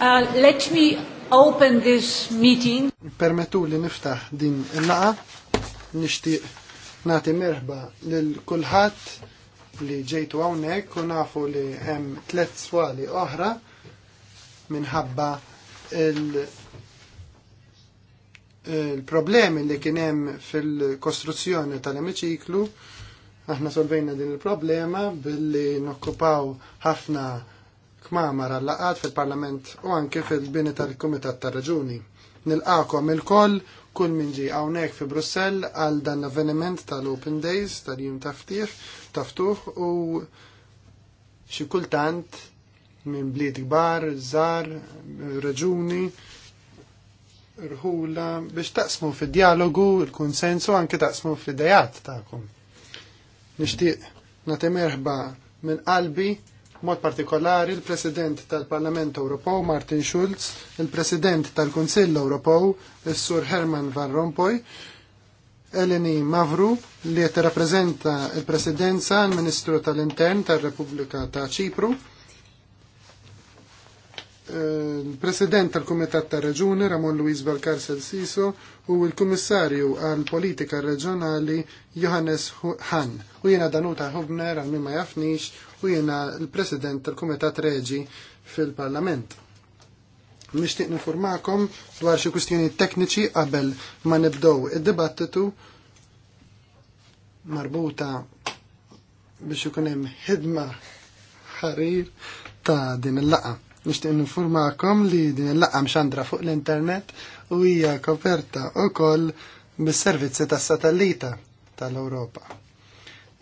Uh, let me open this meeting. Permettu li niftaħ din il-laqa, nishtiq nati merħba l-kulħat li ġejtu għawnek u nafu li hemm tlet swali oħra minħabba il- problemi li hemm fil-kostruzzjoni tal-emiċiklu, aħna solvejna din il-problema billi nokkupaw ħafna kmamar għallaqat fil-Parlament u anke fil-bini tal-Kumitat tal-Raġuni. Nilqakom il-koll kull minġi għawnek hawnhekk fi Brussell għal dan l-avveniment tal-Open Days tal-jum taftiħ taftuħ u xi kultant minn bliet kbar, żar, raġuni, rħula biex taqsmu fid dialogu il-konsensu anke taqsmu fi dejat tagħkom. Nixtieq nagħti minn qalbi Mod partikolari il-President tal-Parlament Ewropew Martin Schulz, il-President tal-Kunsill Ewropew sur Herman Van Rompuy, Eleni Mavru li jirrappreżenta il-Presidenza l-Ministru tal-Intern tal-Repubblika ta' Ċipru, Eh, president tal-Kumitat ta' Reġuni Ramon Luis Valcarcel Siso u il-Kummissarju għal Politika Reġjonali Johannes Han. U jiena Danuta Hubner għal ma jafnix u jiena il-President tal-Kumitat Reġi fil-Parlament. Nixtieq informakom dwar xi kwistjoni tekniċi qabel ma nibdow id-dibattitu marbuta biex ikun hemm ħidma ħarir ta' din il-laqa Nixtieq informakom li din il laqqa mxandra fuq l-internet u hija koperta wkoll bis-servizzi tas-satellita tal-Ewropa.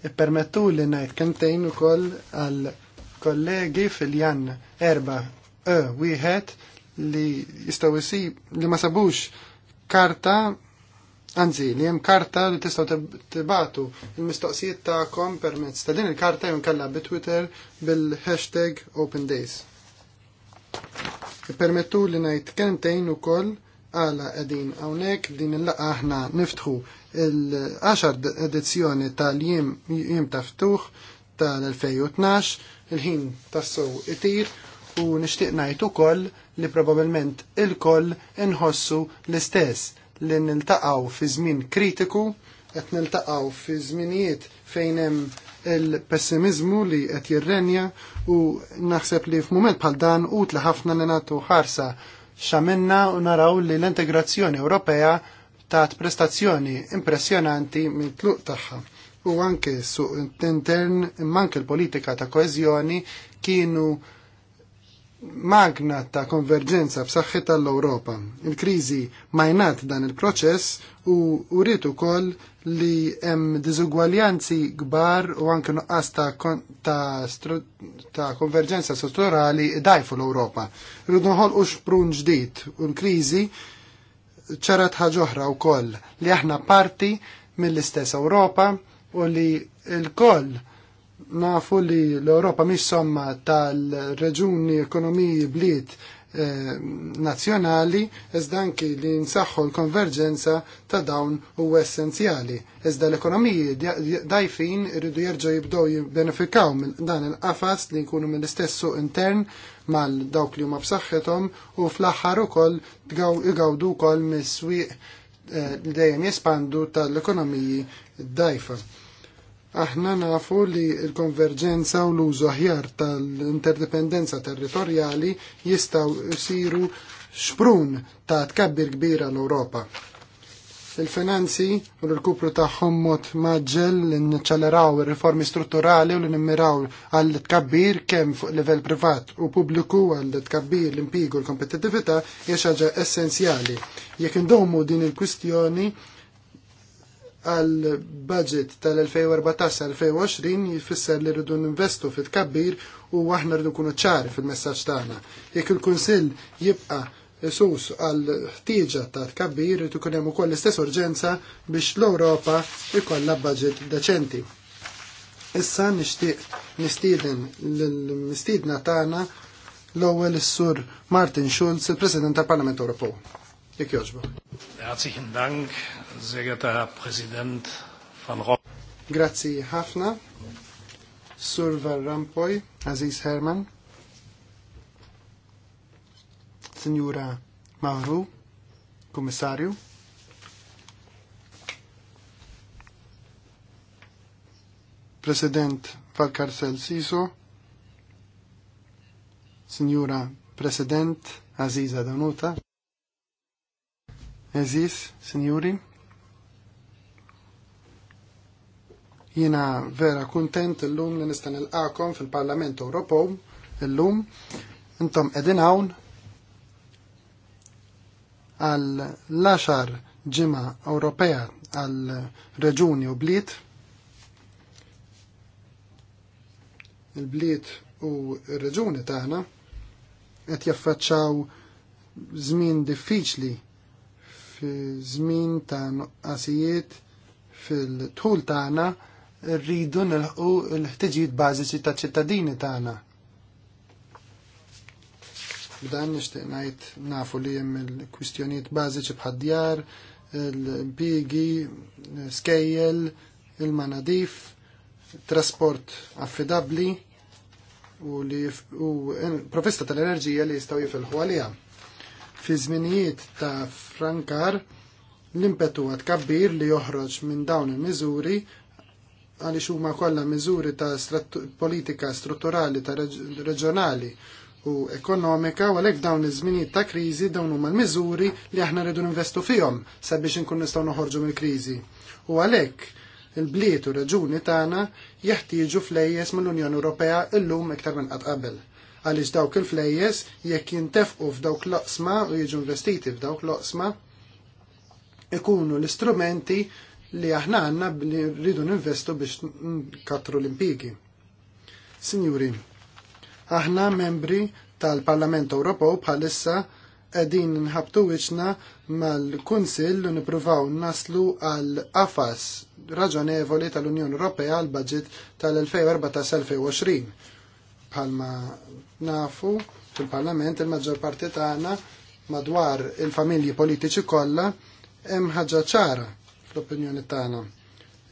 Ippermettu li ngħid u ukoll għal kollegi fil-jan erba' e wieħed li jistgħu li ma sabux karta Anzi, li jem karta li tistaw tibatu il-mistoqsijiet ta'kom permezz ta' din il-karta jonkalla bi Twitter bil-hashtag Open Days. Permettu li najt kentejn u koll għala għedin għawnek din il-laqa ħna niftħu il-10 edizzjoni tal-jim jim taftuħ tal-2012, il-ħin tassow itir u nishtiq najt u koll li probabilment il-koll inħossu l-istess li niltaqaw fi żmien kritiku, qed niltaqaw fi żminijiet fejn hemm il-pessimizmu li qed jirrenja u naħseb li f'mument bħal dan li ħafna li nagħtu ħarsa xamenna u naraw li l-integrazzjoni Ewropea tat prestazzjoni impressjonanti minn tluq tagħha. U anke suq intern imma anke l-politika ta' koeżjoni kienu magna ta' konverġenza b'saħħit tal ewropa Il-kriżi majnat dan il-proċess u uritu ukoll li hemm diżugwaljanzi kbar u anke nuqqas ta', ta, ta konverġenza strutturali dajfu l-Ewropa. Rridu nħolqu xprun ġdid u l-kriżi ċarat oħra wkoll li aħna parti mill-istess Ewropa u li l-koll nafu li l-Europa mis somma tal-reġuni, ekonomiji, bliet nazjonali, eh, nazzjonali, iżda anki li nsaħħu l-konverġenza ta' dawn u essenzjali. Iżda l-ekonomiji dajfin irridu jerġgħu jibdew jibbenefikaw dan il-qafas li jkunu mill istessu intern mal dawk li huma b'saħħithom u fl-aħħar ukoll igawdu wkoll mis-swieq eh, li dejjem jespandu tal-ekonomiji dajfa aħna nafu li l-konverġenza u l-użu aħjar tal-interdependenza territorjali jistaw siru xprun ta' tkabbir kbira l-Europa. Il-finanzi u l-kupru ta' mod maġġel li nċeleraw ir-riformi strutturali u li nimmiraw għall tkabbir kemm fuq livell privat u pubbliku għall tkabbir l-impigu l kompetitivita hija essenzjali. Jekk indomu din il-kwistjoni għal budget tal-2014-2020 jifisser li rridu ninvestu fit-kabbir u aħna rridu kunu ċari fil-messaġġ tagħna. Jekk il-Kunsill jibqa' sus għal ħtieġa ta' tkabbir rridu ikun hemm ukoll l-istess urġenza biex l-Ewropa jkollha budget deċenti. Issa nixtieq nistieden l-mistiedna tagħna l-ewwel is-sur Martin Schulz, il-President tal-Parlament Ewropew. Jek joġba. Herzlichen Dank, sehr geehrter Herr Präsident van Rock. Grazie, ħafna. Sur Van Rampoy, Aziz Herman, Signora Mauro, Kommissarju. President Falkarsel Siso, Signora President Aziza Danuta. Eżis, signori, Jiena vera kuntent illum li il-qakom fil-Parlament Ewropew illum. Intom edin hawn għal l-axar Ewropea għal reġuni u bliet. Il-bliet u r-reġuni tagħna qed jaffaċċaw żmien diffiċli fi żmien ta' nuqqasijiet fil-tħul tagħna rridu nilħqu l-ħtiġijiet bażiċi ta' ċittadini tagħna. B'dan nixtieq ngħid nafu li hemm il-kwistjonijiet bażiċi bħaddjar, l-impigi, skejjel, il-manadif, trasport affidabli u li u provista tal-enerġija li jistgħu jifilħu għalija. Fi żminijiet ta' frankar l-impetu għad kabbir li joħroġ minn dawn il-miżuri għaliex huma kollha miżuri ta' politika strutturali ta' reġjonali u ekonomika u għalhekk dawn iż-żminijiet ta' kriżi dawn huma l-miżuri li aħna rridu investu fihom sabiex inkun nistgħu noħorġu mill-kriżi. U għalhekk il-bliet u raġuni tagħna jeħtieġu flejjes mill-Unjoni Ewropea illum iktar minn qatt qabel għaliex dawk il-flejjes jekk jintefqu f'dawk loqsma u jiġu investiti f'dawk loqsma ikunu l-istrumenti li aħna għanna li rridu ninvestu biex nkatru l-impigi. Signuri, aħna membri tal-Parlament Ewropew bħalissa qegħdin nħabtu wiċċna mal-Kunsill u nippruvaw naslu għal afas raġonevoli tal-Unjoni Ewropea għal budget tal-2014-2020 bħalma nafu fil-Parlament il-maġġor parti tagħna madwar il-familji politiċi kollha hemm ħaġa ċara fl-opinjoni tagħna.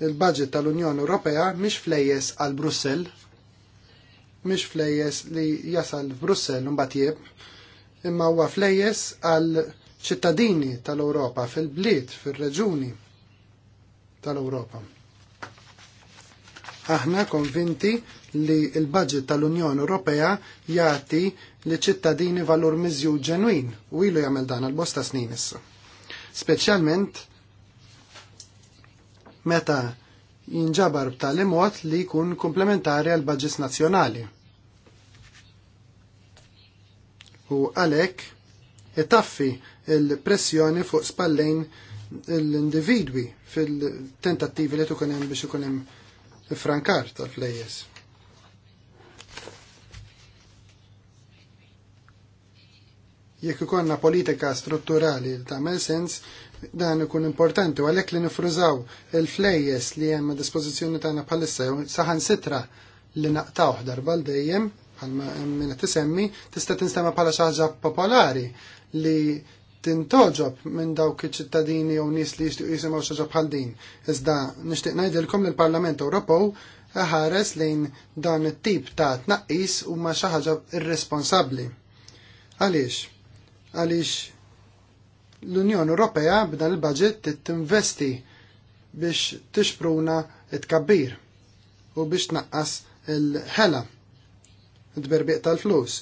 Il-budget tal-Unjoni Ewropea mhix flejjes għal Brussell, mhix flejjes li jasal Brussell mbagħad jieb, imma huwa flejjes għal ċittadini tal-Ewropa fil-bliet, fil-reġuni tal-Ewropa. Aħna konvinti li l-budget tal-Unjoni Ewropea jagħti li ċittadini valur miżju ġenwin u ilu jagħmel dan għal bosta snin issa. Speċjalment meta jinġabar b'tali mod li jkun komplementari għal budgets nazzjonali. U għalhekk itaffi il-pressjoni fuq spallejn l-individwi fil-tentattivi li tukun hemm biex ikun hemm frankar tal-flejjes. Jekk ikollna politika strutturali li tagħmel sens, dan ikun importanti u għalhekk li nifrużaw il-flejjes li hemm a dispożizzjoni tagħna bħalissa jew saħan sitra li naqtawh darba l dejjem bħalma minn tisemmi tista' tinstema bħala xi ħaġa popolari li tintoġob minn dawk iċ-ċittadini jew nies li jistgħu jisimgħu xi bħal din. Iżda nixtieq ngħidilkom li l-Parlament Ewropew ħares lejn dan it-tip ta' tnaqqis huma xi ħaġa irresponsabbli. Għaliex? għaliex l-Unjoni Ewropea b'dan il-budget t-investi biex tixpruna it-kabbir u biex tnaqqas il-ħela t berbiq tal-flus.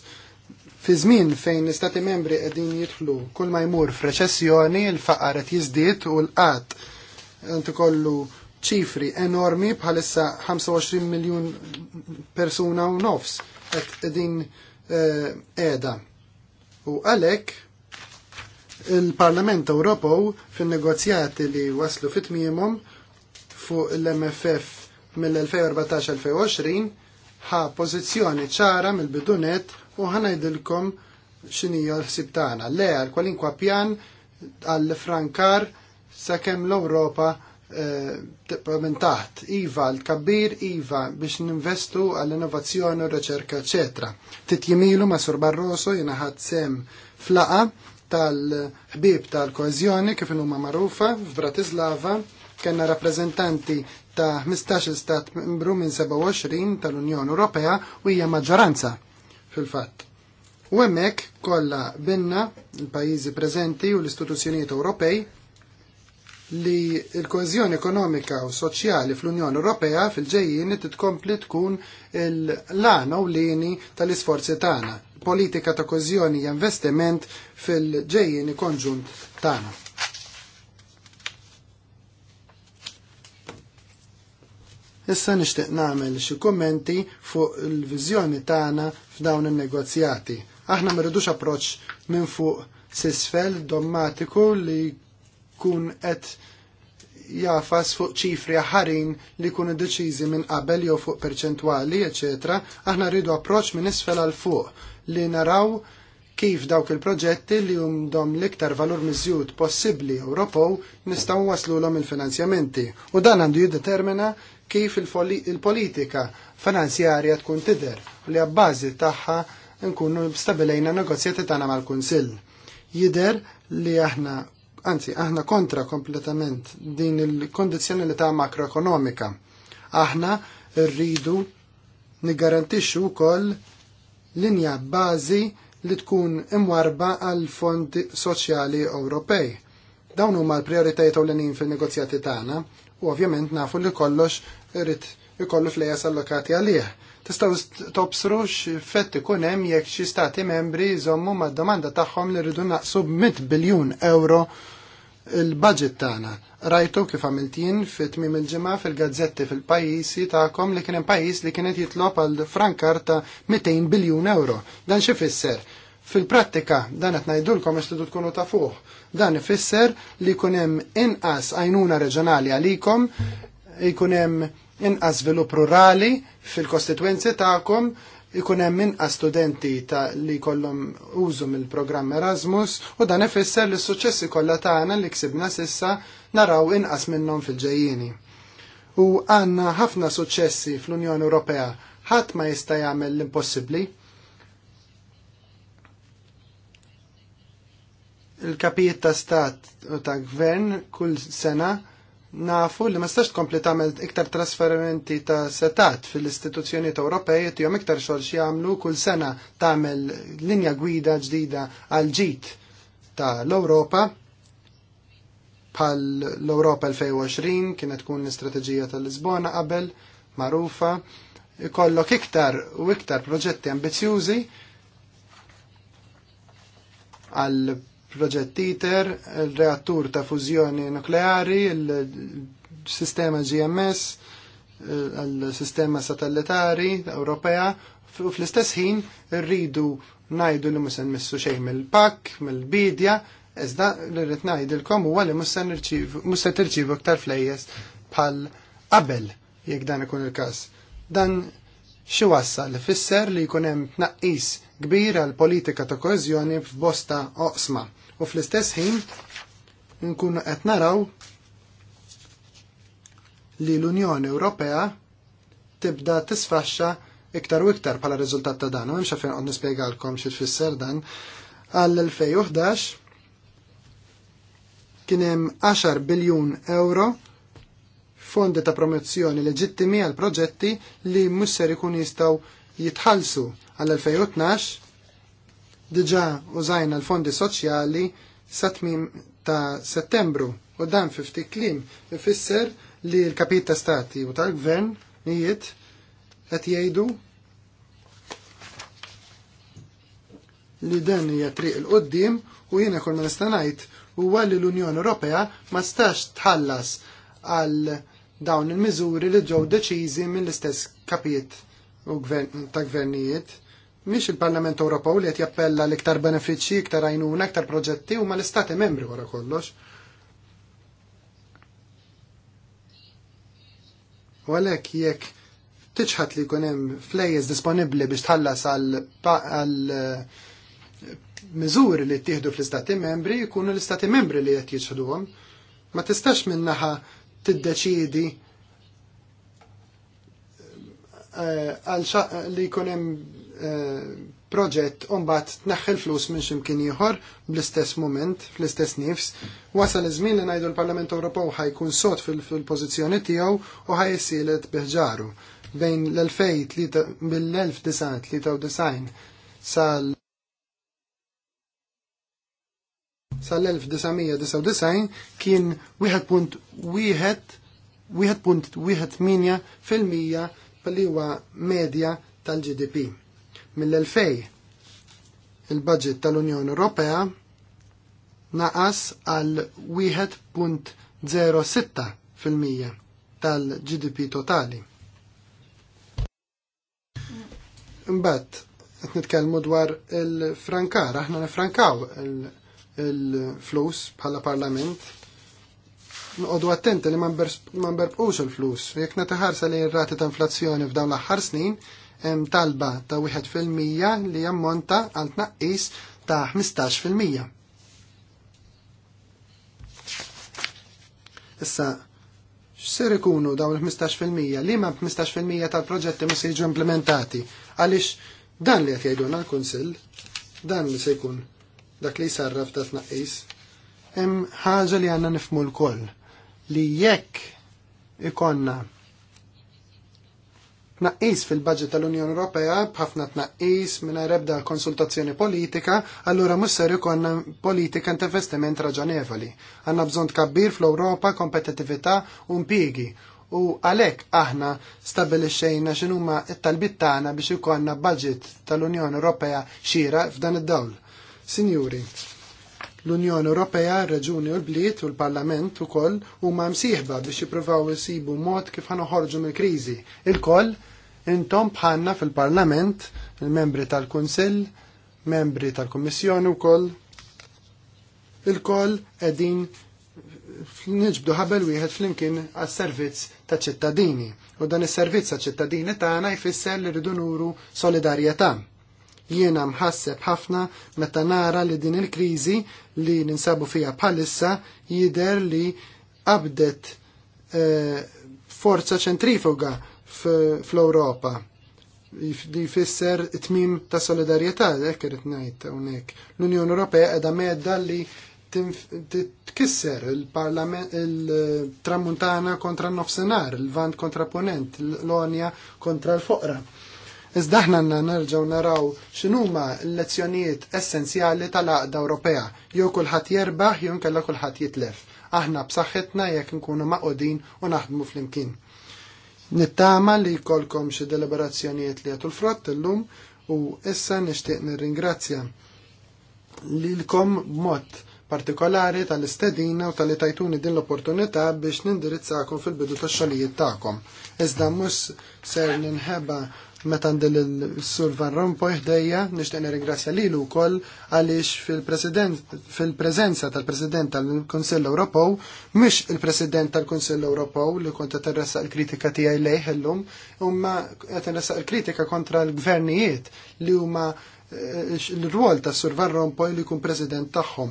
Fi żmien fejn l-Istati membri qegħdin jidħlu kull ma jmur f'reċessjoni, l faqar qed jiżdied u l-qatt qed ikollu ċifri enormi bħalissa 25 miljun persuna u nofs qed qegħdin eh, qiegħda. U għalhekk il-Parlament Ewropew fin-negozjati li waslu fit-tmiemhom fuq l-MFF mill-2014-2020 ħa pożizzjoni ċara mill-bidunet u ħanajdilkom x'inija l-ħsib tagħna. Le għal kwalinkwa pjan għall frankar sakemm l-Ewropa Eh, tibqa' minn taħt. Iva l-kabbir, iva biex ninvestu għall-innovazzjoni u r reċerka ecc. Titjimilu ma' Sur Barroso jiena ħadd sem flaqa tal-ħbib tal-koezjoni kif huma magħrufa f'Bratislava kellna rappreżentanti ta' 15 stat membru minn 27 tal-Unjoni Ewropea u hija maġġoranza fil-fatt. U hemmhekk kollha binna l-pajjiżi preżenti u l-istituzzjonijiet Ewropej li l-koezjoni ekonomika u soċjali fl-Unjoni Ewropea fil-ġejjin titkompli tkun l-għana u lini tal-isforzi tagħna. Politika ta' koezjoni investiment fil-ġejjin konġunt tagħna. Issa nixtieq nagħmel xi kummenti fuq il-viżjoni tagħna f'dawn in-negozjati. Aħna ma rridux approċċ minn fuq sisfel dommatiku li kun et jafas fuq ċifri ħarin li kunu deċiżi minn qabel jew fuq perċentwali, eċetera, aħna rridu approċċ minn isfel għal fuq li naraw kif dawk il-proġetti li jumdom l-iktar valur miżjud possibbli Ewropew nistgħu waslulhom il-finanzjamenti. U dan għandu jiddetermina kif il-politika finanzjarja tkun tidher li għabbażi tagħha nkunu stabilejna negozjati tagħna mal-Kunsill. Jider li aħna anzi, aħna kontra kompletament din il ta' makroekonomika. Aħna rridu nigarantixxu wkoll linja bażi li tkun imwarba għal fondi soċjali Ewropej. Dawn huma l-prijoritajiet ewlenin fin-negozjati tagħna u ovvjament nafu li kollox irid ikollu flejas allokati għalih. Tistgħu tobsru x ikun hemm jekk xi stati membri jżommu mad-domanda tagħhom li rridu naqsu 100 biljun euro il-budget tagħna. Rajtu kif għamiltin fit tmiem il-ġimgħa fil-gazzetti fil-pajjiżi tagħkom li kien hemm pajjiż li kienet jitlob għal frankar ta' 200 biljun euro. Dan xi fisser? Fil-prattika dan qed ngħidulkom għax tidu tkunu ta' fuq. Dan ifisser li jkun hemm inqas għajnuna reġjonali għalikom, ikun hemm inqas svilupp rurali fil-kostituenzi tagħkom ikun hemm inqas studenti ta' li kollhom użu mill-programm Erasmus u dan ifisser li s-suċessi kollha tagħna li ksibna sissa naraw inqas minnhom fil-ġejjieni. U għandna ħafna suċċessi fl-Unjoni Ewropea ħadd ma jista' jagħmel l-impossibbli. il-kapijiet ta' stat u ta' gvern kull sena nafu li ma stax tkompli tagħmel iktar trasferimenti ta' setat fil-istituzzjonijiet Ewropej qed jom iktar xogħol jagħmlu kull sena tagħmel linja gwida ġdida għal ġid ta' l-Ewropa bħal l-Ewropa 2020 kienet tkun l-istrateġija tal-Lisbona qabel magħrufa ikollok iktar u iktar proġetti ambizjużi għal proġett ITER, il-reattur ta' fużjoni nukleari, il-sistema GMS, eh, il-sistema satellitari Ewropea, u fl-istess ħin rridu najdu li musen missu xejn mill-pak, mill-bidja, iżda li rrit ngħidilkom huwa li musen tirċivu aktar flejjes bħal qabel jekk dan ikun il-każ. Dan xi wassal fisser li jkun hemm tnaqqis kbir għal politika ta' koeżjoni f'bosta oqsma u fl-istess ħin nkunu qed naraw li l-Unjoni Ewropea tibda tisfaxxa iktar u iktar bħala riżultat ta' dan, Hemm memxa fejn qod nispjegalkom xi tfisser dan, għall-2011 kien hemm 10 biljun euro fondi ta' promozzjoni leġittimi għal proġetti li musser ikun jistgħu jitħallsu għall-2012 Diġa użajna l-fondi soċjali satmim ta' settembru u dan fifti klim ifisser li l-kapit ta' stati u tal-gvern nijiet qed jgħidu li dan hija triq il qoddim u jiena kull ma nista' ngħid huwa li l-Unjoni Ewropea ma stax tħallas għal dawn il-miżuri li ġew deċiżi mill-istess kapijiet u ta' gvernijiet Mhix il-Parlament Ewropew li qed jappella l-iktar benefiċċji, iktar għajnuna, iktar proġetti huma l-Istati membri wara kollox. U għalhekk jekk tiċħat li jkun hemm flejjes disponibbli biex tħallas għal eh, miżuri li ttieħdu fl-istati membri jkunu l-istati membri li qed jiċħduhom. Ma tistax minnaħa tiddeċidi eh, għal li jkun hemm Eh, proġett umbat tnaħħel flus minn ximkien ieħor bl-istess moment, fl-istess nifs, wasal iż-żmien li ngħidu l-Parlament Ewropew ħajkun sot fil-pożizzjoni tiegħu u ħajsilet biħġaru bejn l-2000 mill sal sal-1999 kien 1.1 fil-mija li huwa medja tal-GDP Mill-2000 il-budget tal-Unjoni Ewropea naqas għal 1.06% tal-GDP totali. Imbagħad qed nitkellmu dwar il-frankar, aħna nifrankaw il-flus bħala parlament. Nqodu attenti li man berbqux il-flus, jekk netaħarsa li r-rati ta' inflazzjoni f'dawn l-aħħar snin, hemm talba ta' 1% li jammonta għal tnaqqis ta' 15%. Issa, x'ser ikunu dawn il-15%? Li ma 15% tal-proġetti ma se jiġu implementati? Għaliex dan li qed jgħidulna l-Kunsill, dan li se jkun dak li sarraf ta' tnaqqis, hemm ħaġa li għandna nifmu l-koll li jekk ikonna Naqis fil-budget tal-Unjoni Ewropea b'ħafna tnaqis mingħajr ebda konsultazzjoni politika, allura mhux ser ikun politika investiment raġonevoli. Għandna bżonn tkabbir fl-Ewropa, kompetittività u mpiegi. u għalhekk aħna stabilixxejna x'inhuma t-talbit tagħna biex ikollna budget tal-Unjoni Ewropea xira f'dan id-dawl. Sinjuri, l-Unjoni Ewropea, r-Reġuni u l-Bliet u l-Parlament ukoll huma msieħba biex jippruvaw isibu mod kif ħorġu mill-kriżi. Il-koll Intom bħanna fil-Parlament, il-membri tal-Kunsill, membri tal-Kommissjoni u koll, il-koll edin nġbdu ħabel wieħed flimkien għas servizz ta' ċittadini. U dan is-servizz ta' ċittadini tagħna jfisser li rridu nuru solidarjetà. Jiena mħasseb ħafna meta nara li din il-kriżi li ninsabu fija bħalissa jider li qabdet eh, forza ċentrifuga fl-Europa. Li fisser tmim ta' solidarjetà, hekk irid ngħid hawnhekk. L-Unjoni Ewropea qiegħda medda li tkisser il-tramuntana kontra n-nofsenar, il-vant kontra ponent, l-onja kontra l-foqra. Iżda aħna nerġgħu naraw x'inhuma l-lezzjonijiet essenzjali tal-għaqda Ewropea. Jew kulħadd jerbaħ jew inkella kulħadd jitlef. Aħna b'saħħitna jekk nkunu maqodin u naħdmu flimkien. Nittama li kolkom xi deliberazzjonijiet li frott l lum illum u issa nixtieq nirringrazzja lilkom b'mod partikolari tal-istedina u tal-li tajtuni din l-opportunità biex nindirizzakom fil-bidu tax xogħlijiet tagħkom. Iżda mhux ser ninħeba meta ndil il-Sur Van Rompuy ħdejja, nixtieq nirringrazzja lilu wkoll għaliex fil-preżenza tal-President tal-Kunsill Ewropew mhix il-President tal-Kunsill Ewropew li kont qed irressaq il-kritika tiegħi lejh illum, imma qed il-kritika kontra l-gvernijiet li huma eh, l-rwol ta' Sur Van Rompuy li jkun President tagħhom.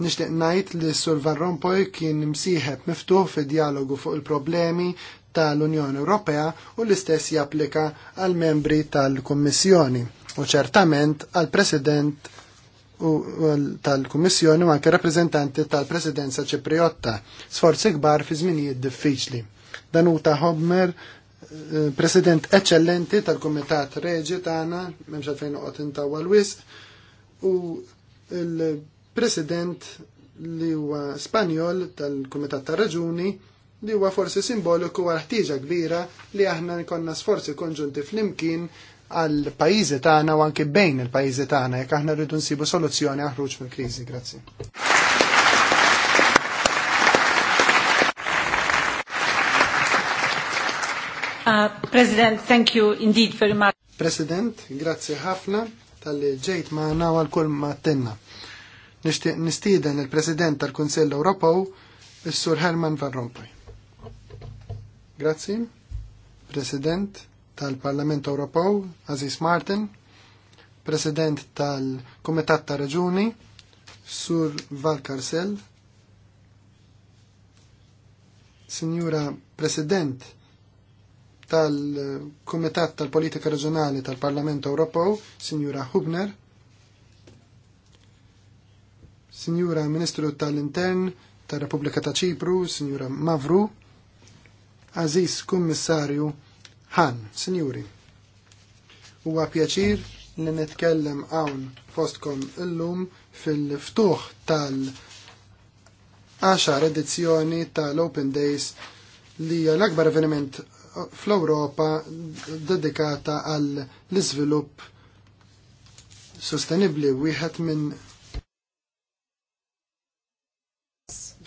Nishtiq najt li Sur Van Rompuy kien msieħeb miftuħ fi dialogu fuq il-problemi tal-Unjoni Ewropea u l-istess japplika għal membri tal-Kummissjoni u ċertament għal President tal-Kummissjoni u anke rappreżentanti tal-Presidenza Ċipriotta. Sforzi kbar fi żminijiet diffiċli. Danuta Hobmer eh, President eccellenti tal-Kumitat Reġi tagħna, m'hemmx għalfejn noqgħod intawa l-wisq, u l-President li huwa Spanjol tal-Kumitat tar-Raġuni li huwa forsi simboliku għal ħtieġa kbira li aħna nkonna sforzi konġunti flimkien għal pajjiżi tagħna u anke bejn il-pajjiżi tagħna jekk aħna rridu nsibu soluzzjoni aħruġ mill-kriżi. Grazzi. Uh, President, thank you indeed very much. President, grazzi ħafna tal-li ġejt ma' nawa l-kull ma' tenna. Nistieden il-President tal-Kunsell Ewropew, il sur Herman Van Rompuy. Grazzi. President tal-Parlament Ewropew, Aziz Martin. President tal-Kumitat ta' Raġuni, Sur Val Karsel. Signora President tal-Kumitat tal-Politika Regionali tal-Parlament Ewropew, Signora Hubner. Signora Ministru tal-Intern tal-Repubblika ta' Ċipru, Signora Mavru. Aziz Kummissarju Han, Sinjuri. Huwa pjaċir li nitkellem hawn fostkom illum fil-ftuħ tal-10 edizzjoni tal-Open Days li hija l-akbar avveniment fl-Ewropa dedikata għal l-iżvilupp sostenibbli wieħed minn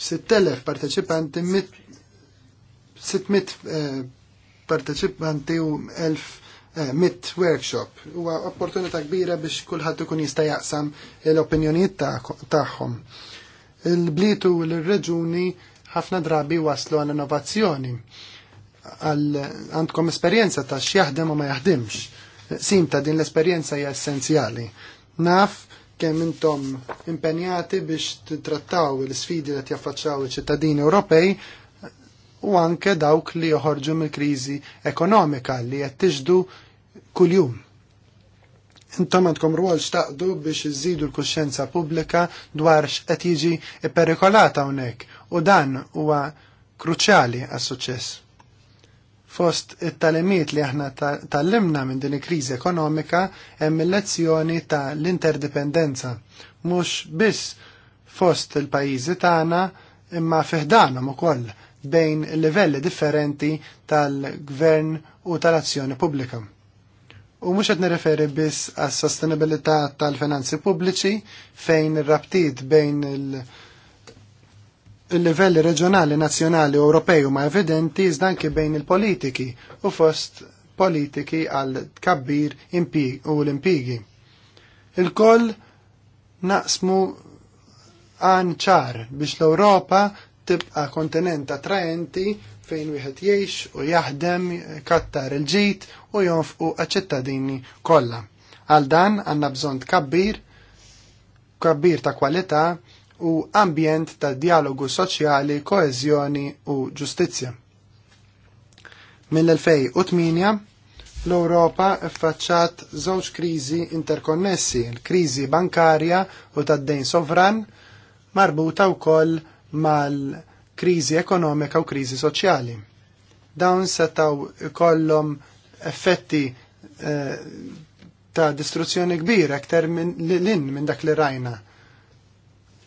6000 partecipanti 600 eh, parteċipanti u 1000 eh, workshop. Huwa opportunità kbira biex kulħadd ikun jista' jaqsam l-opinjonijiet tagħhom. il blitu u l-reġuni ħafna drabi waslu għal innovazzjoni. Għandkom esperjenza ta' x'jaħdem u ma jaħdimx. Sim ta' din l-esperjenza hija essenzjali. Naf kemm intom impenjati biex titrattaw l-sfidi li jaffaċċaw iċ-ċittadini Ewropej u anke dawk li joħorġu mill-kriżi ekonomika li qed tiġdu kuljum. Intom għandkom rwol xtaqdu biex iżidu l-kuxjenza pubblika dwar x'qed jiġi perikolata hawnhekk u dan huwa kruċjali għas-suċċess. Fost it-talimiet li aħna tallimna minn din il-kriżi ekonomika hemm il-lezzjoni ta' l-interdipendenza, mhux biss fost il-pajjiżi tagħna imma fiħdanhom ukoll bejn livelli differenti tal-gvern u tal-azzjoni pubblika. U mhux qed nirreferi biss għas sostenibilità tal-finanzi pubbliċi fejn ir-rabtiet bejn il- il-livelli reġjonali, nazzjonali u Ewropej huma evidenti iżda anke bejn il-politiki u fost politiki għal tkabbir u l-impigi. Il-koll naqsmu għan ċar biex l-Europa tibqa kontinent attraenti fejn wieħed jgħix u jaħdem kattar il-ġid u jonfqu għaċ-ċittadini kollha. Għal dan għandna bżonn kabbir, kabbir ta' kwalità u ambjent ta' dialogu soċjali, koeżjoni u ġustizzja. Mill-2008 l-Europa effaċċat żewġ kriżi interkonnessi, l-kriżi bankarja u tad-dejn sovran marbuta wkoll mal-kriżi ekonomika u kriżi soċjali. Dawn setaw kollom effetti eh, ta' distruzzjoni kbira minn min, minn dak li rajna.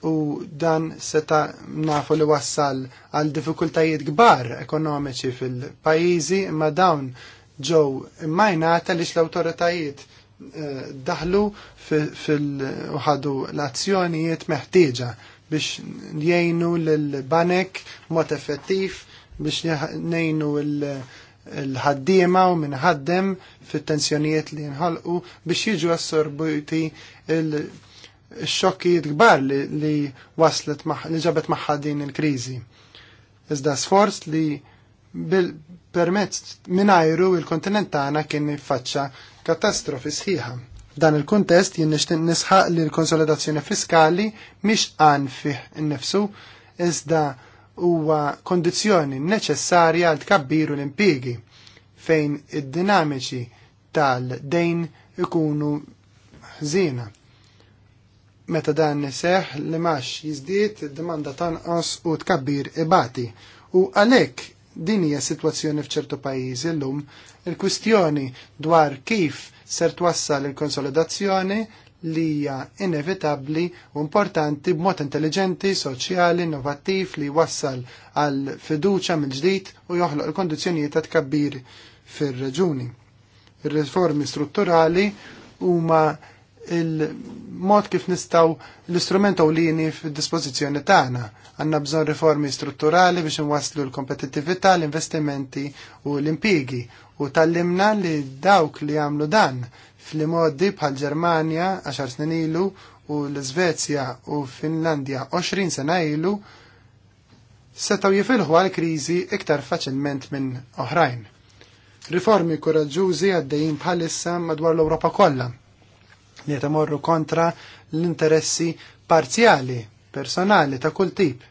U dan seta nafu li wassal għal diffikultajiet kbar ekonomiċi fil-pajizi imma dawn ġew majnata li l-autoritajiet eh, daħlu fil-ħadu l-azzjonijiet meħtieġa biex jgħinu l-banek mod effettiv biex jgħinu l-ħaddiema u minħaddem fit-tensjonijiet li nħalqu biex jiġu assorbuti il xokki kbar li waslet li ġabet maħħa din il-kriżi. Iżda sforz li bil-permezz minajru il-kontinent tagħna kien faċċa katastrofi sħiħa. F'dan il-kuntest jien nixtieq nisħaq li l-konsolidazzjoni fiskali mhix għan fih innifsu iżda huwa kondizjoni neċessarja għal tkabbiru l-impjiegi fejn id-dinamiċi tal-dejn ikunu ħżiena. Meta dan niseħ li max jizdiet id-demanda tanqos u tkabbir ibati. U għalek Din hija sitwazzjoni f'ċertu pajjiżi llum. Il-kwistjoni dwar kif ser twassal il-konsolidazzjoni li hija inevitabbli u importanti b'mod intelligenti, soċjali, innovattiv li wassal għal fiduċa mill-ġdid u joħloq il-kondizzjonijiet ta' tkabbir fir-reġuni. Ir-riformi strutturali huma il-mod kif nistaw l-istrument lini f-dispozizjoni tagħna. Għandna bżonn riformi strutturali biex nwaslu l kompetitività l-investimenti u l-impigi. U tal-limna li dawk li għamlu dan fl-modi bħal Ġermania 10 snin ilu u l-Svezja u Finlandja 20 sena ilu setaw jifilħu għal kriżi iktar faċilment minn oħrajn. Riformi koraġġużi għaddejjin bħalissa madwar l-Ewropa kollha li tamorru kontra l-interessi parzjali, personali, ta' kull tip,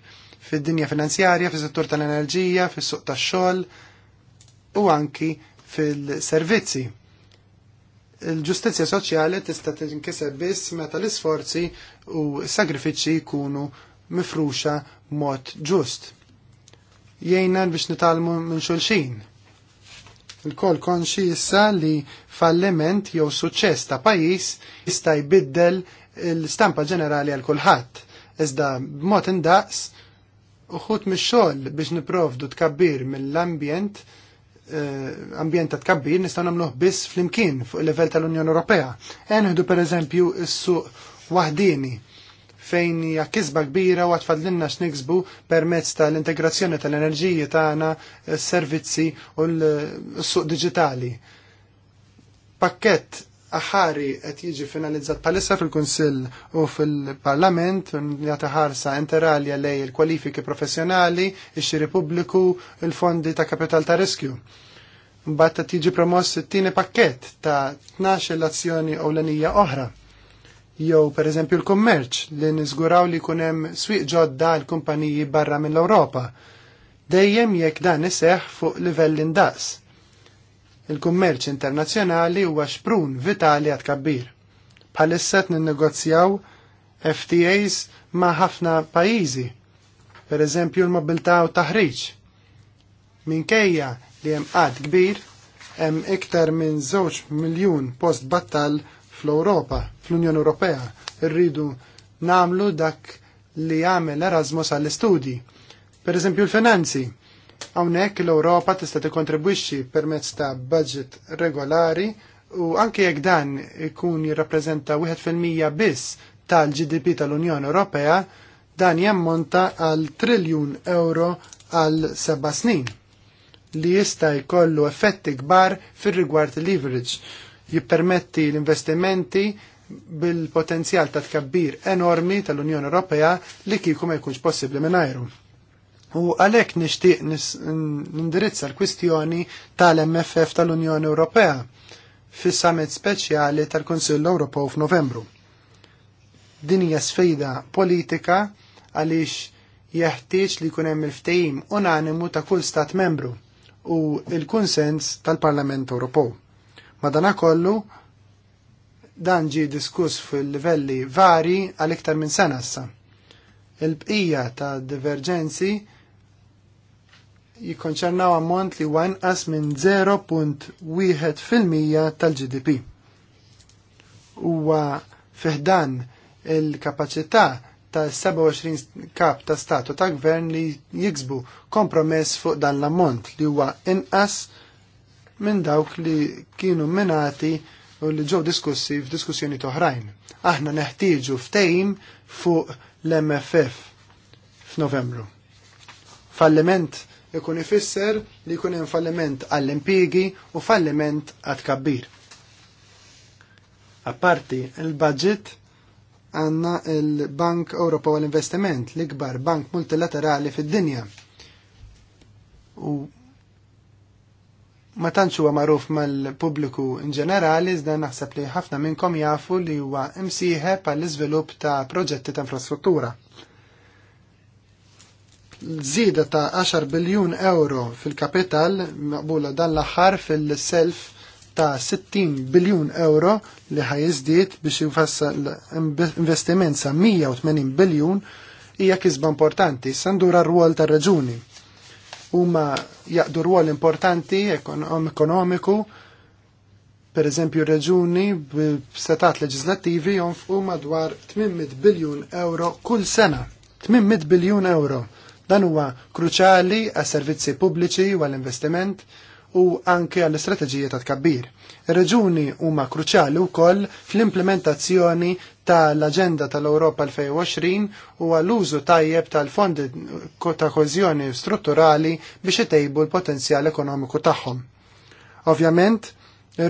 fid-dinja finanzjarja, fis-settur tal-enerġija, fis-suq tax-xogħol u anki fil-servizzi. Il-ġustizzja soċjali tista' tinkiseb biss meta l-isforzi u s-sagrifiċċji jkunu mifruxa mod ġust. Jgħinan biex nitalmu minn xulxin Il-kol konxi issa li falliment jew suċċess ta' pajis jista' jbiddel l-stampa ġenerali għal kulħadd. Iżda b'mod indaqs uħut mix-xogħol biex niprovdu tkabbir mill-ambjent eh, ambjent ta' tkabbir nistgħu nagħmluh biss flimkien fuq il-livell tal-Unjoni Ewropea. Eħdu pereżempju s-suq waħdini fejn hija kisba kbira u għatfadlinna x'niksbu permezz tal-integrazzjoni tal-enerġiji tagħna, s-servizzi u l-suq diġitali. Pakkett aħari qed jiġi finalizzat palissa fil-Kunsill u fil-Parlament jagħti ħarsa interalja lej il-kwalifiki professjonali, ix-xiri pubbliku, il-fondi ta' kapital ta' riskju. Mbagħad qed jiġi promoss it-tieni pakkett ta' 12 l-azzjoni ewlenija oħra jew pereżempju l-kummerċ li niżguraw li jkun hemm swieq ġodda l kumpaniji barra mill-Ewropa. Dejjem jekk dan iseħħ fuq livell indaqs. Il-kummerċ internazzjonali huwa xprun vitali għad kabbir. Bħalissa ninnegozjaw FTAs ma' ħafna pajjiżi, pereżempju l mobilta u taħriġ. Minkejja li hemm qatt kbir, hemm iktar minn żewġ miljun post battal fl-Europa, fl-Unjoni Ewropea, rridu namlu dak li għamel Erasmus għall-istudji. Per eżempju l-finanzi. Hawnhekk l-Ewropa tista' tikkontribwixxi permezz ta' budget regolari u anke jekk dan ikun jirrappreżenta wieħed fil-mija biss tal-GDP tal-Unjoni Ewropea, dan jammonta għal triljun euro għal seba' snin li jista' jkollu effetti kbar fir-rigward leverage jippermetti l-investimenti bil-potenzjal ta' tkabbir enormi tal-Unjoni Ewropea li kieku ma jkunx possibbli mingħajru. U għalhekk nixtieq nindirizza l-kwistjoni tal-MFF tal-Unjoni Ewropea fis-summit speċjali tal-Kunsill Ewropew f'Novembru. Din hija sfida politika għaliex jeħtieġ li jkun hemm il-ftehim unanimu ta' kull stat membru u l kunsens tal-Parlament Ewropew Madanakollu dan ġi diskuss fil-livelli vari għal iktar minn sena issa. Il-bqija ta' divergenzi jikkonċernaw ammont li huwa inqas minn 0.1 tal-GDP. Huwa fiħdan il-kapaċità ta' 27 kap ta' statu ta' gvern li jiksbu kompromess fuq dan l-ammont li huwa inqas minn dawk li kienu minati u li ġew diskussi f'diskussjoni oħrajn. Aħna neħtieġu ftejm fuq l-MFF f'Novembru. Falliment ikun ifisser li jkun hemm falliment għall-impigi u falliment għad kabbir. Apparti il-budget għanna il-Bank Ewropa għal-Investiment, l-ikbar bank multilaterali fid-dinja. U ma tantx huwa magħruf mal-pubbliku in ġenerali iżda naħseb li ħafna minnkom jafu li huwa imsieħeb għall iżvilupp ta' proġetti ta' infrastruttura. Żieda ta' 10 biljun euro fil-kapital maqbula dan l-aħħar fil-self ta' 60 biljun euro li ħajjiżdied biex jfassal investiment sa' 180 biljun hija kisba importanti, sandura r-rwol tar-raġuni huma jaqdu rwol importanti ekonomiku, per eżempju reġuni b'setat leġislattivi jonfqu madwar 800 biljun euro kull sena. 800 biljun euro. Dan huwa kruċali għas servizzi pubbliċi u għall-investiment u anke għall-istrateġija ta' tkabbir. Reġuni huma kruċjali wkoll fl-implementazzjoni tal-Aġenda tal-Ewropa 2020 u għall-użu tajjeb tal-fondi ta' kożjoni strutturali biex itejbu l-potenzjal ekonomiku tagħhom. Ovvjament,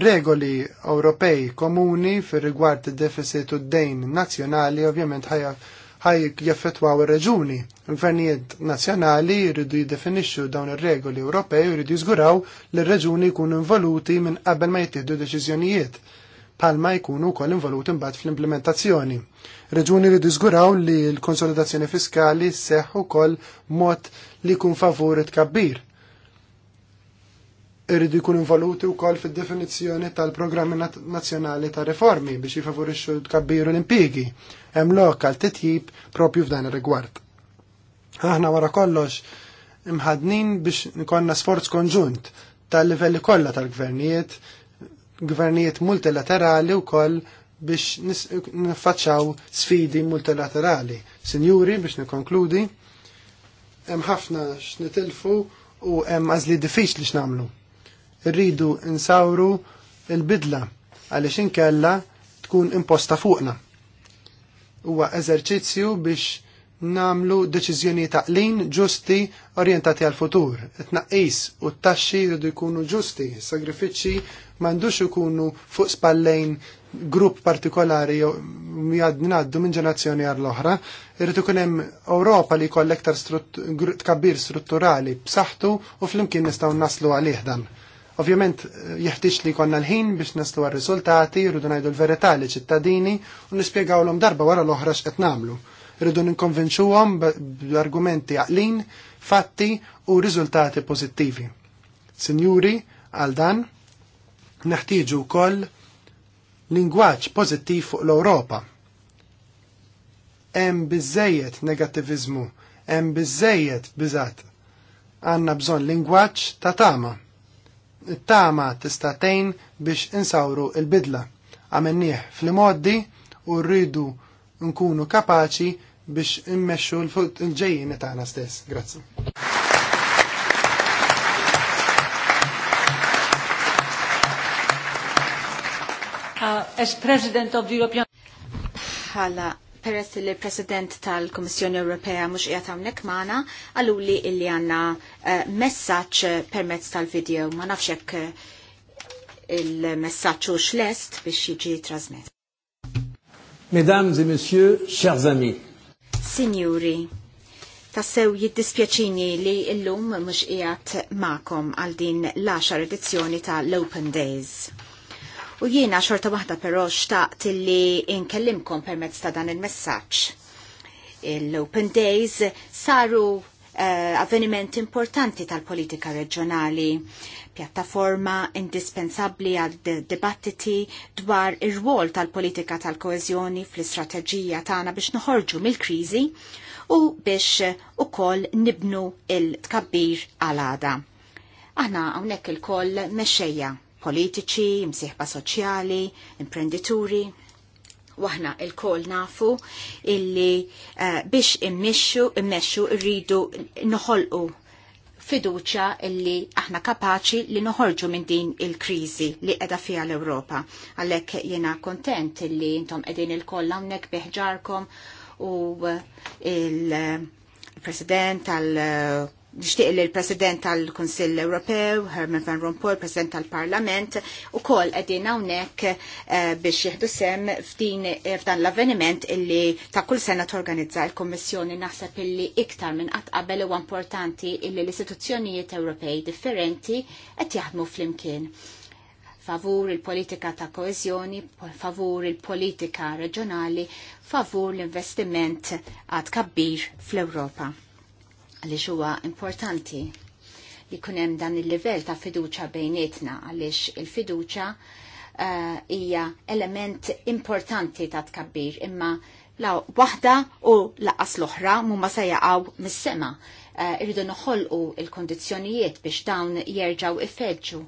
regoli Ewropej komuni fir rigward id-deficit u d-dejn nazzjonali ovvjament ħajja ħaj jaffetwaw ir-reġuni. Il-gvernijiet nazzjonali jridu jiddefinixxu dawn ir-regoli Ewropej u jridu jiżguraw li r-reġuni jkunu involuti minn qabel ma jittieħdu deċiżjonijiet palma jkunu wkoll involuti mbagħad fl-implementazzjoni. Reġuni jridu diżguraw li l-konsolidazzjoni fiskali seħħ ukoll mod li jkun favur it-kabbir irridu jkunu involuti wkoll fid-definizzjoni tal-programmi nazzjonali ta' reformi biex jifavorixxu tkabbiru l-impjiegi hemm lokal titjib propju f'dan ir-rigward. Aħna wara kollox imħadnin biex nkonna sforz konġunt tal-livelli kollha tal-gvernijiet, gvernijiet multilaterali wkoll biex niffaċċaw sfidi multilaterali. Sinjuri, biex nikonkludi, hemm ħafna x'nitilfu u hemm għażli diffiċli x'namlu rridu insawru il-bidla għaliex inkella tkun imposta fuqna. Huwa eżerċizzju biex namlu deċiżjoni taqlin ġusti orjentati għal futur. Tnaqqis u t-taxxi jridu jkunu ġusti, sagrifiċċji m'għandux ikunu fuq spallejn grupp partikolari jew ngħaddu minn ġenerazzjoni għal l-oħra. Irid ikun hemm Ewropa li jkollha iktar tkabbir strutturali b'saħħtu u flimkien nistgħu naslu għalih dan. Ovvjament eh, jeħtieġ li konna l-ħin biex naslu għar-riżultati, rridu ngħidu l-verità li ċittadini u nispjegawlhom darba wara l-oħra x'qed nagħmlu. Rridu nikkonvinċuhom bl-argumenti għaqlin, fatti u riżultati pożittivi. Sinjuri, għal dan neħtieġu wkoll lingwaġġ pożittiv fuq l-Ewropa. Hemm biżejjed negattiviżmu, hemm biżejjed biżgħat. Għandna bżonn lingwaġġ ta' tama tama tista' tgħin biex insawru il-bidla. Għamennieħ fl-modi u rridu nkunu kapaċi biex immexxu l-ġejjin tagħna stess. Grazzi. Uh, as President of the European Hala peress li president tal-Komissjoni Ewropea mux qiegħed hawnhekk magħna għaluli illi għandna eh, messaġġ permezz tal-video ma nafx hekk eh, il-messaġġ hux lest biex jiġi trasmett. Mesdames et messieurs, chers amis. Signori, tassew jiddispjaċini li illum mhux qiegħed magħkom għal din l-10 edizzjoni tal-Open Days. U jiena xorta waħda però xtaqt li inkellimkom permezz ta' dan il-messaġġ. Il-Open Days saru uh, eh, avveniment importanti tal-politika reġjonali, pjattaforma indispensabbli għal dibattiti dwar ir-rwol tal-politika tal-koezjoni fl-istrateġija tagħna biex noħorġu mill-kriżi u biex ukoll nibnu il-tkabbir għal għada. Aħna hawnhekk il-koll mexxejja politiċi, imsieħba soċjali, imprendituri. Waħna il-kol nafu illi uh, biex immexxu immexxu rridu noħolqu fiduċa illi aħna kapaċi li noħorġu minn din il-krizi li qiegħda fija l-Europa. Għalhekk jena kontent illi intom edin il-koll għamnek biħġarkom u il-president tal nishtiq li l-President tal konsil Ewropew, Herman Van Rompuy, President tal-Parlament, u kol għedin għawnek eh, biex jihdu sem f'din eh, f'dan l-avveniment illi ta' kull sena torganizza l-Kommissjoni naħseb illi iktar minn qatt qabel u importanti illi l-istituzzjonijiet Ewropej differenti qed jaħdmu flimkien favur il-politika ta' koezjoni, favur il-politika reġjonali, favur l-investiment għad kabbir fl-Ewropa għaliex huwa importanti li kunem dan il-livell ta' fiduċa bejnietna għaliex il-fiduċa eh, hija uh, element importanti ta' tkabbir imma la waħda u laqas l-oħra ma se jaqgħu mis-sema. Uh, irridu noħolqu il kondizjonijiet biex dawn jerġgħu ifedġu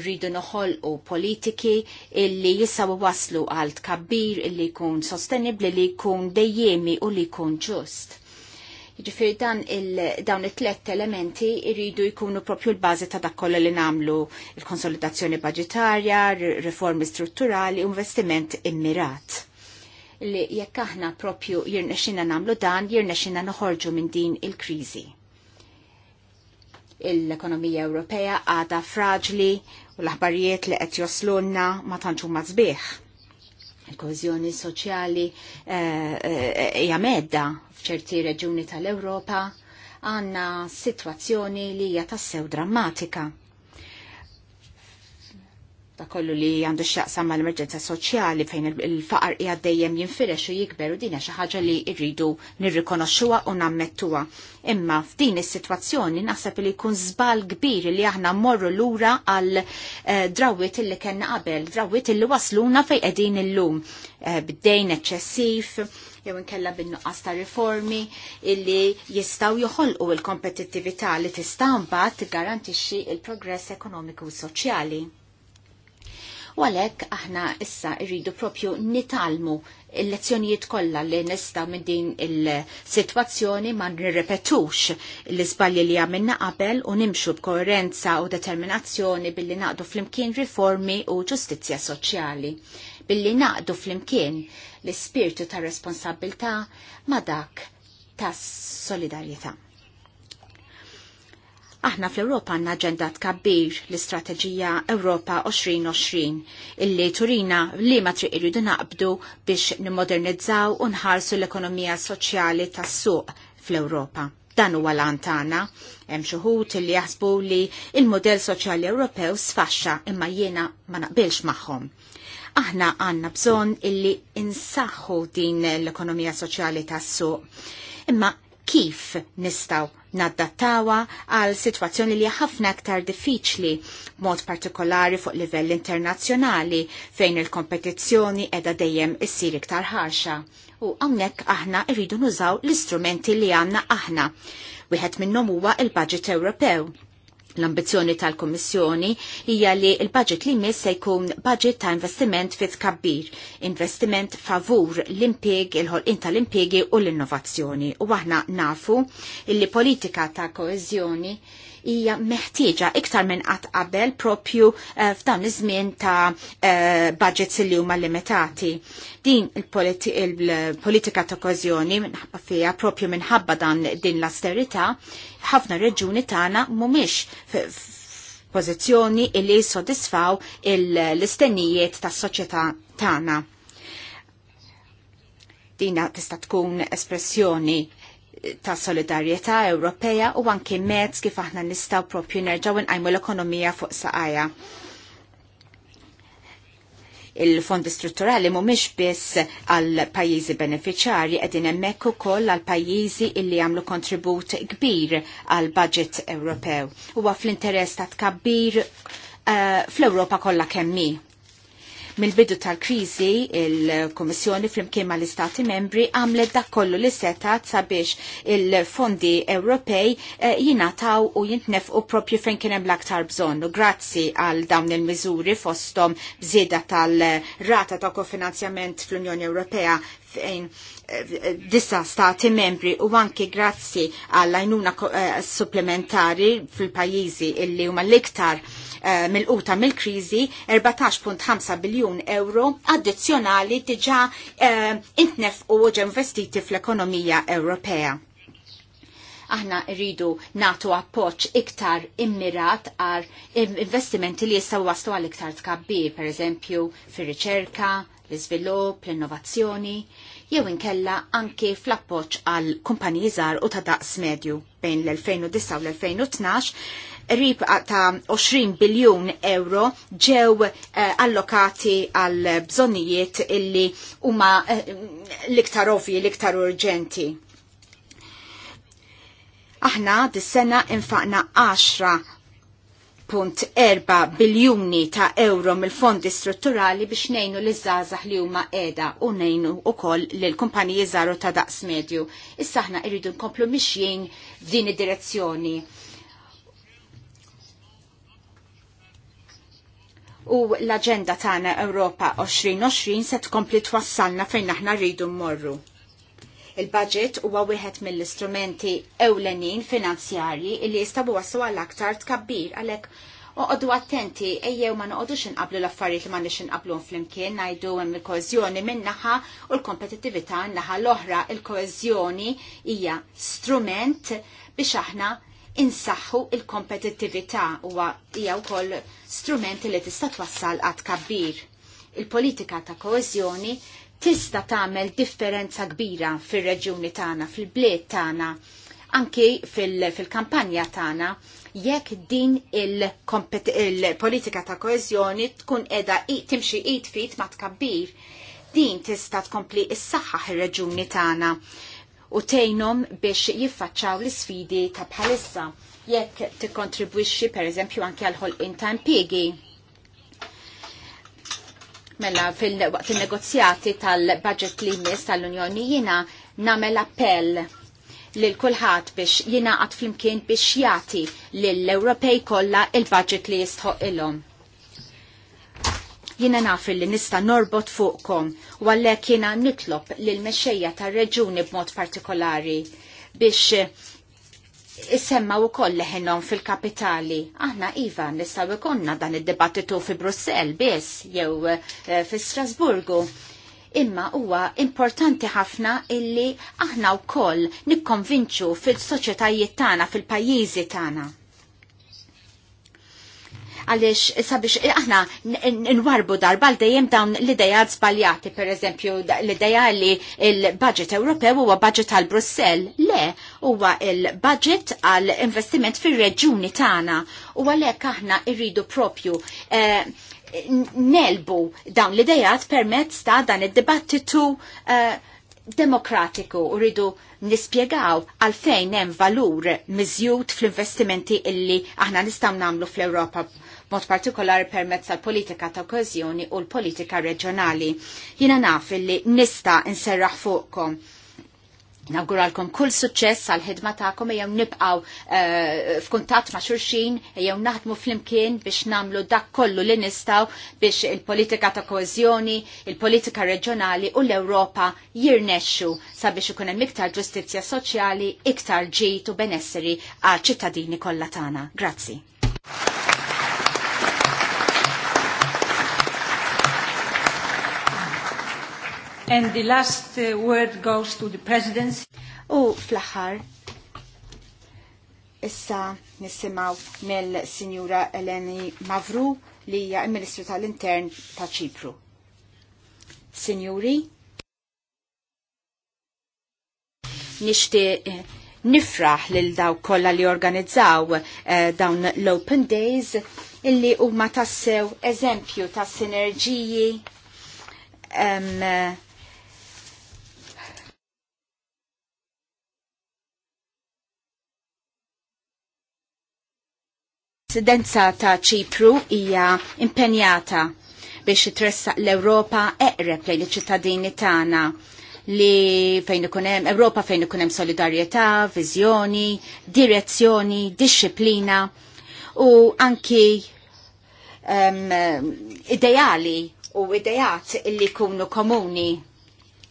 irridu noħolqu politiki illi jissaw waslu għal tkabbir illi jkun sostenibli li jkun dejjemi u li jkun ġust Ġifiri dan il-dawn it-tlet elementi irridu jkunu propju l-bazi ta' dakolla li namlu il-konsolidazzjoni budgetarja, riformi strutturali, u investiment immirat li jekk aħna propju jirnexxina namlu dan, jirnexxina noħorġu minn din il-kriżi. L-ekonomija Ewropea għada fraġli u l-aħbarijiet li qed joslunna ma tantxu mażbieħ il kohezjoni soċjali eh, eh, hija medda f'ċerti reġuni tal-Ewropa għanna sitwazzjoni li hija tassew drammatika ta' kollu li għandu x'jaqsam mal-emerġenza soċjali fejn il-faqar qiegħed dejjem jinfirex u jikber u din hija xi ħaġa li irridu nirrikonoxxuha u nammettuha. Imma f'din is-sitwazzjoni naħseb li jkun żbal kbir li aħna mmorru lura għal eh, drawwiet illi kellna qabel, drawwiet illi wasluna fejn qegħdin illum eh, bid-dejn eċċessiv, jew inkella bin-nuqqas ta' riformi illi jistgħu joħolqu il kompetittività li tista' mbagħad tiggarantixxi il-progress ekonomiku u soċjali u għalek aħna issa rridu propju nitalmu il-lezzjonijiet kollha li nista minn din il-sitwazzjoni ma nirrepetux l-iżbalji li għamilna qabel u nimxu b'koerenza u determinazzjoni billi naqdu flimkien riformi u ġustizzja soċjali billi naqdu flimkien l-ispirtu ta' responsabilta ma dak ta' solidarjetà. Aħna fl-Europa għanna ġenda tkabbir l-istrateġija Europa 2020 illi turina li ma triq irridu naqbdu biex nimodernizzaw u nħarsu l-ekonomija soċjali tas-suq fl-Europa. Dan huwa lantana, hemm xuħut li jaħsbu li il-modell soċjali Ewropew sfaxxa imma jiena ma naqbilx magħhom aħna għanna bżon illi insaħħu din l-ekonomija soċjali tas-suq. Imma kif nistaw naddattawa għal situazzjoni li ħafna aktar diffiċli, mod partikolari fuq livell internazzjonali fejn il-kompetizzjoni edha dejjem issir iktar ħarxa. U hawnhekk aħna irridu nużaw l-istrumenti li għandna aħna. Wieħed minnhom huwa il-Budget Ewropew L-ambizjoni tal-Kommissjoni hija li l-budget li jmiss se jkun budget ta' investiment fit tkabbir, investiment favur l-impieg, il-ħolqin tal-impiegi u l-innovazzjoni. U aħna nafu li politika ta' koeżjoni hija meħtieġa iktar minn qatt qabel propju eh, f'dan iż-żmien ta' eh, budgets li huma limitati. Din il-politika ta' kożjoni minħabba fiha propju minħabba dan din l-austerità, ħafna reġuni tagħna mhumiex pożizzjoni li jissodisfaw l-istennijiet tas-soċjetà tagħna dina tista' tkun espressjoni ta' solidarjetà Ewropea u anki mezz kif aħna nistaw propju nerġgħu nqajmu l-ekonomija fuq saqajja il-fondi strutturali mhumiex biss għal pajjiżi beneficjarji qegħdin hemmhekk ukoll għal pajjiżi illi għamlu kontribut kbir għal budget Ewropew. Huwa fl-interess ta' tkabbir uh, fl-Ewropa kollha kemm Mill-bidu tal-kriżi, il komissjoni flimkien mal-Istati membri għamlet dak kollu li seta' sabiex il-fondi Ewropej eh, jinataw u jintnefqu propju fejn kien hemm l-aktar bżonn. Grazzi għal dawn il-miżuri fostom bżieda tal-rata ta' kofinanzjament fl-Unjoni Ewropea fejn eh, disa stati membri u anki grazzi għall-għajnuna eh, supplementari fil-pajizi illi huma l-iktar eh, mill-quta mill-krizi 14.5 biljun euro addizzjonali diġa intnef u investiti fl-ekonomija Ewropea aħna rridu natu appoċ iktar immirat għal investimenti li jistaw waslu għal iktar tkabbi, per eżempju, fir riċerka l-izvilup, l-innovazzjoni, jew inkella anke fl-appoġġ għal kumpaniji żgħar u ta' daqs medju bejn l-2009 u l-2012 rib ta' 20 biljun euro ġew eh, allokati għal bżonnijiet illi huma eh, l-iktar ovvji, l-iktar urġenti. Aħna dis-sena infaqna 10 1.4 biljuni ta' euro mill-fondi strutturali biex nejnu l zazax li huma edha u nejnu u koll li l-kumpaniji zaru ta' daqs medju. Issa irridu nkomplu miexjien f'din id-direzzjoni. U l-agenda tagħna Ewropa 2020 se tkompli twassalna fejn aħna rridu morru. Il-budget huwa wieħed mill-istrumenti ewlenin finanzjarji li jistabu wassu għall-aktar tkabbir għalhekk Oqdu attenti, ejjew ma noqodux inqablu l-affarijiet li ma nix inqablu flimkien ngħidu hemm il-koeżjoni minnaħa u l-kompetittività naħa l-oħra il-koeżjoni hija strument biex aħna insaħħu il-kompetittività huwa hija wkoll strument li tista' twassal għad kabbir. Il-politika ta' koeżjoni tista tagħmel differenza kbira fir-reġjuni tagħna, fil-bliet tagħna, anki fil-kampanja fil tagħna jekk din il-politika il ta' koezjoni tkun edha timxi id fit ma' tkabbir, din tista' tkompli s-saħħaħ ir reġjuni tagħna u tejnom biex jiffaċċaw l-sfidi ta' bħalissa jekk tikkontribwixxi pereżempju anke għal ħolqien ta' impjiegi Mela fil-waqt il-negozjati tal-budget li jmiss tal-Unjoni jina namel appell lil kulħadd biex għat flimkien biex jagħti lill ewropej kollha il-budget li jistħoq ilhom. Jiena naf li nista' norbot fuqkom u għalhekk jiena nitlob lil mexxejja tar-reġuni b'mod partikolari biex semma u koll fil-kapitali. Aħna Iva nistaw ikonna dan id-dibattitu fi Brussel biss jew eh, fi Strasburgu. Imma huwa importanti ħafna illi aħna wkoll nikkonvinċu fil-soċjetajiet tagħna fil-pajjiżi tagħna għaliex sabiex eh, aħna nwarbu darba dejjem dawn l-ideja zbaljati, per eżempju l-ideja li il-budget Ewropew huwa budget għal Brussell. Le, huwa il-budget għal investiment fir-reġjuni tagħna u għalhekk aħna rridu propju eh, nelbu dawn l-idejat permezz ta' dan id-dibattitu uh, demokratiku u rridu nispiegaw għalfejn hemm valur miżjud fl-investimenti illi aħna nistgħu nagħmlu fl-Ewropa mod partikolari permezz tal-politika ta' kozjoni u l-politika reġjonali. Jina naf li nista inserraħ fuqkom. Nagguralkom kull suċċess għal ħidma tagħkom jew nibqgħu eh, f'kuntatt ma' xulxin jew naħdmu flimkien biex nagħmlu dak kollu li nistgħu biex il-politika ta' koeżjoni, il-politika reġjonali u l-Ewropa jirnexxu sabiex ikun hemm iktar ġustizzja soċjali, iktar ġid u benesseri għal ċittadini kollha tagħna. Grazzi. And the last uh, word goes to the presidency. U fl-aħħar issa nisimaw mill-Sinjura Eleni Mavru li hija Ministru tal-Intern ta' Ċipru. Sinjuri, nishti eh, nifraħ lil daw kollha li organizzaw eh, dawn l-Open Days illi huma tassew eżempju ta' sinerġiji um, Presidenza ta' Ċipru hija impenjata biex tressaq l-Ewropa eqreb lejn iċ-ċittadini tagħna li fejn ikun hemm Ewropa fejn ikun hemm solidarjetà, viżjoni, direzzjoni, disċiplina u anki um, ideali u idejat li jkunu komuni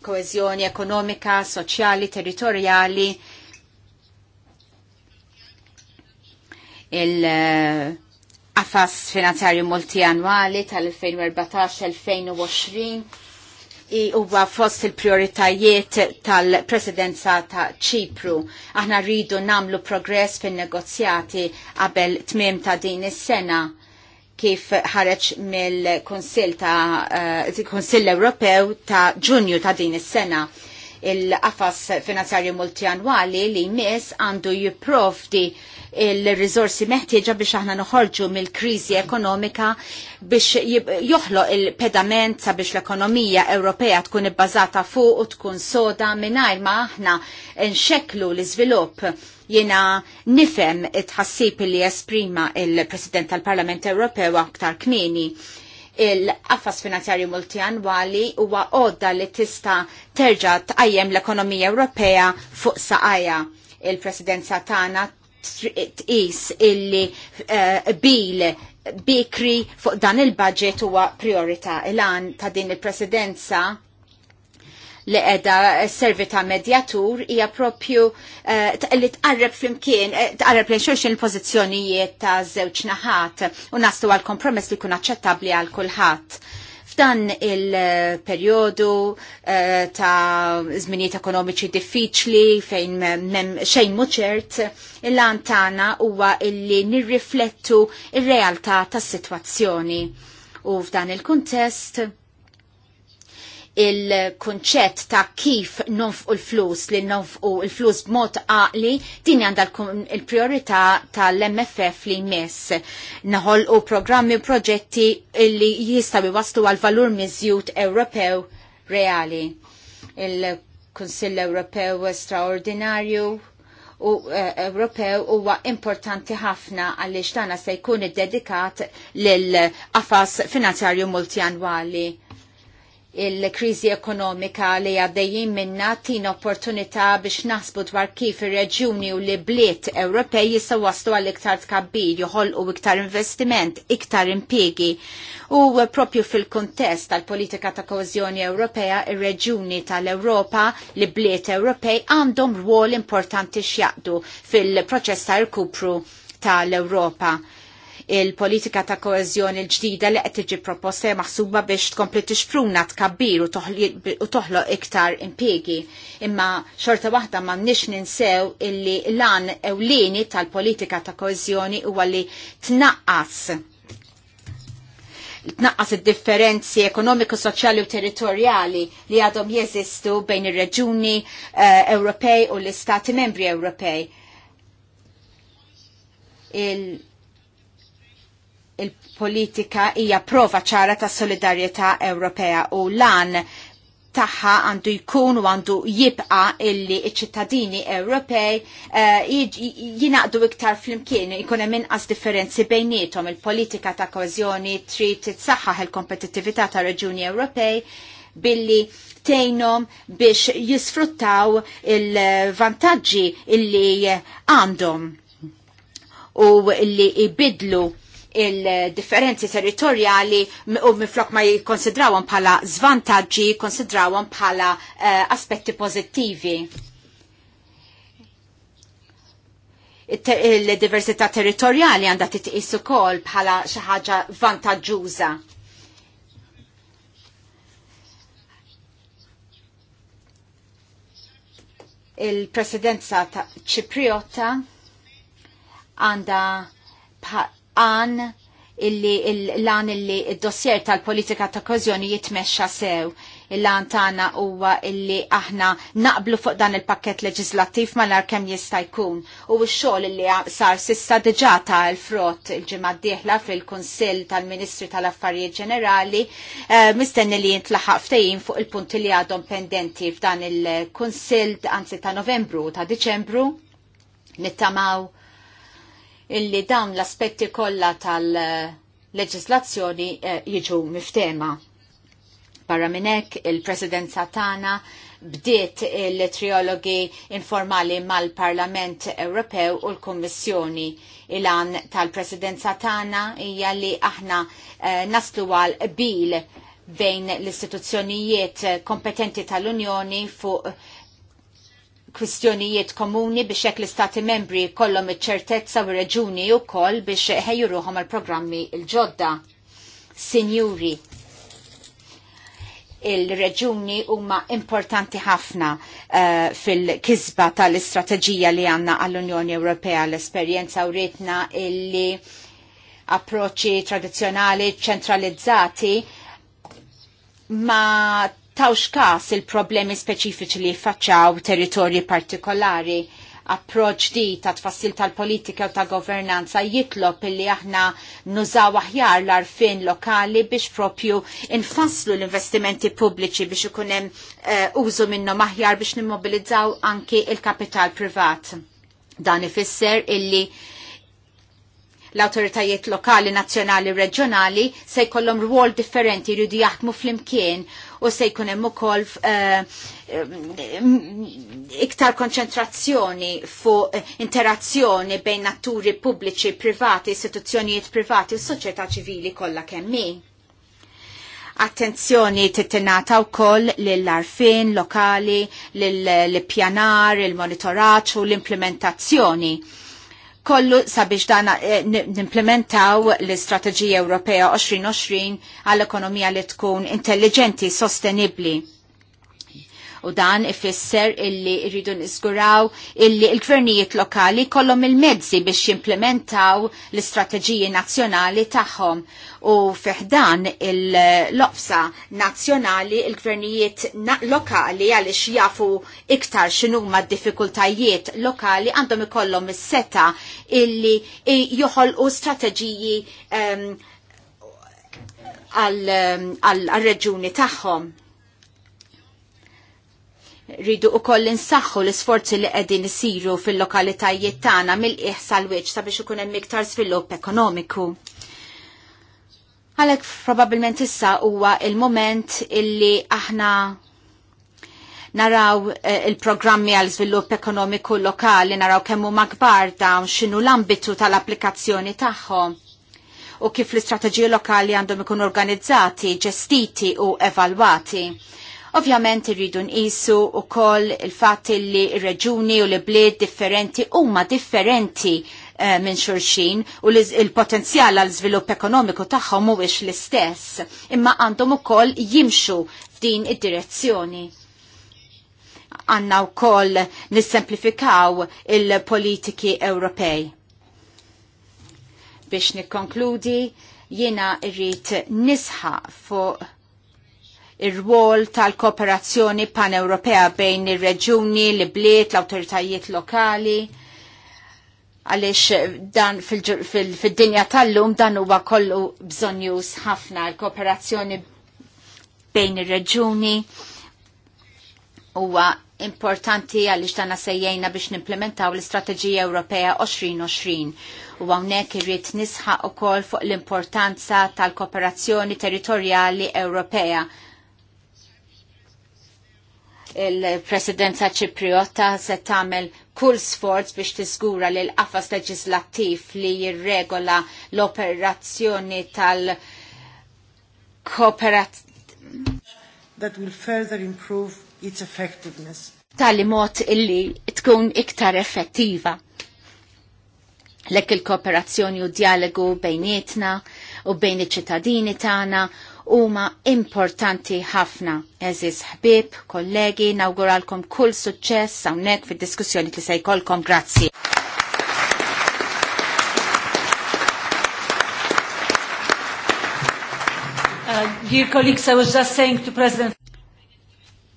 koeżjoni ekonomika, soċjali, territorjali il- Affas finanzjarju multianwali tal-2014-2020 i huwa fost il-prioritajiet tal-presidenza ta' ċipru. Aħna rridu namlu progress fin negozjati qabel tmim ta' din is-sena kif ħareġ mill-Konsil ta' uh, Ewropew ta' Ġunju ta' din is-sena il-qafas finanzjarju multianwali li jmiss għandu jipprovdi il-rizorsi meħtieġa biex aħna noħorġu mill-kriżi ekonomika biex joħloq il-pedament sabiex l-ekonomija Ewropea tkun ibbażata fuq u tkun soda mingħajr ma aħna nxeklu l-iżvilupp jena nifem it-ħassib li esprima il-President tal-Parlament Ewropew aktar kmini il affas finanzjarju multianwali huwa għodda li tista terġa tqajjem l-ekonomija Ewropea fuq saqajja. Il-presidenza tagħna tqis illi eh, bil bikri fuq dan il-budget huwa priorità. Il-għan ta' din il-presidenza li edha servi ta' medjatur hija propju eh, li tqarreb flimkien, eh, tqarreb li xulxin il-pożizzjonijiet ta' żewġ naħat u nastu għal kompromess li jkun aċċettabbli għal kulħadd. F'dan il-perjodu eh, ta' żminijiet ekonomiċi diffiċli fejn xejn muċert, il-lan tagħna huwa illi nirriflettu il realtà tas-sitwazzjoni. U f'dan il-kuntest, il-konċett ta' kif nonfqu l-flus li nonfqu l-flus b'mod għaqli din għandha l-priorità tal-MFF li jmiss. Naħol u programmi u proġetti li jistaw waslu għal valur mizjut Ewropew reali. Il-Kunsill Ewropew straordinarju u eh, Ewropew huwa importanti ħafna għaliex tagħna se jkun iddedikat lil qafas finanzjarju multianwali il-krizi ekonomika li għaddejjim minna tin opportunità biex naħsbu dwar kif ir-reġjuni u li bliet Ewropej jistgħu waslu għal iktar tkabbir, joħolqu iktar investiment, iktar impjiegi. U propju fil-kontest tal-politika ta' koezjoni Ewropea, ir-reġjuni tal-Ewropa li bliet Ewropej għandhom rwol importanti x'jaqdu fil-proċess ta' rkupru tal-Ewropa il-politika ta' koezjoni l-ġdida li qed tiġi proposta maħsuba biex tkompli tixpruna tkabbir u toħloq iktar impiegi. Imma xorta waħda m'għandniex ninsew illi lan ewlieni tal-politika ta' koezjoni huwa li tnaqqas tnaqqas id-differenzi ekonomiku, soċjali u territorjali li għadhom jeżistu bejn ir-reġuni eh, Ewropej u l-Istati membri Ewropej il-politika hija prova ċara ta' solidarjetà Ewropea u lan taħħa għandu jkun u għandu jibqa illi iċ-ċittadini Ewropej eh, jinaqdu iktar flimkien, ikun hemm inqas differenzi bejnietom il-politika ta' kożjoni trid titsaħħaħ il-kompetittività ta' reġuni Ewropej billi tejnom biex jisfruttaw il-vantaġġi illi għandhom u li ibidlu il-differenzi territorjali u miflok ma jikonsidrawan bħala zvantaġġi, konsidrawhom bħala uh, aspetti pożittivi. Il-diversità territorjali għandha titqis ukoll bħala xi ħaġa vantaġġuża. il-presidenza ta' Ċipriota għanda għan illi l-għan illi id-dossier tal-politika ta' kozjoni jitmexxa sew. Il-għan tagħna huwa illi aħna naqblu fuq dan il-pakket leġislattiv malar kemm jista' jkun. U x-xogħol illi sar sissa diġà ta' l-frott il-ġimgħa d-dieħla fil-Kunsill tal-Ministri tal-Affarijiet Ġenerali eh, mistenni li jintlaħaq ftehim fuq il-punti li għadhom pendenti f'dan il-Kunsill anzi ta' Novembru ta' Diċembru nittamaw illi dawn l-aspetti kollha tal-leġislazzjoni eh, jiġu miftema. Barra minnek il-presidenza tana bdiet il-triologi informali mal-Parlament Ewropew u l-Kommissjoni. Il-għan tal-presidenza tana hija li aħna eh, naslu għal bil bejn l-istituzzjonijiet kompetenti tal-Unjoni fuq kwistjonijiet komuni biex hekk l-istati membri kollhom iċ-ċertezza u reġuni wkoll biex ħejju ruħhom għall-programmi l-ġodda. Sinjuri, il-reġuni huma importanti ħafna uh, fil-kisba tal-istrateġija li għanna għall-Unjoni Ewropea l-esperjenza u ritna illi approċċi tradizjonali ċentralizzati ma tawx kas il-problemi speċifiċi li jfaċċaw territorji partikolari approċ di ta' tfassil tal-politika u ta' governanza jitlob illi aħna nużaw aħjar l-arfin lokali biex propju infasslu l-investimenti pubbliċi biex ikunem eh, uh, minnom aħjar biex nimmobilizzaw anki il-kapital privat. Dan ifisser illi l-autoritajiet lokali, nazzjonali, reġjonali se jkollhom rwol differenti jridu jaħdmu flimkien u se jkun hemm ukoll eh, iktar konċentrazzjoni fuq eh, interazzjoni bejn natturi pubbliċi, privati, istituzzjonijiet privati u s-soċjetà ċivili kollha kemm attenzjoni titinata u koll l-arfin lokali, l-pjanar, il-monitoraċ u l-implementazzjoni kollu sabiex dana eh, nimplementaw l-Istrateġija Ewropea 2020 għall-ekonomija li tkun intelligenti, sostenibli u dan ifisser illi rridu nisguraw illi l-gvernijiet lokali kollhom il-mezzi biex jimplementaw l-istrateġiji nazzjonali tagħhom u fiħdan il-lofsa nazzjonali il-gvernijiet lokali għaliex jafu iktar x'inhuma d-diffikultajiet lokali għandhom ikollhom is-seta illi joħolqu strateġiji um, għal-reġuni tagħhom rridu u koll insaxħu l-sforzi li qegħdin isiru fil-lokalitajiet tagħna mill-qiegħ l-wiċċ sabiex ikun hemm iktar svilupp ekonomiku. Għalhekk probabbilment issa huwa il-moment illi aħna naraw eh, il-programmi għal żvilupp ekonomiku lokali, naraw kemm huma kbar dawn x'inhu l-ambitu tal-applikazzjoni tagħhom u kif l-istrateġiji lokali għandhom ikun organizzati, ġestiti u evalwati Ovvjament irridu nqisu wkoll il fat li r-reġuni u li bled differenti huma differenti eh, minn xurxin u l potenzjal għal żvilupp ekonomiku tagħhom mhuwiex l-istess, imma għandhom ukoll jimxu f'din id-direzzjoni. Għanna wkoll nissemplifikaw il-politiki Ewropej. Biex nikkonkludi, jiena irrid nisħaq fuq ir-rwol tal-kooperazzjoni pan-Ewropea bejn ir-reġuni, l-bliet, l-autoritajiet lokali għalix dan fil-dinja tal-lum dan huwa kollu bżonjus ħafna l-kooperazzjoni bejn ir-reġuni huwa importanti għalix dan sejjejna biex nimplementaw l-Istrateġija Ewropea 2020 u hawnhekk irrid nisħaq ukoll fuq l-importanza tal-kooperazzjoni territorjali Ewropea il-presidenza ċipriota se tagħmel kull sforz biex tiżgura li l-qafas leġislattiv li jirregola l-operazzjoni tal-kooperat that will further improve its effectiveness. mod illi tkun iktar effettiva. Lek il-kooperazzjoni u dialogu bejnietna u bejn iċ-ċittadini tagħna huma importanti ħafna. Eżis ħbib, kollegi, nawguralkom kull suċċess hawnhekk fid-diskussjoni li se jkollkom. Grazzi. Uh, dear colleagues, I was just saying to President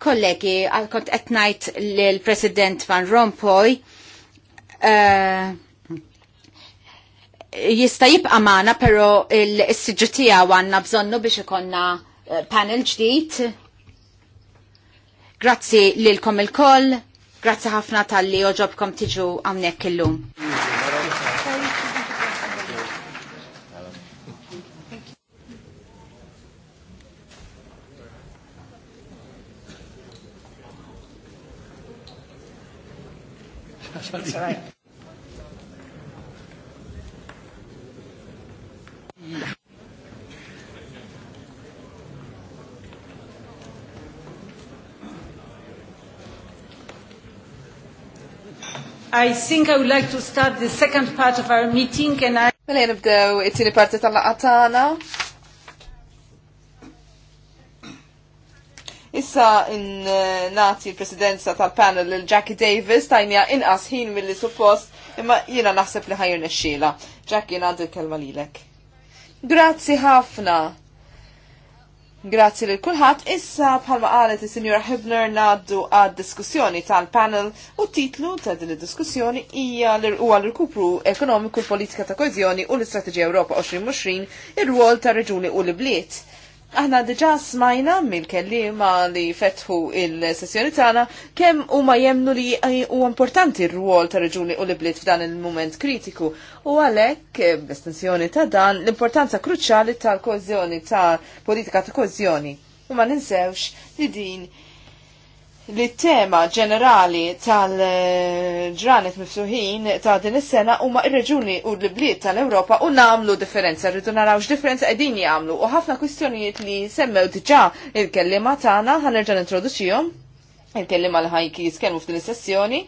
kollegi, għal kont etnajt l-President Van Rompuy, uh, jista jibqa' magħna però l-issiġġu tiegħu għandna bżonnu biex ikonna eh, panel ġdid. Grazzi lilkom il-koll, grazzi ħafna tal-li oġobkom tiġu hawnhekk illum. That's right. I think I would like to start the second part of our meeting and I... Mela nibdew it-tieni parti tal-laqatana. Issa in eh, nati l-presidenza tal-panel l-Jackie Davis tajnija inqas ħin mill-li suppost imma jina naħseb li ħajr nexxila. Jackie, jina kelma lilek. Grazzi ħafna. Grazzi lil kulħadd. Issa bħalma qalet is-Sinjora Hibner ngħaddu għad diskussjoni tal-panel u titlu ta' din id-diskussjoni hija huwa l-irkupru ekonomiku l-politika ta' koezjoni u l-Istrateġija Ewropa 2020 ir-rwol ta' reġuni u l-bliet. Aħna diġa smajna mill-kellima li fetħu il-sessjoni tagħna kemm huma jemnu li huwa importanti r-rwol ta' reġuni u l-ibliet f'dan il-moment kritiku u għalhekk eh, b'estensjoni ta' dan l-importanza kruċjali tal-kożjoni ta' politika ta' kożjoni. U ma ninsewx li din li tema ġenerali tal-ġranet mifsuħin ta' din is-sena huma ir-reġuni u l-bliet tal-Ewropa u nagħmlu differenza, rridu naraw x'differenza qegħdin jagħmlu u ħafna kwistjonijiet li semmew diġà il-kellima tagħna ħanerġa' nintroduċihom il-kellima li ħajki jitkellmu f'din is-sessjoni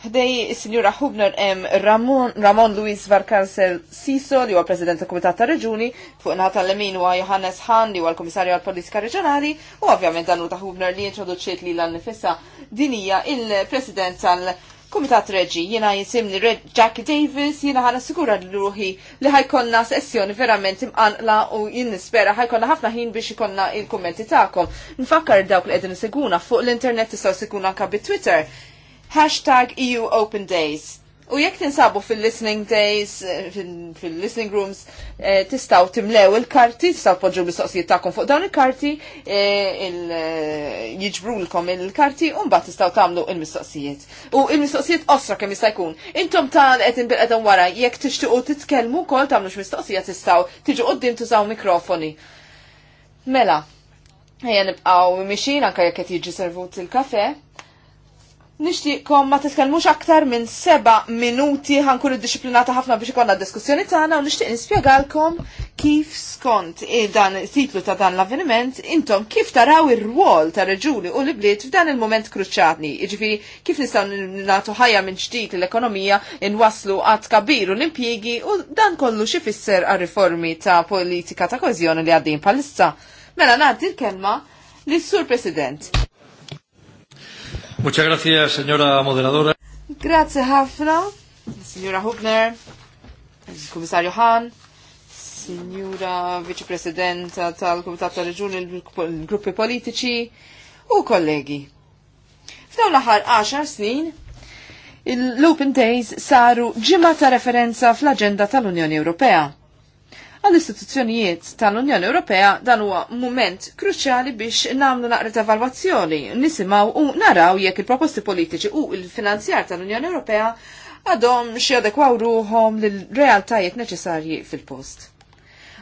Ħdej is-Sinjura Hubner em Ramon, Ramon Luis Varkansel Siso li huwa President tal-Kumitat ta' Reġuni, fuq nata tal-Lemin huwa Johannes Hahn li huwa l-Kummissarju għall-Politika Reġjonali, u ovvjament dan ta' Hubner li introduċiet li l-annifissa dinija il-President tal-Kumitat Reġi. Jiena jisimni Jackie Davis, jiena ħana sigura li ruħi li ħajkonna sessjoni verament imqanqla u jien nispera ħajkonna ħafna ħin biex ikonna il-kummenti tagħkom. Nfakkar dawk li qegħdin seguna fuq l-internet tistgħu sikuna anke bit-Twitter hashtag EU Open Days. U jekk tinsabu fil-listening days, eh, fil-listening rooms, eh, tistaw timlew il-karti, tistaw podġu mistoqsijiet tagħkom fuq dawn il-karti, jġbru eh, l jiġbrulkom il-karti, u mbagħad tistaw tagħmlu il-mistoqsijiet. U il-mistoqsijiet osra kemm jista' jkun. Intom tal qed inbilqedhom wara, jekk tixtiequ titkellmu wkoll x-mistoqsijiet tistaw tiġu qudiem tużaw mikrofoni. Mela, ejja nibqgħu mixin anke jekk qed jiġi servut il-kafe. Nishtiqkom ma tiskelmux aktar minn seba minuti ħankunu disciplinata ħafna biex ikonna diskussjoni tagħna u nixtieq nispjegalkom kif skont dan titlu ta' dan l-avveniment intom kif taraw ir-rwol ta' reġuni u l-bliet f'dan il-moment kruċċatni. Jiġifieri kif nistgħu natu ħajja minn ġdid l-ekonomija inwaslu għad kabir u l-impjiegi u dan kollu xi fisser għar-riformi ta' politika ta' koeżjoni li għaddin bħalissa. Mela ngħaddi l-kelma l sur President. Muchas gracias, señora moderadora. Grazie ħafna, signora Hubner, Commissario Hahn, signora Vicepresidenta tal Comitato tal-Reġuni, l gruppi politiċi u kollegi. F'dawn l-aħħar 10 snin, l open Days saru ġimgħa ta' referenza fl-agenda tal-Unjoni Ewropea. Għall-istituzzjonijiet tal-Unjoni Ewropea dan huwa mument kruċjali biex nagħmlu naqra ta' valvazzjoni, nisimgħu u naraw jekk il-proposti politiċi u il-finanzjar tal-Unjoni Ewropea għadhom xi adekwaw ruhom lill-realtajiet neċessarji fil-post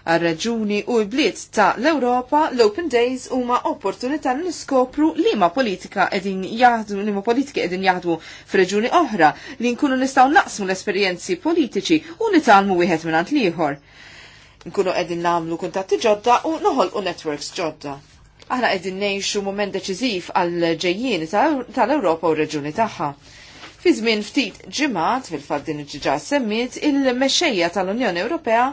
għal-reġuni u l-bliet ta' l-Europa, l-Open Days huma opportunità li niskopru li ma politika edin jaħdu, li ma politika edin jaħdu f'reġuni oħra, li nkunu nistaw naqsmu l-esperjenzi politiċi u nitalmu wieħed minn liħor nkunu qegħdin nagħmlu kuntatti ġodda u noħolqu networks ġodda. Aħna qegħdin ngħixu mument deċiżiv għal ġejjien tal-Ewropa u reġuni tagħha. Fi żmien ftit ġimgħat fil-fatt din ġiġa il-mexxejja tal-Unjoni Ewropea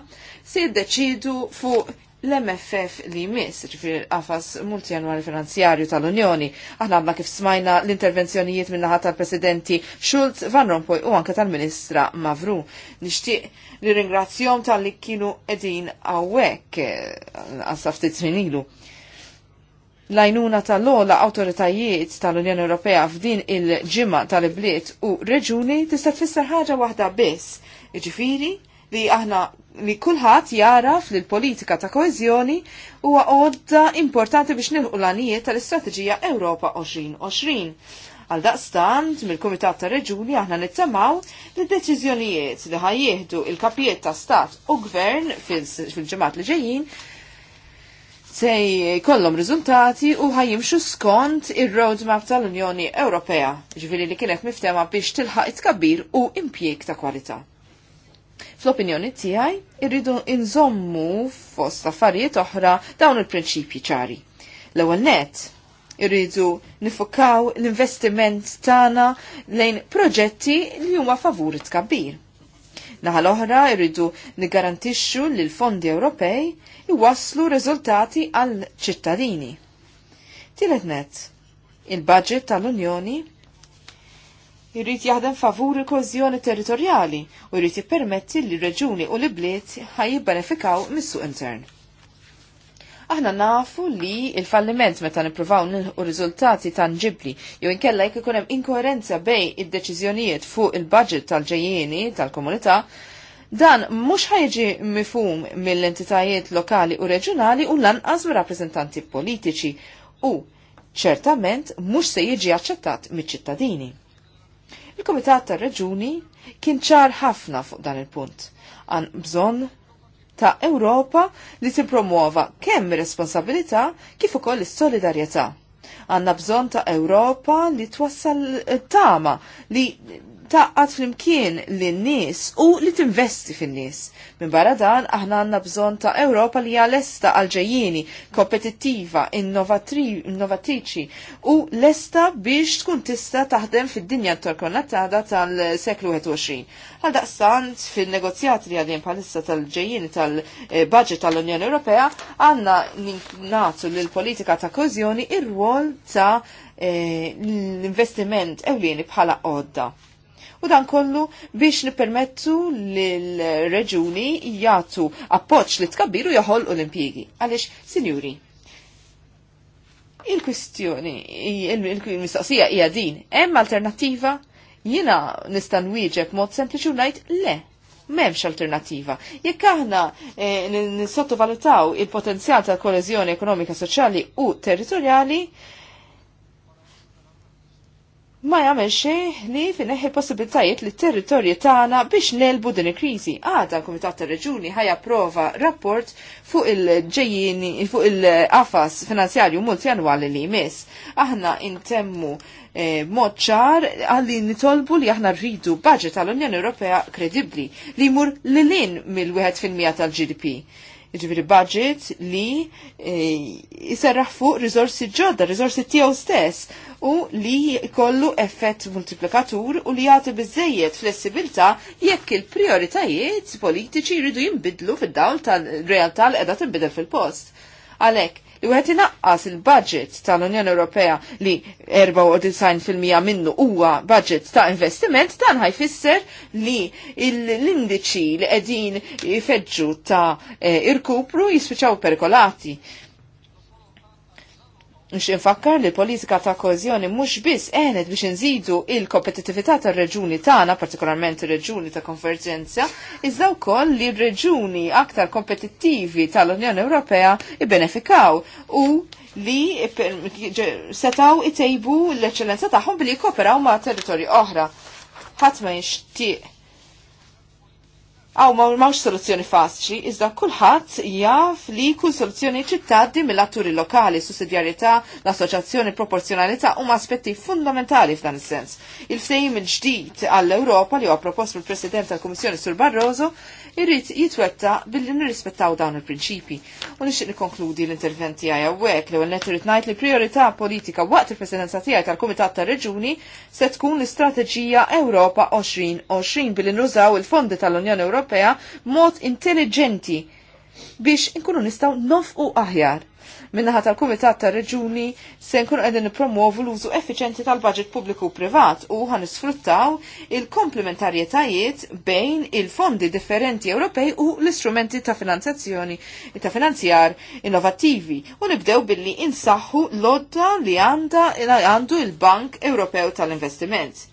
se jiddeċidu fuq l-MFF li jmiss, ġifir għafas qafas finanzjarju tal-Unjoni. Aħna għamna kif smajna l-intervenzjonijiet minnaħat tal-Presidenti Schulz, Van Rompuy u anke tal-Ministra Mavru. Nishtiq li ringrazzjom tal-li kienu edin għawek eh, għasaftit ilu. Lajnuna tal-ola autoritajiet tal-Unjoni Ewropea f'din il-ġimma tal-bliet u reġuni tista' tfisser ħaġa waħda biss, ġifiri li aħna li kulħadd jaraf li l-politika ta' koeżjoni huwa għodda importanti biex nilħu l-għanijiet tal-Istrateġija Ewropa 2020. Għal daqstant, mill-Kumitat ta' Reġuni aħna nittamaw li deċiżjonijiet li ħajjieħdu il-kapijiet ta' stat u gvern fil-ġemat li ġejjin se jkollhom riżultati u ħajjimxu skont ir-roadmap tal-Unjoni Ewropea, ġviri li kienet miftema biex tilħaq it kabir u impjeg ta' kwalità. Fl-opinjoni tiegħi irridu nżommu fost affarijiet oħra dawn il-prinċipji ċari. L-ewwel net irridu nifokaw l-investiment tagħna lejn proġetti li huma favuri tkabbir. Naħa l-oħra irridu nigarantixxu li l-fondi Ewropej iwasslu riżultati għal ċittadini. Tielet net, il-budget tal-Unjoni jirrit jaħdem favur il-kozjoni territorjali u jirrit jippermetti li reġuni u li bliet ħajibbenefikaw missu intern. Aħna nafu li il-falliment meta nippruvaw nilħu riżultati tangibli jew inkella jekk ikun hemm inkoerenza bej id-deċiżjonijiet fuq il-budget tal-ġejjieni tal-komunità, dan mhux ħajġi mifhum mill-entitajiet lokali u reġjonali u lanqas mir-rappreżentanti politiċi u ċertament mhux se jiġi aċċettat miċ-ċittadini. Il-Komitat tar reġuni kien ċar ħafna fuq dan il-punt. Għan bżonn ta' Ewropa li tippromuova kemm responsabilità kif ukoll is-solidarjetà. Għanna bżonn ta' Ewropa li twassal tama li taqqat flimkien lin-nies u li tinvesti fin-nies. Min barra dan aħna għandna bżonn ta' Ewropa li hija lesta għal ġejjini kompetittiva, innovatriċi u lesta biex tkun tista' taħdem fid-dinja interkonnettada tal-seklu 21. Għal daqstant fin-negozjat li għadin bħalissa tal-ġejjieni tal-budget tal-Unjoni Ewropea għandna nagħtu l politika ta' kozjoni ir-rwol ta' eh, l-investiment ewlieni bħala għodda u dan kollu biex nipermettu l-reġuni jgħatu appoċ li tkabbiru joħol l-impjegi. Għalix, sinjuri, il-kwistjoni, il-mistoqsija hija din, hemm alternativa jina nistan wieġeb mod sempliċi u ngħid le, memx alternativa. Jekk aħna eh, nisottovalutaw il-potenzjal tal koleżjoni ekonomika, soċjali u territorjali, ma jagħmel xejn li fineħi possibilitajiet li territorju tagħna biex nelbu din il-kriżi. Għada l-Kumitat tar-Reġuni ħajja prova rapport fuq il-ġejjini fuq il-qafas finanzjarju multjanwali li jmiss. Aħna intemmu eh, mod ċar għalli nitolbu li aħna rridu budget tal-Unjoni Ewropea kredibbli li jmur lilin mill-1% tal-GDP ġviri budget li e, jisarraħ fuq rizorsi ġodda, rizorsi tiegħu stess u li kollu effett multiplikatur u li jagħti bizzejiet flessibilità jekk il-prioritajiet politiċi jridu jinbidlu fid-dawl tal-realtà l qiegħda tinbidel fil-post. Għalhekk, u għet inaqqas il-budget tal-Unjoni Ewropea li 94% minnu huwa budget ta' investiment, dan ħajfisser li l-indiċi li qegħdin ifeġġu ta' eh, irkupru jispiċaw perkolati. Nix infakkar li politika ta' kozjoni mux biss enet biex nżidu il-kompetitività ta' reġuni tagħna, partikolarment reġuni ta' konverġenza, iżda wkoll li reġuni aktar kompetittivi tal-Unjoni Ewropea benefikaw u li setaw itejbu l-eċellenza tagħhom billi jkoperaw ma' territorji oħra. Ħatma ma Aw ma mawx soluzzjoni faċli, iżda kulħadd jaf li kull soluzzjoni ċittaddi mill-atturi lokali, sussidjarjetà, l-assoċjazzjoni proporzjonalità huma aspetti fundamentali f'dan is-sens. il fejm il-ġdid għall-Ewropa li huwa propost mill-President tal-Kummissjoni Sur Barroso irrid jitwetta billi nirrispettaw dawn il-prinċipi. U nixtieq nikkonkludi l-intervent tiegħi hawnhekk l ewwel irid ngħid li priorità politika waqt il-presidenza tiegħi tal-Kumitat tar-Reġuni se tkun l-istrateġija Ewropa 2020 billi nużaw il-fondi tal-Unjoni Ewropea mod intelligenti biex inkunu nistaw nofqu aħjar minnaħa tal-Kumitat ta' Reġuni se nkun qegħdin nippromovu l-użu effiċenti tal budget pubbliku u privat u ħanisfruttaw il-komplementarjetajiet bejn il-fondi differenti Ewropej u l-istrumenti ta' finanzazzjoni ta' finanzjar innovattivi u nibdew billi insaħħu l-odda li għandu il-Bank Ewropew tal-Investiment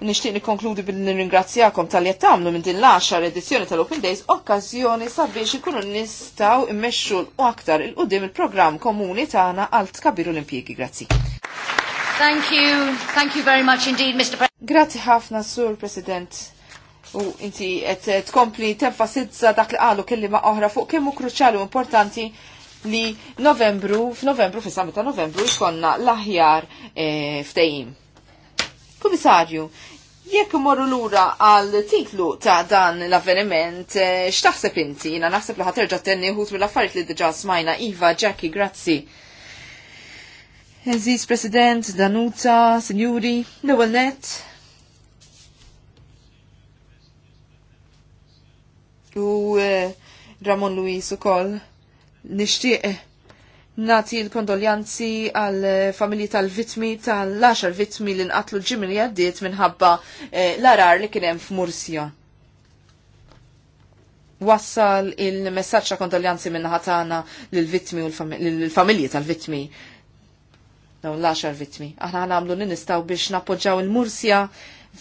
nishtiq nikonkludi bil nirringrazzjakom tal jett għamlu minn din l-10 edizzjoni tal-Open Days okkazjoni sabiex ikunu nistaw immexxu u aktar il-qudiem il-programm komuni tagħna għal tkabbir Olimpijki. Grazzi. Thank you, thank you very much indeed, Mr. President. Grazzi ħafna, Sur President. U inti qed tkompli tenfasizza dak li qalu kelliema oħra fuq kemm hu kruċjali u importanti li novembru, f'novembru, fis-summit ta' novembru, jkollna l-aħjar eh, ftehim. Komissarju, jekk morru lura għal titlu ta' dan l-avveniment, eh, x'taħseb inti? Jina naħseb li ħaterġa' tenni ħut mill-affarijiet li diġà smajna Iva, Jackie, grazzi. Eżis President, Danuta, Sinjuri, l-ewwel net. U eh, Ramon Luis ukoll nixtieq nati l-kondoljanzi għal familji tal-vitmi tal-10 vitmi li nqatlu ġimri għaddiet minħabba eh, l-arar li kienem f'Mursja. Wassal il-messagġa kondoljanzi minnaħatana l-vitmi u l-familji tal-vitmi. Daw l-10 vitmi. Aħna għamlu nistaw biex nappoġġaw il-Mursja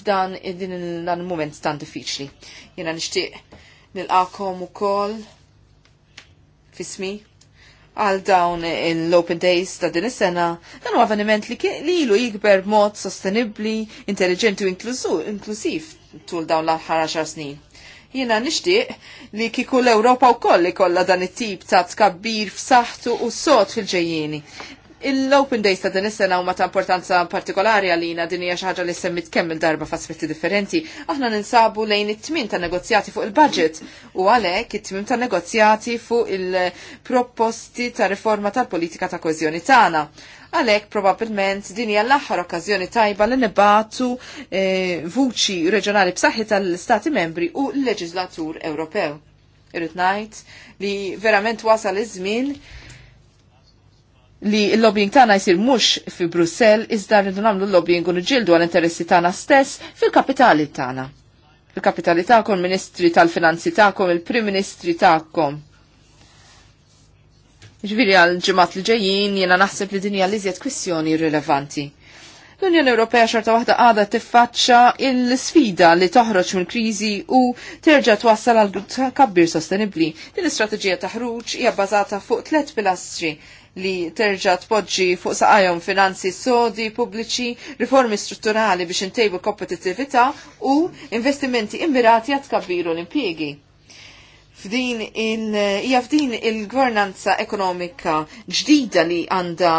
f'dan din l-moment tan diffiċli. Jena nishtiq nilqakom u kol fismi għal dawn l-Open Days ta' din is-sena, dan huwa avveniment li ilu jikber mod sostenibbli, intelligenti u inklusiv tul dawn l-aħħar xar snin. Jiena nixtieq li kieku l-Ewropa wkoll ikollha dan it-tip ta' tkabbir f'saħħtu u sod fil-ġejjieni. Il-Open Days ta' din is-sena huma ta' importanza partikolari għalina din hija xi ħaġa li semmit kemm il-darba f'aspetti differenti. Aħna ninsabu lejn it-tmim ta' negozjati fuq il-budget u għalhekk it-tmim ta' negozjati fuq il-proposti ta' riforma tal-politika ta' koeżjoni tagħna. Għalhekk probabbilment din hija l-aħħar okkażjoni tajba li nibatu eh, vuċi reġjonali b'saħħi tal-Stati membri u l-Leġislatur Ewropew. Irrid ngħid li verament wasal iż-żmien li l-lobbying tagħna jsir mhux fi Brussell iżda rridu nagħmlu l-lobbying u niġildu għal interessi tagħna stess fil-kapitali tagħna. fil kapitali tagħkom, ministri tal-finanzi tagħkom, il-prim ministri tagħkom. Ġviri għal ġimgħat li ġejjin jiena naħseb li dinja li żjed kwissjoni rilevanti. L-Unjoni Ewropea xorta waħda għadha tiffaċċa l-sfida li toħroġ mill kriżi u terġa' twassal għal kabbir sostenibbli. Din l-istrateġija ta' ħruġ hija bbażata fuq tliet pilastri li terġa tpoġġi fuq saqajhom finanzi sodi pubbliċi, riformi strutturali biex intejbu kompetitività u investimenti immirati għat kabbiru l impiegi f'din il hija f'din il-gvernanza ekonomika ġdida li għandha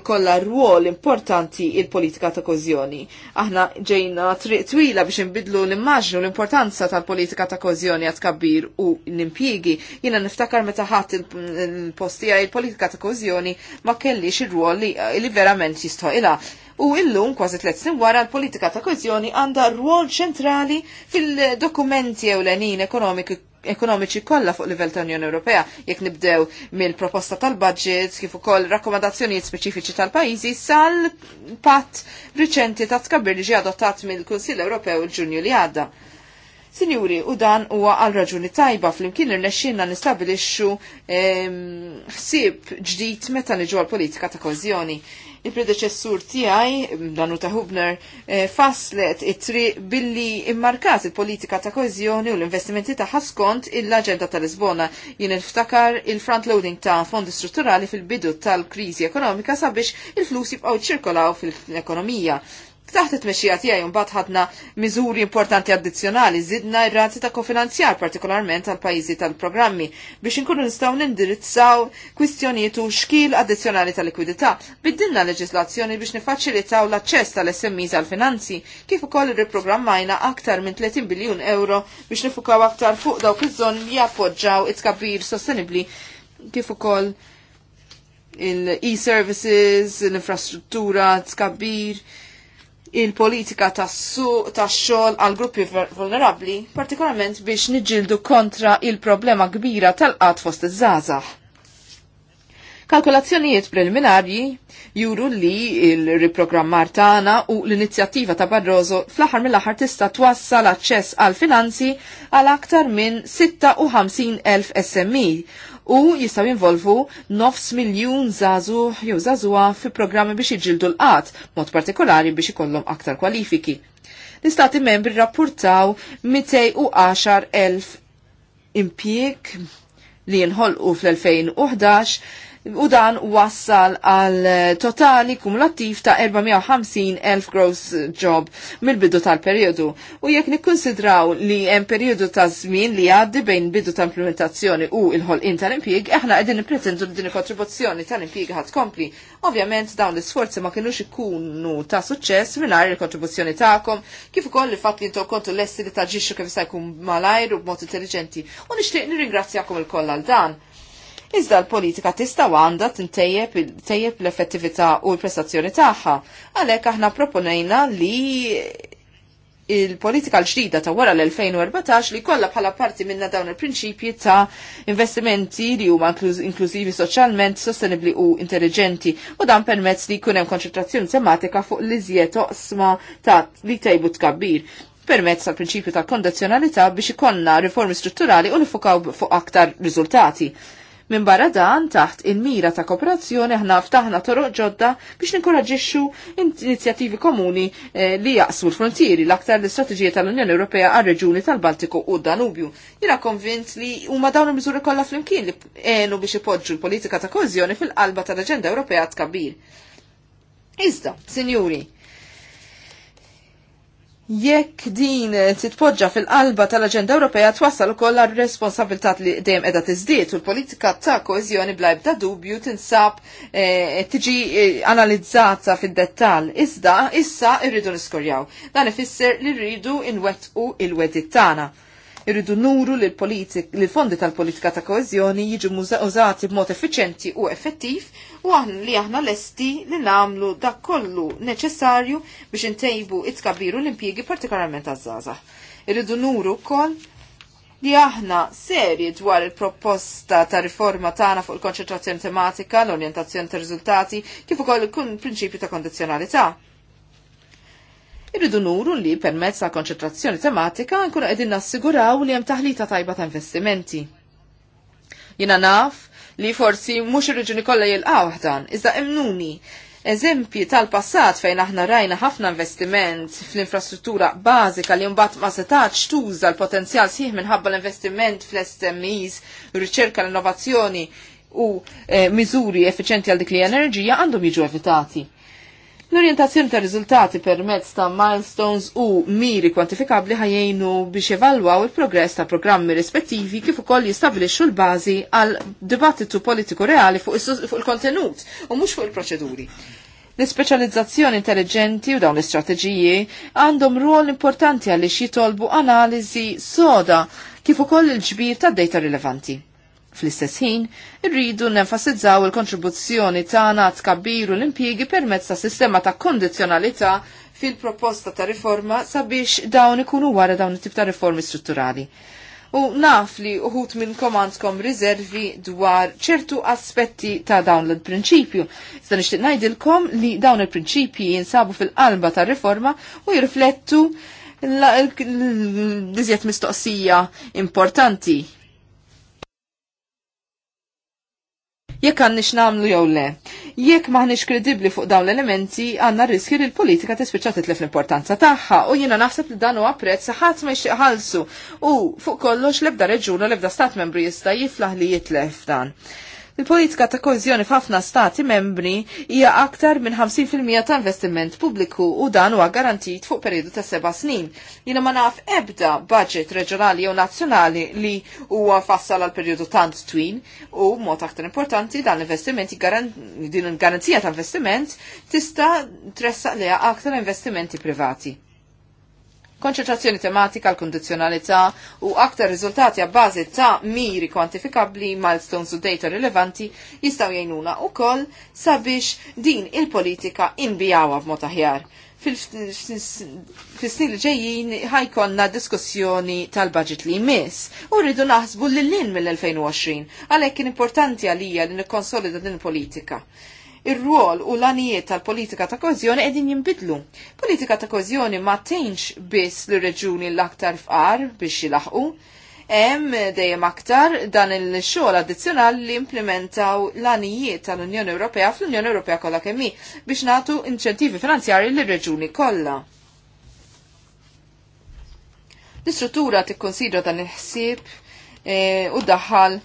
ikolla rwol importanti il-politika ta' kożjoni. Aħna ġejna triq twila biex inbidlu l-immaġnu l-importanza tal-politika ta' kożjoni għat kabbir u l-impjiegi. Jiena niftakar meta ħadd il-postija il-politika ta' kożjoni ma kellix ir-rwol li, verament jistoqilha. U illum, kważi tliet snin wara, l-politika ta' koezjoni għandha rwol ċentrali fil-dokumenti ewlenin ekonomiki ekonomiċi kollha fuq livell ta' Unjoni Ewropea jekk nibdew mill-proposta tal-budget kif ukoll rakkomandazzjonijiet speċifiċi tal-pajjiżi sal patt riċenti ta' tkabbir li ġie adottat mill-Kunsill Ewropew il-Ġunju li għadda. Sinjuri, u dan huwa għal raġuni tajba flimkien irnexxinna nistabilixxu ehm, ħsieb ġdid meta niġu għall politika ta' kożjoni. Il-predeċessur tiegħi, Danuta Hubner, eh, faslet it-triq billi immarkat il-politika ta' kożjoni u l-investimenti ta' skont il-Aġenda tal-Lisbona jien niftakar il-front loading ta' fondi strutturali fil-bidu tal-kriżi ekonomika sabiex il-flus jibqgħu ċirkolaw fil-ekonomija Taħt it tmexxija tiegħi mbagħad ħadna miżuri importanti addizzjonali żidna r-razzi ta' kofinanzjar partikolarment għal pajjiżi tal-programmi biex inkunu nistgħu nindirizzaw kwistjonijiet u xkil addizzjonali ta' likwidità. Biddilna leġislazzjoni biex nifaċilitaw l-aċċess tal-SMEs għal finanzi kif ukoll irriprogrammajna aktar minn 30 biljun euro biex nifukaw aktar fuq dawk iż-żoni li jappoġġaw it-tkabbir sostenibbli kif ukoll il-e-services, l-infrastruttura, tkabbir. Il il-politika tas-suq tax-xogħol għal gruppi vulnerabbli, partikolarment biex niġġieldu kontra il-problema kbira tal qat fost iż-żgħażagħ. Kalkolazzjonijiet preliminarji juru li il-riprogrammar tagħna u l-inizjattiva ta' Barroso fl-aħħar mill-aħħar tista' twassal aċċess għal finanzi għal aktar minn 56,000 SMI u jistaw jinvolvu nofs miljun zazu jew zazuwa fi programmi biex iġildu l-qat, mod partikolari biex ikollhom aktar kwalifiki. L-istati membri rapportaw 210.000 impjieg li jinħolqu fl-2011 u dan wassal għal eh, totali kumulattiv ta' 450.000 gross job mill-bidu tal-periodu. U jekk nikkonsidraw li hemm periodu ta' żmien li għaddi bejn bidu ta' implementazzjoni u il-ħolqien tal-impjieg, aħna qegħdin nippretendu li din il-kontribuzzjoni tal-impjieg ħad kompli. Ovvjament dawn l-isforzi ma kinux ikunu ta' suċċess mingħajr il-kontribuzzjoni tagħkom, kif ukoll li fatt li intom kontu l-essi li taġixxu kif se jkun malajr u b'mod intelligenti. U nixtieq nirringrazzjakom il-koll għal dan iżda l-politika tista' għandha tintejjeb l-effettività u l-prestazzjoni tagħha. Għalhekk aħna proponejna li il-politika l-ġdida ta' wara l-2014 li kollha bħala parti minna dawn il-prinċipji ta' investimenti li huma inklużivi soċjalment, sostenibli u intelligenti u dan permezz li jkun hemm konċentrazzjoni tematika fuq l-iżjed oqsma ta' li tajbu tkabbir permezz tal prinċipju ta' kondizzjonalità biex ikollna riformi strutturali u nifukaw fuq aktar riżultati. Minn barra dan taħt il-mira ta' kooperazzjoni ħna ftaħna toroq ġodda biex ninkoraġġixxu inizjattivi komuni eh, li jaqsmu l-frontieri l-aktar l-istrateġija tal-Unjoni Ewropea għar-reġuni tal-Baltiku u Danubju. Jiena konvint li huma dawn il-miżuri kollha flimkien li għenu biex ipoġġu l-politika ta' kożjoni fil-qalba tal-Aġenda Ewropea tkabbir. Iżda, sinjuri, jekk din titpoġġa fil-qalba tal-Aġenda Ewropea twassal ukoll għar responsabilità li dejjem qiegħda tiżdied u l-politika ta' koeżjoni bla ebda dubju tinsab eh, tiġi eh, analizzata fid-dettall. Iżda issa rridu niskorjaw. Dan ifisser li rridu inwettqu il-wedit tagħna irridu nuru li l-fondi tal-politika ta' koezjoni jiġu użati b'mod effiċenti u effettiv u li aħna lesti li namlu dak kollu neċessarju biex intejbu it-kabiru l-impjiegi partikolarment għazzaza. Irridu nuru kol li aħna seri dwar il-proposta ta' riforma tagħna fuq il-konċentrazzjoni tematika, l-orjentazzjoni ta' riżultati, kif ukoll kun prinċipju ta' kondizzjonalità irridu nuru li permezz ta' konċentrazzjoni tematika nkunu qegħdin nassiguraw li hemm taħlita tajba ta' investimenti. Jina naf li forsi mhux ir-reġuni kollha jilqgħu dan, iżda imnuni Eżempji tal-passat fejn aħna rajna ħafna investiment fl-infrastruttura bażika li mbagħad ma setax tuża l-potenzjal sieħ minħabba l-investiment fl-SMEs, riċerka l-innovazzjoni u e, miżuri effiċenti għal dik li enerġija għandhom jiġu evitati. L-orientazzjoni ta' riżultati permezz ta' milestones u miri kwantifikabli ħajjenu biex evalwaw il-progress ta' programmi rispettivi kif ukoll jistabilixxu l-bażi għal dibattitu politiku reali fuq il-kontenut u mhux fuq il-proċeduri. L-ispeċjalizzazzjoni intelligenti u dawn l-istrateġiji għandhom ruol importanti għaliex jitolbu analiżi soda kif ukoll il-ġbir ta' data rilevanti. Fl-istess ħin, irridu nenfasizzaw il-kontribuzzjoni tagħna tkabbiru l-impjiegi permezz ta' sistema ta' kondizjonalità fil-proposta ta' riforma sabiex dawn ikunu wara dawn it-tip ta' riformi strutturali. U naf li uħut minn komandkom riservi dwar ċertu aspetti ta' dawn l-prinċipju. Sta' nixtieq ngħidilkom li dawn il-prinċipji jinsabu fil-qalba ta' riforma u jirflettu l-dizjet mistoqsija importanti Jekk għandix nagħmlu jew le. Jekk maħniex kredibbli fuq dawn l-elementi, għandna riskju li l-politika tispiċċa titlef l-importanza tagħha u jiena naħseb li dan huwa prezz ħadd ma jixtieq ħalsu u fuq kollox l-ebda reġun u l-ebda stat membru jista' jiflaħ li jitlef dan. Il-politika ta' koezjoni f'ħafna stati membri hija aktar minn 50% ta' investiment pubbliku u dan huwa garantit fuq periodu ta' seba' snin. Jiena ma naf ebda budget reġjonali jew nazzjonali li huwa fassal għal periodu tant twin u mod aktar importanti dan l-investiment din il-garanzija ta' investiment tista' tressaq leha aktar investimenti privati konċentrazzjoni tematika l kondizjonalità u aktar riżultati a bazi ta' miri kwantifikabbli milestones u data rilevanti jistaw jgħinuna u koll sabiex din il-politika inbijawa b'mod aħjar. fis snin li ġejjin ħajkonna diskussjoni tal-budget li jmiss u rridu naħsbu l-lin mill-2020 għalhekk kien importanti għalija li nikkonsolida din il-politika ir rol u l-anijiet tal-politika ta' kozjoni edin jimbidlu. Politika ta' kozjoni ma tgħinx biss l reġuni l-aktar fqar biex jilaħqu, Em dejjem aktar dan il-xogħol addizzjonali li implementaw l-anijiet tal-Unjoni Ewropea fl-Unjoni Ewropea kollha kemm biex nagħtu inċentivi finanzjarji lir-reġuni kollha. L-istruttura tikkonsidra dan il-ħsieb eh, u daħal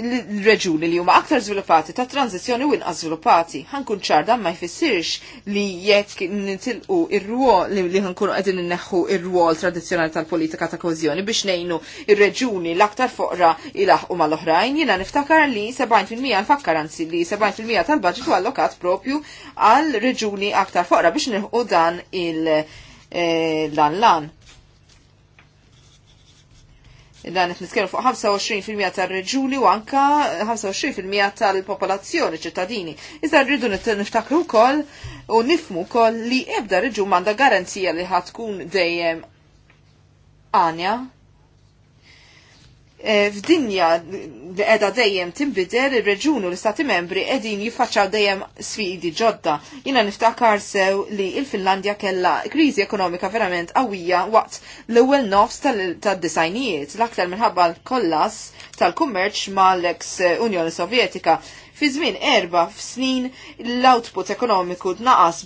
l-reġuni li huma aktar żviluppati ta' tranzizjoni u inqas żviluppati. Ħankun ċar dan ma jfissirx li jekk nitilqu ir-rwol li ħankunu qegħdin inneħħu ir-rwol tradizzjonali tal-politika ta' kożjoni biex ngħinu ir-reġuni l-aktar foqra ilaħqu mal-oħrajn, jiena niftakar li 70% nfakkar anzi li 70% tal-baġit huwa allokat propju għal reġuni aktar foqra biex nilħu dan il- eh, lan lan dan qed nitkellmu fuq 25% tar-reġuli u anka 25% tal-popolazzjoni ċittadini. Iżda rridu niftakru wkoll u nifmu wkoll li ebda reġun m'għandha garanzija li ħatkun dejjem għanja Eh, f'dinja li edha dejjem timbider ir-reġun u l-istati membri edin jiffaċċjaw dejjem sfidi ġodda. Jina niftakar sew li il-Finlandja kella kriżi ekonomika verament qawwija waqt l-ewwel nofs tad-disajnijiet l-aktar minħabba l-kollas tal-kummerċ mal-eks Unjoni Sovjetika Fi żmien erba snin l-output ekonomiku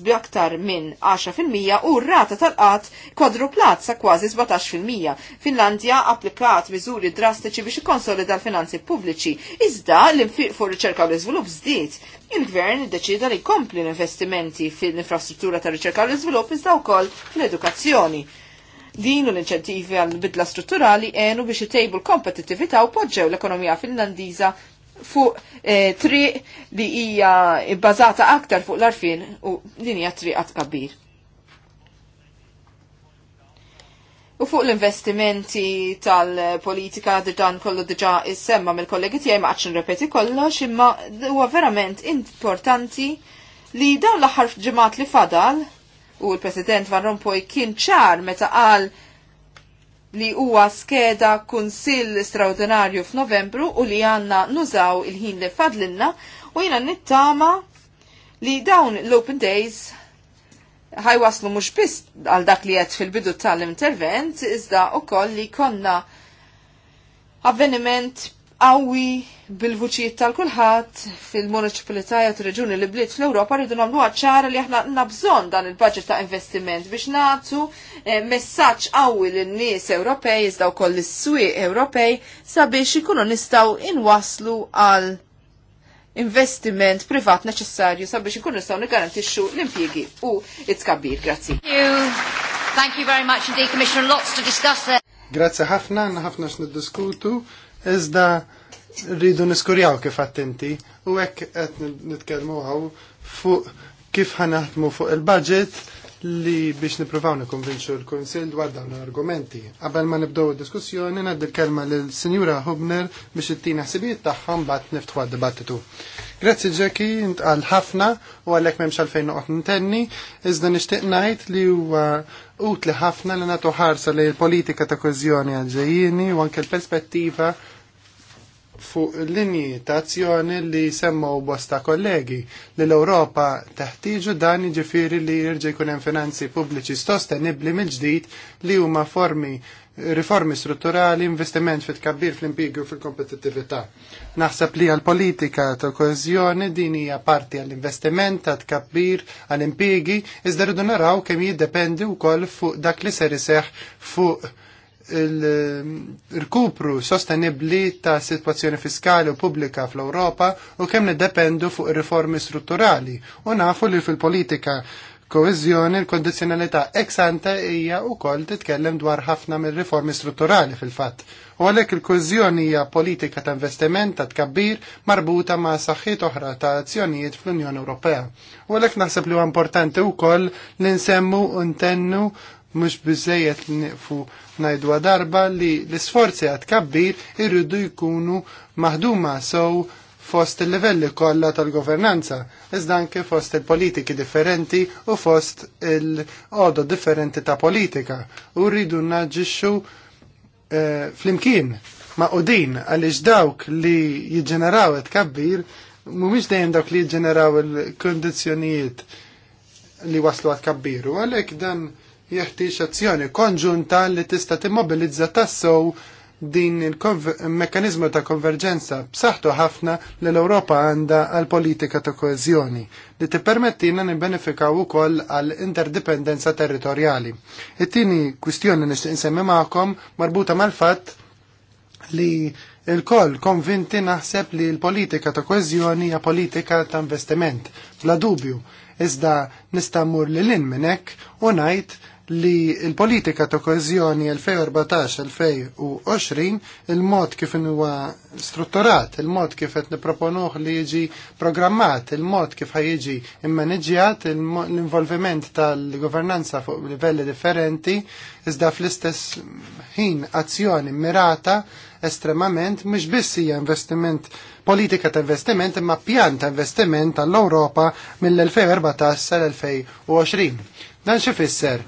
bi aktar minn 10% u r-rata tal-qatt kwadruplat sa kważi 17%. Finlandja applikat miżuri drastiċi biex ikkonsolida l-finanzi pubbliċi, iżda l-infiq fuq riċerka u l-iżvilupp żdied il-gvern deċida li jkompli l-investimenti fil-infrastruttura ta' riċerka u l-iżvilupp iżda wkoll fl-edukazzjoni. Din u l-inċentivi għal bidla strutturali għenu biex itejbu l-kompetitività u podġew l-ekonomija finlandiża fuq eh, triq li hija bbażata aktar fuq l-arfin u din hija triqat għad kabbir. U fuq l-investimenti tal-politika dan kollu diġa semma mill-kollegi tiegħi ma qatx nirrepeti kollox imma huwa verament importanti li dawn l-aħħar ġimgħat li fadal u l-President Van Rompuy kien ċar meta qal li huwa skeda kunsill straordinarju f'Novembru u li għanna nużaw il-ħin li fadlinna u jina nittama li dawn l-Open Days ħajwaslu mux biss għal dak li għed fil-bidu tal-intervent, iżda u koll li konna avveniment għawi bil-vuċijiet tal-kulħadd fil-municipalitajiet u reġuni li bliet fl-Ewropa rridu nagħmlu ċara li aħna nabżon dan il-budget ta' investiment biex nagħtu eh, messaġġ qawwi lin-nies Ewropej iżda wkoll is-swieq Ewropej sabiex ikunu nistgħu inwaslu għal investiment privat neċessarju sabiex ikunu nistgħu nigarantixxu l-impjiegi u it-tkabbir. Grazzi. Grazzi ħafna, ħafna x'niddiskutu iżda rridu niskurjaw kif attenti u hekk qed nitkellmu hawn fuq kif ħanaħdmu fuq il-budget li biex nipruvaw nikonvinċu l-Konsil dwar dawn l-argumenti. Qabel ma nibdew id-diskussjoni ngħaddi l-kelma lill-Sinjura Hubner biex ittina ħsibijiet tagħhom bat niftħu għad-dibattitu. Grazzi Ġeki, intqal ħafna u għalhekk m'hemmx għalfejn noqgħod intenni, iżda nixtieq ngħid li huwa utli ħafna li nagħtu ħarsa li l-politika ta' koeżjoni għal ġejjini u anke l-perspettiva fuq linji ta' azzjoni li semmaw bosta kollegi li l-Europa taħtiġu dan ġifiri li jirġa jkun hemm finanzi pubbliċi sostenibbli mill-ġdid li huma formi riformi strutturali, investiment fit kabbir fl-impiegu fil-kompetittività. Naħseb li għal-politika ta' kohezjoni din hija parti għall-investiment ta' tkabbir għall-impiegi, iżda rridu naraw kemm jiddependi wkoll fuq dak li ser iseħħ fuq il-rkupru sostenibli ta' situazzjoni fiskali u pubblika fl-Europa u kemm dependu fuq riformi strutturali u nafu li fil-politika koezjoni l-kondizjonalità ex ante hija wkoll titkellem dwar ħafna mir-riformi strutturali fil-fatt. U għalhekk il-koeżjoni hija politika ta' investiment ta' tkabbir marbuta ma' saħħiet oħra ta' azzjonijiet fl-Unjoni Ewropea. U għalhekk naħseb li huwa importanti wkoll li nsemmu u ntennu mhux biżejjed nifu najdu darba li l-isforzi għad kabbir irridu jkunu maħduma sow fost il-livelli kollha tal-governanza, iżda anke fost il-politiki differenti u fost il-qodo differenti ta' politika u rridu naġixxu eh, flimkien ma' udin għaliex dawk li jiġġeneraw kabbir mumiex dejjem dawk li jġeneraw il-kondizjonijiet li waslu għat kabbiru, għalek dan jeħtieġ azzjoni konġunta li tista' timmobilizza tassew din il-mekkanizmu ta' konverġenza b'saħħtu ħafna li l-Ewropa għandha għal politika ta' koeżjoni li tippermettina nibbenefikaw ukoll għal interdipendenza territorjali. It-tieni kwistjoni nixtieq insemmi magħkom marbuta mal-fatt li il-koll konvinti naħseb li l-politika ta' koeżjoni hija politika ta' investiment. Bla dubju, iżda nista' mmur lil minn hekk u ngħid li l-politika ta' koezjoni 2014-2020 il-mod kif huwa strutturat, il-mod kif qed nipproponuh li jiġi programmat, il-mod kif ħajjiġi immaneġġjat, l-involviment tal-governanza fuq livelli differenti, iżda fl-istess ħin azzjoni mirata estremament mhix biss hija investiment politika ta' investiment imma pjan ta' investiment tal-Ewropa mill-2014 sal-2020. Dan xi fisser?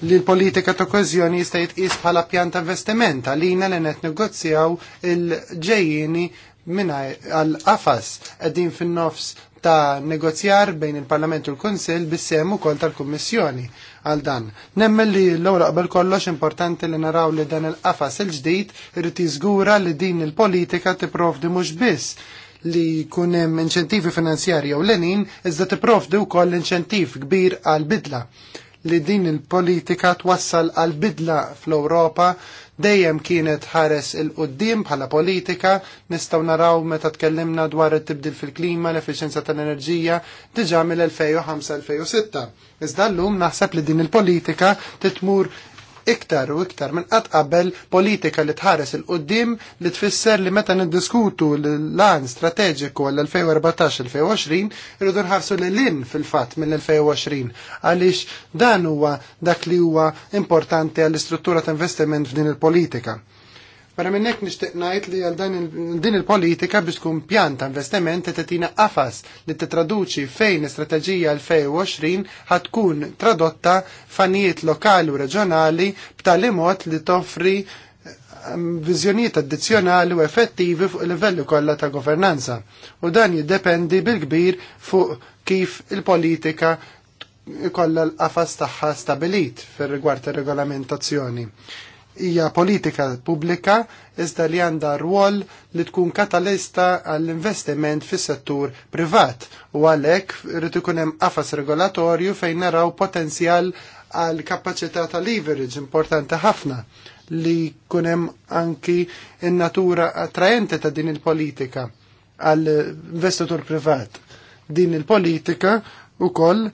li l-politika ta' kozjoni jista' jitqis bħala pjan ta' investiment għalina li net negozjaw il-ġejjini minna għal-qafas qegħdin fin-nofs ta' negozjar bejn il-Parlament u l-Konsil bis-sem ukoll tal-Kummissjoni għal dan. Nemmen li l għura qabel kollox importanti li naraw li dan il-qafas il-ġdid irid jiżgura li din il-politika tipprovdi mhux biss li kunem inċentivi finanzjari u l-enin, iżda t u koll inċentiv kbir għal-bidla li din il-politika twassal għal bidla fl-Ewropa dejjem kienet ħares il-qoddim bħala politika nistgħu naraw meta tkellimna dwar it-tibdil fil-klima, l-efficienza tal-enerġija diġà mill-2005-2006. Iżda llum naħseb li din il-politika titmur iktar u iktar minn qatt qabel politika li tħares il-qoddim li tfisser li meta niddiskutu l-lan strateġiku għall-2014-2020 irridu nħarsu l lin fil-fatt mill-2020 għaliex dan huwa dak li huwa importanti għall-istruttura ta' investiment f'din il-politika. Para minnek nishtiq najt li għal din il-politika biex tkun pjan ta' investiment qed tina qafas li titraduċi fejn strategija 2020 ħatkun tradotta fanijiet lokali u reġjonali b'tali mod li toffri ehm, viżjonijiet addizzjonali u effettivi fuq livelli kollha ta' governanza. U dan jiddependi bil-kbir fuq kif il-politika kollha l-qafas tagħha stabilit fir rigward ir-regolamentazzjoni hija politika pubblika iżda li għandha rwol li tkun katalista għall-investiment fis-settur privat u għalhekk irid ikun hemm qafas regolatorju fejn naraw potenzjal għal kapaċità ta' leverage importanti ħafna li kunem anki in-natura attraenti ta' din il-politika għall investitur privat. Din il-politika u koll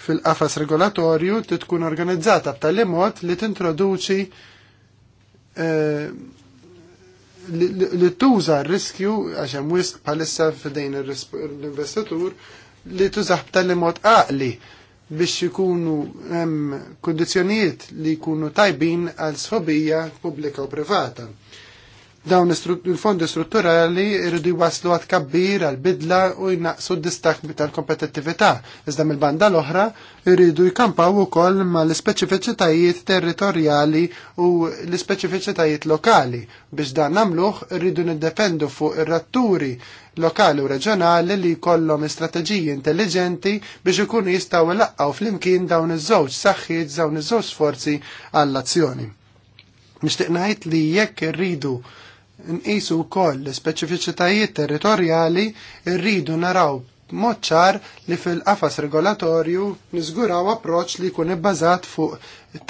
fil-qafas regolatorju titkun organizzata b'tali mod li tintroduċi Eh, li tuża r-riskju għax hemm wisq bħalissa f'dejn l-investitur li tużaħ b'tali mod għaqli biex ikunu hemm kundizzjonijiet li jkunu tajbin għal sħobija pubblika u privata. Dawn il-fondi strutturali irridu jwaslu għad kabbir għal-bidla u jnaqsu d-distak tal-kompetittività. Iżda mill-banda l-oħra irridu jkampaw ukoll ma l speċifiċitajiet territorjali u l speċifiċitajiet lokali. Biex dan namluħ irridu niddefendu fuq ir-ratturi lokali u reġjonali li jkollhom strateġiji intelligenti biex ikunu jistgħu laqqaw flimkien dawn iż-żewġ saħħiet dawn iż-żewġ sforzi għall-azzjoni. Nixtieq ngħid li jekk irridu nqisu wkoll l ispeċifiċitajiet territorjali rridu naraw moċċar li fil-qafas regolatorju niżguraw approċċ li jkun ibbażat fuq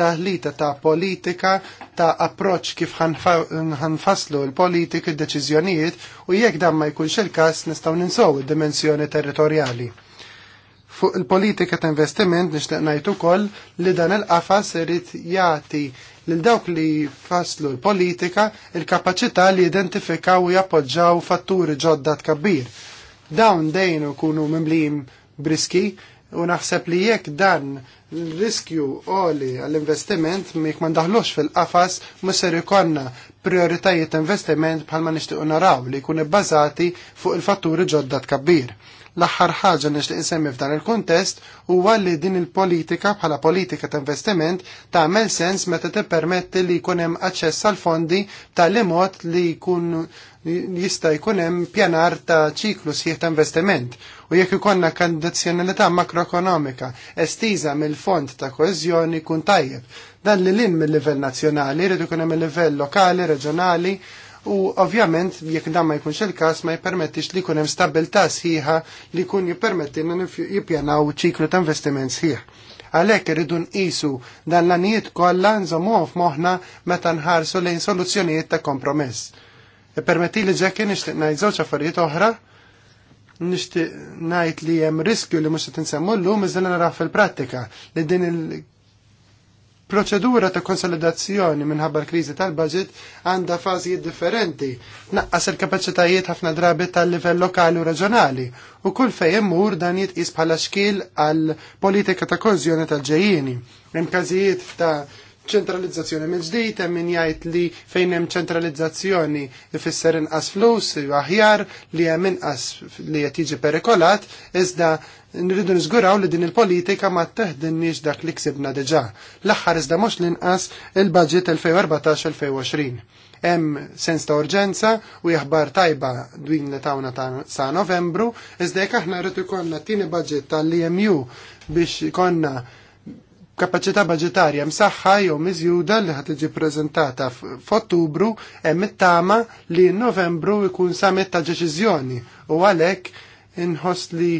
taħlita ta' politika ta' approċċ kif ħanfaslu l-politik id-deċiżjonijiet u jekk dan ma jkunx il-każ nistgħu ninsow id-dimensjoni territorjali. Fuq il-politika ta' investiment nixtieq ngħid ukoll li dan il-qafas irid jagħti lil dawk li faslu l-politika il-kapaċità li identifikaw u jappoġġaw fatturi ġodda tkabbir. Dawn dejn ikunu mimlijim briski u naħseb li jekk dan riskju oli għall-investiment mek ma fil-qafas musser ikonna prioritajiet investiment bħalma nixtiequ naraw li jkunu bbażati fuq il-fatturi ġodda tkabbir. L-aħħar ħaġa nixtieq insemmi f'dan il-kuntest huwa li din il-politika bħala politika ta' investiment tagħmel sens meta tippermetti li jkun hemm aċċess għal fondi tal mod li jkun jista' jkun hemm pjanar ta' ċiklu sħiħ ta' investiment u jekk ikonna kondizzjonalità makroekonomika estiża mill-fond ta' koeżjoni kun tajjeb Dan li lin mill-livell nazzjonali, rridu jkun hemm il-livell lokali, reġjonali, u ovvjament jekk dan ma jkunx il-każ ma jipermettix li jkun hemm stabilità sħiħa li jkun jippermettilna jippjanaw ċiklu ta' investiment sħiħ. Għalhekk irridu nqisu dan l-anijiet kollha nżommuhom f'moħħna meta nħarsu lejn soluzzjonijiet ta' kompromess. Ippermetti li ġekki nixtieq ngħid żewġ affarijiet oħra nixtieq ngħid li hemm riskju li mhux qed insemmu llum iżda nara fil-prattika li din il Proċedura ta' konsolidazzjoni minħabba l-kriżi tal-budget għandha fażijiet differenti, naqqas il-kapaċitajiet ħafna drabi tal-livell lokali u reġjonali, u kull fejn imur dan jitqis bħala xkil għal politika ta' kożjoni tal-ġejjieni. Hemm każijiet ta' ċentralizzazzjoni minn ġdid hemm min jgħid li fejn hemm ċentralizzazzjoni ifisser inqas flus aħjar li hemm inqas li qed jiġi perikolat iżda nridu nżguraw li din il-politika ma teħdinniex dak li ksibna deġa. L-aħħar iżda mhux l-inqas il-budget 2014-2020. Hemm sens ta' urġenza u jaħbar tajba dwin li tawna sa' Novembru, iżda jekk aħna rrid t tieni budget tal-EMU biex ikonna kapacità budgetarja msaħħa jew miżjuda li ħad tiġi preżentata f'Ottubru hemm it-tama li Novembru jkun samet ta' deċiżjoni u għalhekk inħoss li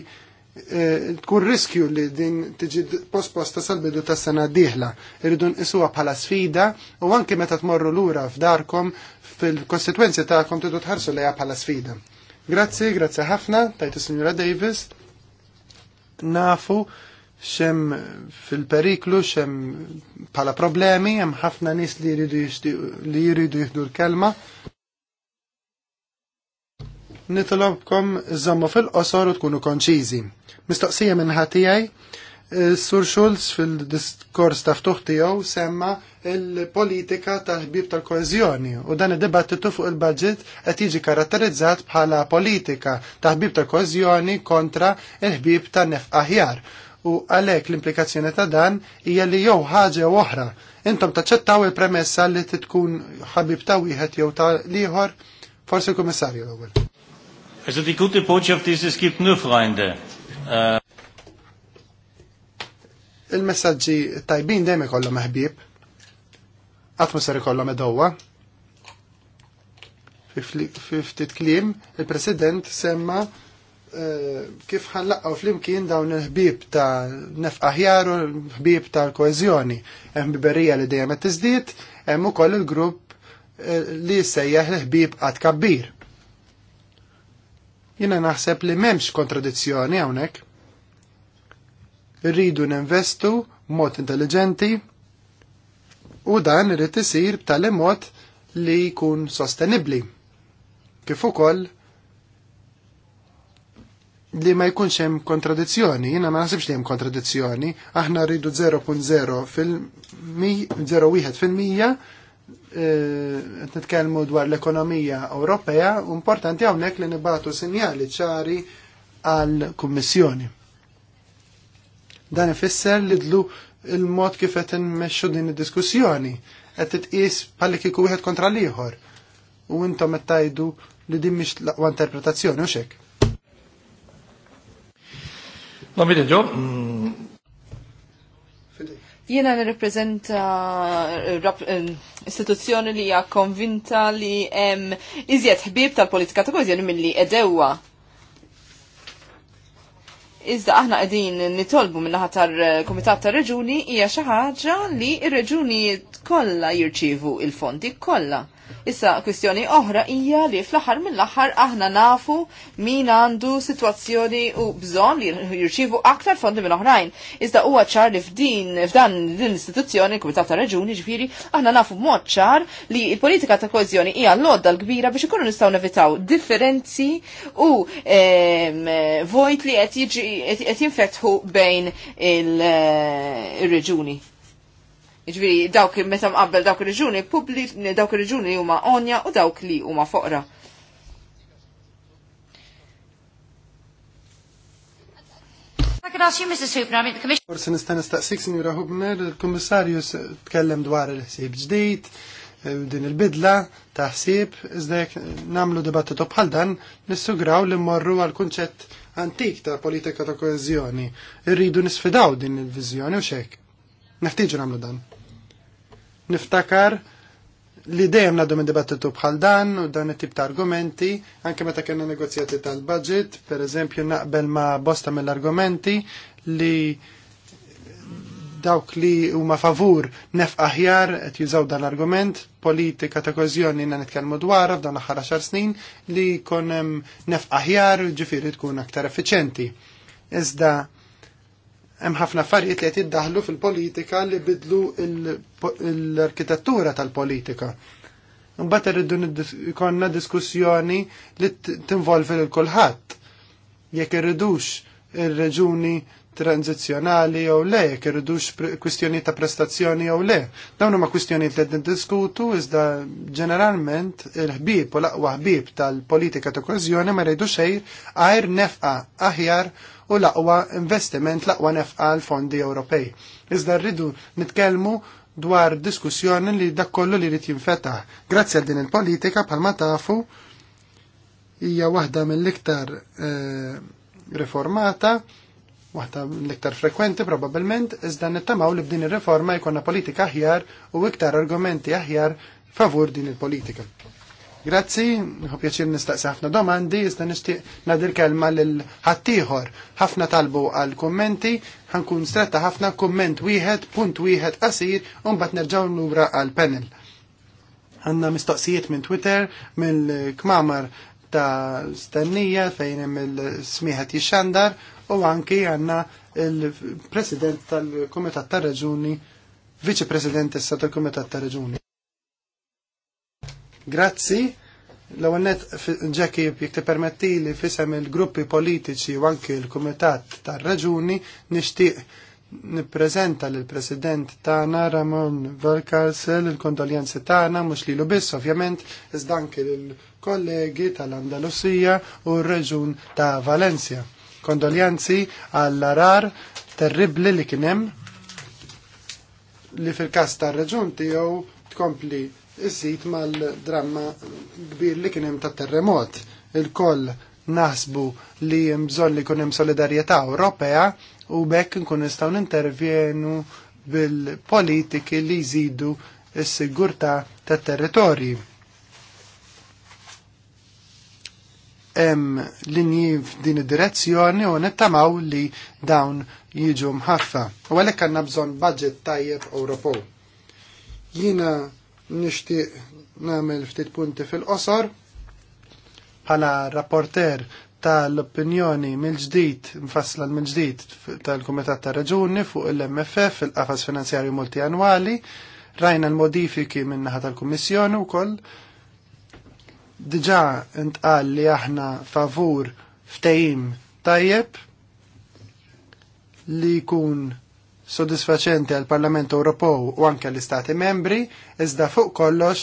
Eh, tkun riskju li din tiġi pospost sal-bidu tas sena diħla. Irridu nqisuha bħala sfida u anke meta tmorru lura f'darkom fil ta' tagħkom tidu tħarsu lejha bħala sfida. Grazzi, grazzi ħafna, tajtu is-Sinjura Davis. Nafu xem fil-periklu, xem pala problemi, hemm ħafna nis li jridu jihdu l-kelma, nitlobkom żammu fil-qosor u tkunu konċiżi. Mistoqsija minn ħatijaj, eh, Sur Schulz fil-diskors ta' ftuħ tiegħu semma il-politika tal-ħbib tal-koeżjoni u dan id-dibattitu fuq il-budget qed jiġi karatterizzat bħala politika ta' ħbib tal-koeżjoni kontra il-ħbib tan-nef aħjar u għalhekk l-implikazzjoni ta' dan hija li jew ħaġa oħra intom taċċettaw il-premessa li tkun ħabib ta' wieħed jew ta' liħor, forsi l-Kummissarju l-ewwel. Also die gute Botschaft ist, es gibt nur Freunde. Uh... Äh, Il-messagġi tajbin dejjem ikollhom meħbib. Qatt ma ser ikollhom edowa. Fi ftit kliem, il-President semma äh, kif ħallaqgħu flimkien dawn il-ħbieb ta' nefqa u l-ħbieb tal-koeżjoni. Hemm biberija li dejjem qed tiżdied, hemm ukoll il-grupp äh, li jsejjaħ l-ħbieb għad kabbir jina naħseb li memx kontradizzjoni hawnhekk. Irridu ninvestu mod intelligenti u dan irid isir b'tali mod li jkun sostenibbli. Kif ukoll li ma jkunx hemm kontradizzjoni, jiena ma naħsibx li hemm kontradizzjoni, aħna rridu 0.0 fil 0.1 fil-mija Eh, qed nitkellmu dwar l-ekonomija Ewropea, importanti hawnhekk li nibatu sinjali ċari għall-Kummissjoni. Dan ifisser li dlu il-mod kif qed inmexxu din id-diskussjoni qed titqis bħalli kieku wieħed kontra l-ieħor. U intom qed tajdu li din mhix interpretazzjoni u xek. No, mire, mm, Jiena nirrepreżenta eh, eh, istituzzjoni li hija konvinta li hemm iżjed ħbieb tal-politika ta' kożjoni milli edewa. Iżda aħna qegħdin nitolbu min-naħa tar-Kumitat tar-Reġuni hija xi ħaġa li r-Reġuni kollha jirċievu il-fondi kollha Issa, kwistjoni oħra hija li fl-aħħar mill-aħħar aħna nafu min għandu sitwazzjoni u bżonn li jirċivu aktar fondi minn oħrajn. Iżda huwa ċar li f'din f'dan din l-istituzzjoni, l kumitat ta' Reġuni ġifieri, aħna nafu mod ċar li l-politika ta' koeżjoni hija l-lodda l-kbira biex ikunu nistgħu nevitaw differenzi u ehm, vojt li qed jinfetħu bejn eh, il-reġuni. Iġviri, dawk meta mqabbel dawk ir-reġuni publi, dawk ir-reġuni huma onja u dawk li huma foqra. Forse nista' nistaqsik, Sinjura Hubner, il-Kummissarju tkellem dwar il-ħsieb ġdid, eh, din il-bidla ta' ħsieb, iżda namlu dibattitu bħal dan, nissugraw li mmorru għal kunċett antik ta' politika ta' koezjoni. Irridu nisfidaw din il-viżjoni u xek. Neħtieġu namlu dan. Niftakar li dejjem nagħdu minn dibattitu bħal dan u dan it-tip ta' argumenti, anke meta kellna negozjati tal-budget, pereżempju naqbel ma' bosta mill-argumenti li dawk li huma favur nef aħjar qed jużaw dan l-argument politika ta' kożjoni na nitkellmu dwar f'dan aħħar għaxar snin li jkun hemm nef aħjar ġifieri tkun aktar effiċenti. Iżda hemm ħafna affarijiet li qed jiddaħlu fil-politika li bidlu l l-arkitettura tal-politika. Mbagħad irridu jkollna diskussjoni li tinvolvi lil kulħadd. Jekk irridux ir-reġuni tranzizzjonali jew le, jekk irridux kwistjoni ta' prestazzjoni jew le. Dawn huma kwistjonijiet li qed niddiskutu iżda ġeneralment il-ħbieb u l-aqwa ħbieb tal-politika ta' koeżjoni ma rridu xejn għajr nefqa aħjar u l-aqwa investiment l-aqwa nefqa l-fondi Ewropej. Iżda rridu nitkellmu dwar diskussjoni li dak kollu li rrit jinfetaħ. Grazzi għal din il-politika bħalma tafu hija waħda mill-iktar eh, riformata, waħda mill-iktar frekwenti probabbilment, iżda nittamaw li b'din ir-riforma jkollna politika aħjar u iktar argumenti aħjar favur din il-politika. Grazzi, ħu pjaċir nistaqsi ħafna domandi, iżda nixtieq nadir kelma lil ħaddieħor. Ħafna talbu għal kummenti, ħankun stretta ħafna kumment wieħed, punt wieħed qasir, u mbagħad nerġgħu lura għal panel. Għandna mistoqsijiet minn Twitter, mill-kmamar ta' stennija fejn hemm il-smieħet jixxandar u anki għandna il-President tal-Kumitat tar-Reġuni, Viċi-President issa tal-Kumitat tar-Reġuni. Grazzi. L-għonnet, ġeki, jek te permetti li fisem il-gruppi politiċi u anki il-Kumitat tar raġuni nishtiq niprezenta l president tana Ramon Valkarsel il-kondoljanzi tana, mux li l ubiss ovvjament, izdanki l-kollegi tal-Andalusija u r-reġun ta' Valencia. Kondoljanzi għall-arar terribli li kienem li fil-kas tar raġun tijow tkompli iżid mal-dramma kbir li kien hemm tat terremot. Il-koll naħsbu li hemm bżonn li jkun hemm solidarjetà Ewropea u bekk nkun nistgħu nintervjenu bil-politiki li jżidu s-sigurtà tat-territorji. Hemm linji f'din id-direzzjoni u nittamaw li dawn jiġu mħaffa. U għalhekk għandna bżonn budget tajjeb Ewropew. Jiena nixtieq nagħmel ftit punti fil-qosor bħala rapporter tal-opinjoni mill-ġdid, mfassla mill-ġdid tal-Kumitat ta' reġuni fuq il mff il-Qafas Finanzjarju Multianwali, rajna l-modifiki minnaħa tal-Kummissjoni wkoll. Diġà intqal li aħna favur ftehim tajjeb li jkun sodisfaċenti għal Parlament Ewropew u anke l-Istati membri, iżda fuq kollox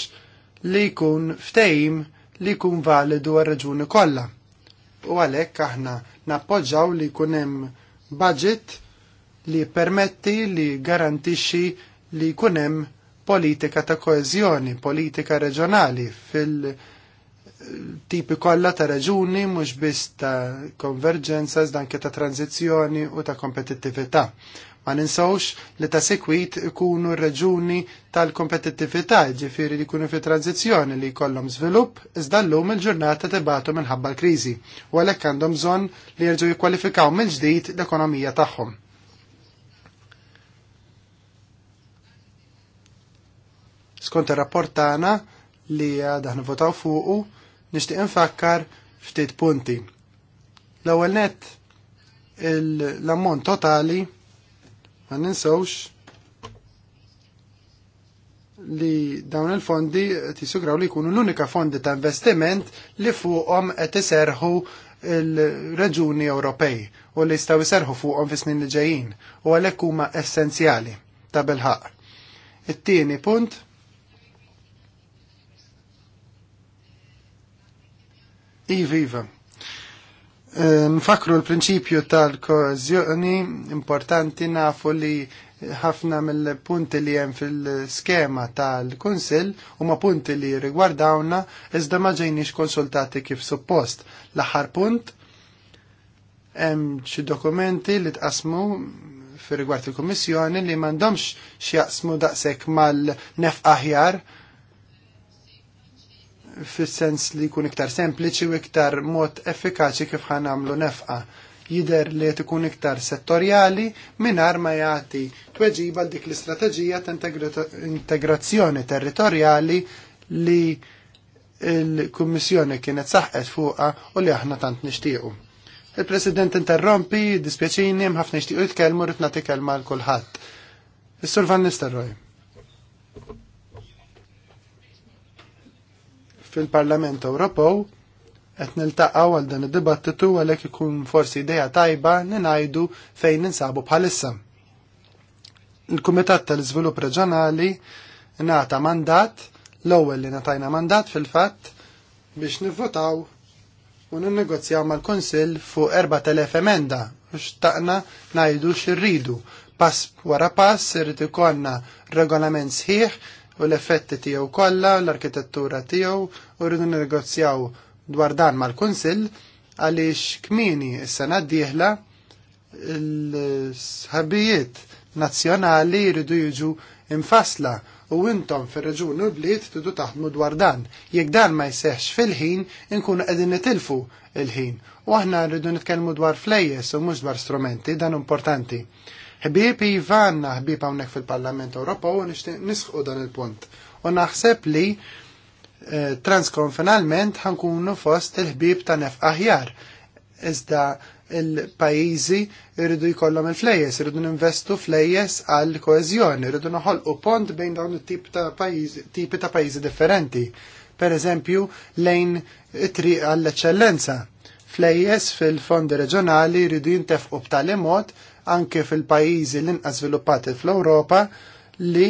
li jkun ftejm li jkun validu għal reġuni kollha. U għalhekk aħna nappoġġaw li jkun hemm budget li permetti li garantixxi li jkun hemm politika ta' koeżjoni, politika reġjonali fil- tipi kollha ta' reġuni mhux biss ta' konverġenza iżda ta' tranzizzjoni u ta' kompetittività. Ma ninsawx li ta' sekwit ikunu r-reġuni tal-kompetittività, ġifiri li jkunu fi tranzizjoni li jkollhom żvilupp, iżda llum il-ġurnata tibatu minħabba l-kriżi, u għalhekk għandhom bżonn li jerġgħu jikkwalifikaw mill-ġdid l-ekonomija tagħhom. Skont ir-rapport tagħna li għadħan votaw fuqu, nixtieq infakkar ftit punti. L-ewwel net l-ammont totali Ma ninsawx li dawn il-fondi tisugraw li jkunu l-unika fondi ta' investiment li fuqhom qed iserħu il-reġuni Ewropej u li jistgħu jserħu fuqhom fis-snin li ġejjin u għalhekk huma essenzjali ta' bilħaq. It-tieni punt Iva, iva, Ehm, nfakru l-prinċipju tal kozjoni importanti nafu li ħafna mill-punti li hemm fil-skema tal-Kunsill huma punti li rigwardawna iżda ma ġejniex konsultati kif suppost. L-aħħar punt hemm xi dokumenti li tqasmu fir rigward il-Kummissjoni li m'għandhomx x'jaqsmu daqshekk mal-nef aħjar fis-sens li jkun iktar sempliċi u iktar mod effikaċi kif għamlu nefqa jider li tkun iktar settorjali minn ma jagħti tweġiba dik l-istrateġija ta' integrazzjoni territorjali li l-Kummissjoni kienet saħqet fuqa u li aħna tant nixtiequ. Il-President interrompi, dispieċini, mħafna nixtiequ jitkellmu rritna nagħti kelma l kulħadd. Is-Sur Van Nistelrooy. fil-Parlament Ewropew qed niltaqgħu għal dan id-dibattitu għalhekk ikun forsi idea tajba li ngħidu fejn ninsabu bħalissa. Il-Kumitat tal-Iżvilupp Reġjonali ngħata mandat, l-ewwel li ngħatajna mandat fil-fatt biex nivvotaw u ninnegozjaw mal-Kunsill fuq 4000 emenda u xtaqna ngħidu xirridu pass wara pass irrid ikollna regolament sħiħ u l-effetti tiegħu kollha, l-arkitettura tiegħu u rridu negozjaw dwar dan mal-Kunsill għaliex kmini s-sena d-dieħla l-sħabijiet nazzjonali jridu jiġu infasla u intom fir-reġun u bliet tridu taħdmu dwar dan. Jekk dan ma jseħx fil-ħin, inkunu qegħdin nitilfu il-ħin. U aħna rridu nitkellmu dwar flejjes u mhux dwar strumenti, dan importanti. Ħbieb Ivanna ħbieb hawnhekk fil-Parlament Ewropa u nixtieq nisħu dan il-punt. U naħseb li eh, transkonfinalment ħankunu fost il-ħbib ta' nef aħjar. Iżda il-pajizi irridu jkollhom il-flejjes, irridu ninvestu flejjes għal koeżjoni, irridu noħolqu pont bejn dawn it-tip ta' pajizi, tipi ta' pajizi differenti. Per eżempju, lejn it-triq għall-eċċellenza. Flejjes fil-fondi reġjonali jridu jintefqu b'tali mod anke fil-pajjiżi l-inqas sviluppati fl-Ewropa li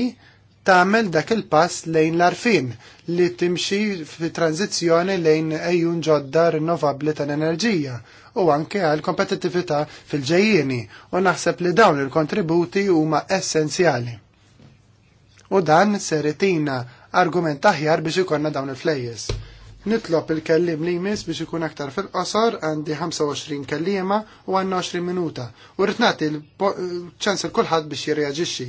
tagħmel dak il-pass lejn l-arfin li timxi fi tranzizjoni lejn ejjun ġodda rinnovabbli tal-enerġija u anke għal kompetittività fil ġejjeni u naħseb li dawn il-kontributi huma essenzjali. U dan ser argument aħjar biex ikonna dawn il-flejjes. Nitlob il-kellim li jmiss biex ikun aktar fil-qosor għandi 25 kellima u għanna 20 minuta. U rritnati l-ċans il-kulħadd biex jirreagġiċi.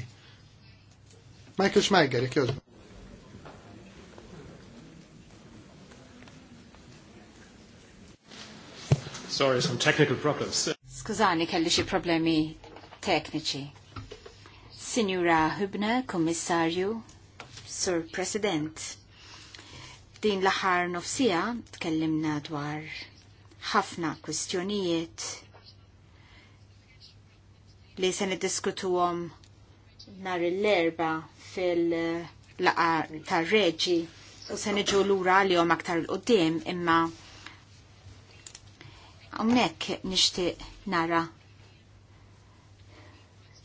Michael Schmeiger, jek jozbu. Sorry, some technical problems. Skużani, kelli xie problemi tekniċi. Signora Hübner, Kommissarju, Sur President, Din l-aħħar nofsija tkellimna dwar ħafna kwistjonijiet li se niddiskutuhom nhar l-erba fil-laqa tar-reġi u se niġu lura għalihom aktar l-qudiem imma hawnhekk nixtieq nara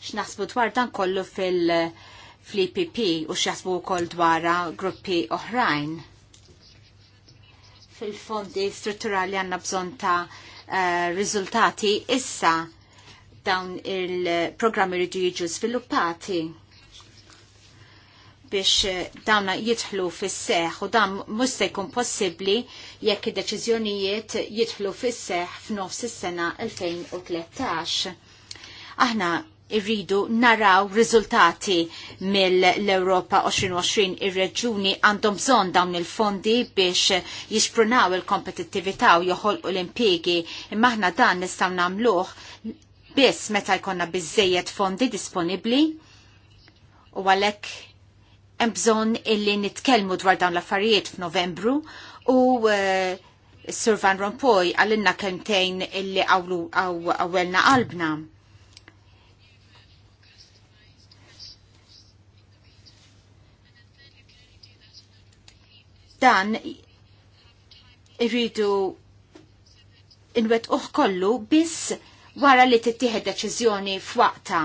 x'naħsbu dwar dan kollu fil- fl u x'jasbu wkoll dwar gruppi oħrajn fil-fondi strutturali għanna bżon ta' rizultati eh, riżultati issa dawn il-programmi rridu jiġu sviluppati biex eh, dawn jitħlu fis seħħ u dan mhux se jkun possibbli jekk id-deċiżjonijiet jitħlu fis seħħ f'nofs is-sena 2013. Aħna irridu naraw riżultati mill-Europa 2020 ir-reġuni għandhom bżonn dawn il-fondi biex jispronaw il-kompetittività u joħolqu l impiegi imma aħna dan nistgħu nagħmluh biss meta jkollna biżejjed fondi disponibbli u għalhekk hemm bżonn illi nitkellmu dwar dawn l-affarijiet f'Novembru u uh, Sir Van Rompuy għallinna kemtejn illi għawelna qalbna dan irridu inwet uħ kollu biss wara li tittieħed deċiżjoni f'waqta.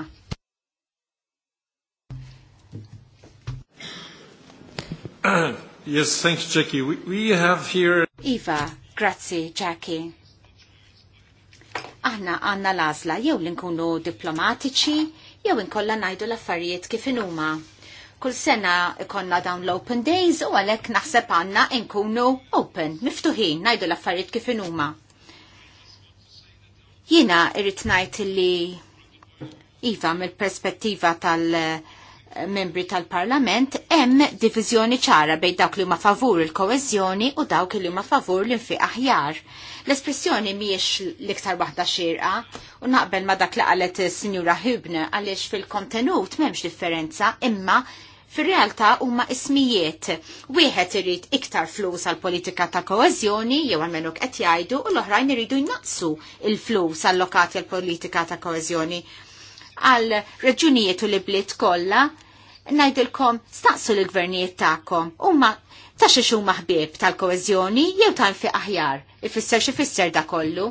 yes, thanks, Jackie. We, we have here... Iva, grazzi, Jackie. Aħna għanna lazla jew li nkunu diplomatiċi jew inkolla najdu l-affarijiet kif inhuma. Kull sena ikonna dawn l-open days u għalek naħseb għanna nkunu open, miftuħin, najdu l-affarijiet kif inuma. Jina irrit najt li Iva mill-perspettiva tal-membri tal-parlament hemm diviżjoni ċara bejn dawk li huma favur il-koeżjoni u dawk li huma favur l-infiq aħjar. L-espressjoni miex l-iktar waħda xirqa u naqbel ma dak li qalet Sinjura Hübner għaliex fil-kontenut m'hemmx differenza imma Fir-realtà huma ismijiet. Wieħed irid iktar flus għal politika ta' koeżjoni jew għalmenu qed jgħidu u l-oħrajn iridu jnaqsu il-flus allokati għal politika ta' koeżjoni. Għal reġunijiet u li bliet kollha ngħidilkom staqsu l-gvernijiet tagħkom huma ta' xi huma ħbieb tal-koeżjoni jew ta' fi aħjar. Ifisser xi fisser da kollu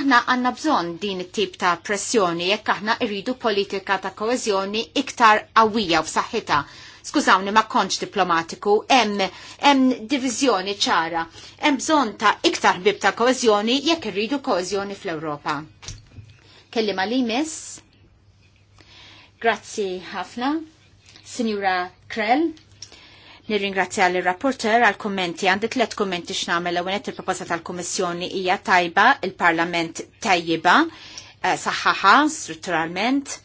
aħna għanna bżon din it-tip ta' pressjoni jekk aħna rridu politika ta' koeżjoni iktar qawwija f'saħħitha. Skużawni, ma konċ diplomatiku, hemm hemm divizjoni ċara, hemm bżonn ta' iktar bib ta' koeżjoni jekk irridu koeżjoni fl-Ewropa. Kellima li miss. Grazzi ħafna, Signora Krell. Nirringrazzja l rapporter għal kommenti għandi tlet kommenti x'namel l il-proposta tal-Kummissjoni hija tajba, il-Parlament tajjiba, eh, saħħaħa strutturalment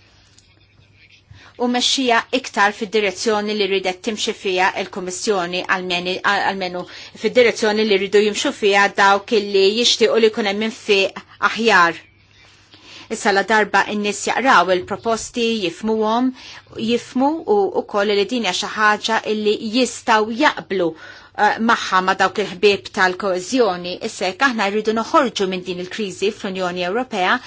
u mexxija iktar fil direzzjoni li ridet timxi fija il-Kummissjoni għalmenu fid-direzzjoni li ridu jimxu fija dawk li jixtiequ li jkun hemm minfiq aħjar. Issa la darba n-nis jaqraw il-proposti, jifmuhom, jifmu u koll li dinja xi ħaġa illi jistgħu jaqblu uh, maħħa ma dawk il-ħbib tal-koezjoni, Issa aħna rridu noħorġu minn din il-krizi fl-Unjoni Ewropea,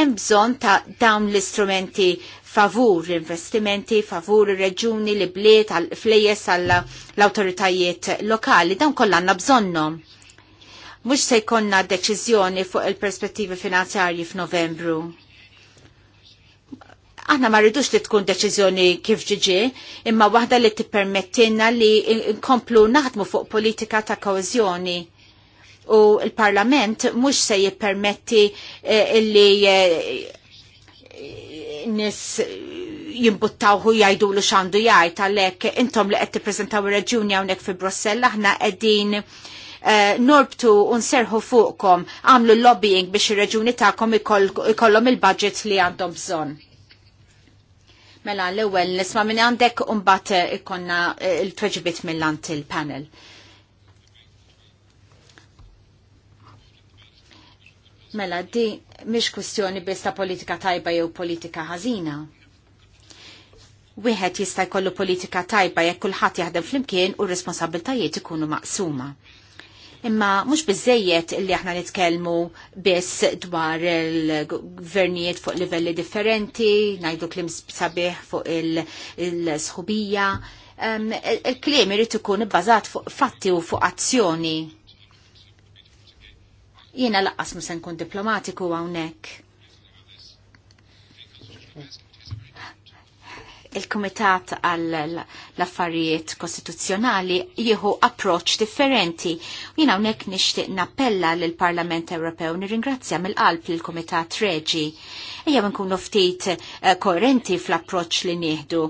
hemm bżonn ta' dawn l-istrumenti favur investimenti, favur reġuni li bliet flejes għall-autoritajiet lokali, dan kollanna bżonnom. Mux se jkonna deċizjoni fuq il-perspettivi finanzjarji f'Novembru. Aħna ma rridux li tkun deċiżjoni kif ġiġi, imma waħda li tippermettilna li nkomplu naħdmu fuq politika ta' koeżjoni u l-Parlament mhux se jippermetti eh, li eh, nis jimbuttawhu jajdu l xandu jajt għalek intom li għetti t-prezentaw reġuni għawnek fi Brussella ħna għedin uh, eh, norbtu unserħu fuqkom għamlu lobbying biex il-reġuni ta'kom ikollom il-budget li għandhom bżon. Mela l-ewel nisma minn għandek unbat eh, ikonna eh, il-tweġibit mill-ant il-panel. Mela, di mhix kwistjoni biss ta' politika tajba jew politika ħażina. Wieħed jista' jkollu politika tajba jekk kulħadd jaħdem flimkien u r-responsabiltajiet ikunu maqsuma. Imma mhux biżejjed li aħna nitkellmu biss dwar il-gvernijiet fuq livelli differenti, ngħidu klim sabiħ fuq il-sħubija. Il sħubija il kliem klim ikun ibbażat fuq fatti u fuq azzjoni Jiena laqqas musen kun diplomatiku hawnhekk. il-Kumitat għall-Affarijiet Kostituzzjonali jieħu approċ differenti. Jien hawnhekk nixtieq nappella lill parlament Ewropew nirringrazzja mill-qalb lill kumitat Reġi. Ejja nkunu ftit eh, koerenti fl-approċ li nieħdu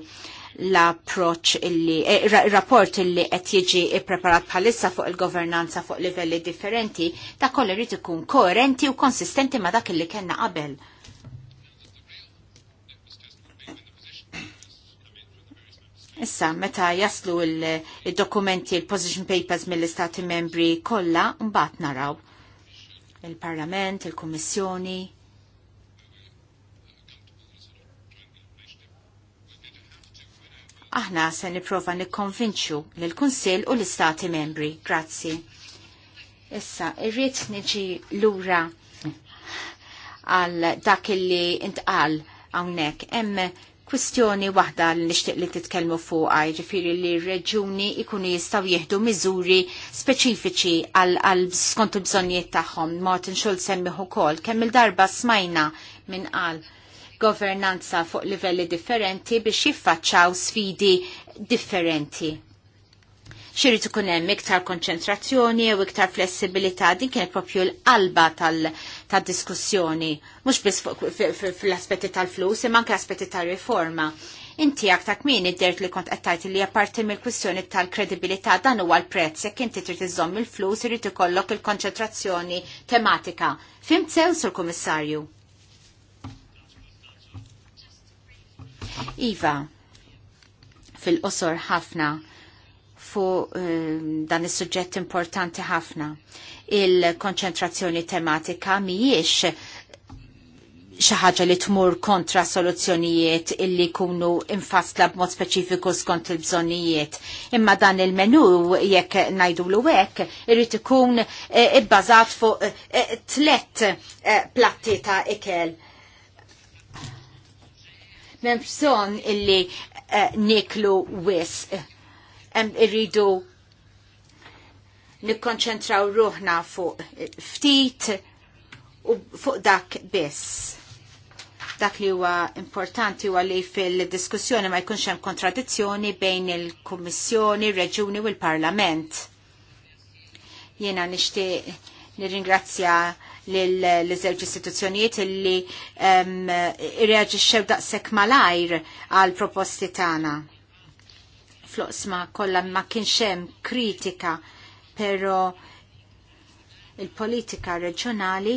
l-approċ illi, il-rapport eh, illi qed jiġi preparat bħalissa fuq il-governanza fuq livelli differenti, ta' kolli rrid ikun koerenti u konsistenti ma' dak illi kellna qabel. Issa, meta jaslu il-dokumenti, il dokumenti il position papers mill-istati membri kollha, mbagħad naraw il-Parlament, il-Kummissjoni, aħna se niprofa nikkonvinċu lill-Kunsill u l-Istati membri. Grazzi. Issa, irrid niġi lura għal dak li intqal hawnhekk hemm kwistjoni waħda li nixtieq li titkellmu fuqha, jiġifieri li r-reġuni ikunu jistgħu jieħdu miżuri speċifiċi għal skont il-bżonnijiet tagħhom. Martin Schulz semmiħ ukoll kemm il-darba smajna minn qal governanza fuq livelli differenti biex jiffaċċaw sfidi differenti. Xirrit ikun hemm iktar konċentrazzjoni u iktar flessibilità din kienet propju l-qalba tad-diskussjoni, mhux biss fl-aspetti tal-flus imma anke aspetti tal-riforma. Inti aktar min id-dert li kont qed li apparti mill-kwistjoni tal-kredibilità dan huwa l-prezz jekk inti trid iżomm il-flus irid ikollok il-konċentrazzjoni tematika. Fimt sew sur kummissarju? Iva, fil-qosor ħafna fuq ehm, dan is suġġett importanti ħafna. Il-konċentrazzjoni tematika mhijiex xi ħaġa li tmur kontra soluzzjonijiet illi jkunu infasla b'mod speċifiku skont il-bżonnijiet. Imma dan il-menu jekk l hekk irid ikun eh, ibbażat fuq eh, eh, tlet platti ta' ikel M'hemm bżonn illi eh, niklu wisq. Em irridu nikkonċentraw ruħna fuq eh, ftit u fuq dak biss. Dak li huwa importanti huwa li fil-diskussjoni ma jkunx hemm kontradizzjoni bejn il-Kummissjoni, ir-Reġuni u l-Parlament. Jiena nixtieq nirringrazzja l-żewġ istituzzjonijiet illi irreagġixxew daqshekk malajr għal proposti tagħna. Floqsma kollha ma kienx hemm kritika, però il-politika reġjonali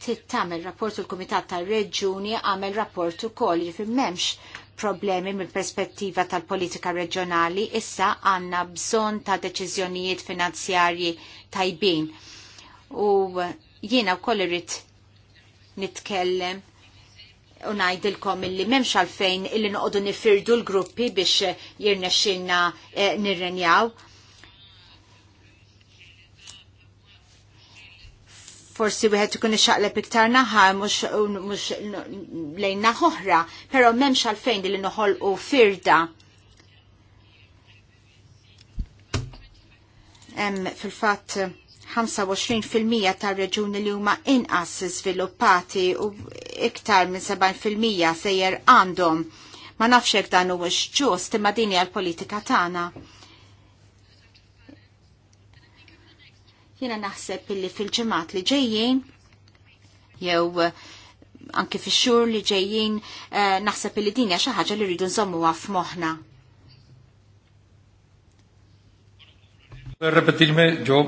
tittamel rapport l kumitat tal-Reġuni għamel rapport ukoll, jifim jiġifieri memx problemi mill perspettiva tal-politika reġjonali, issa għanna bżon ta' deċiżjonijiet finanzjarji tajbin. U jiena wkoll irrid nitkellem u najdilkom illi memx għalfejn illi noqogħdu nifirdu l-gruppi biex jirnexxinna eh, nirrenjaw forsi wieħed ikun ixaqleb iktar naħar mhux lejn oħra, però m'hemmx għalfejn li noħolqu firda. Hemm fil-fatt 25% tar-reġuni li huma inqas sviluppati u iktar minn 70% sejjer għandhom. Ma nafx hekk dan huwiex ġust imma din hija l-politika tagħna. jina naħseb illi fil-ġemat li ġejjien, jew eh, anki fi xur li ġejjien eh, naħseb illi dinja xaħġa li rridu nżommu għaf moħna. Repetirme, ġo.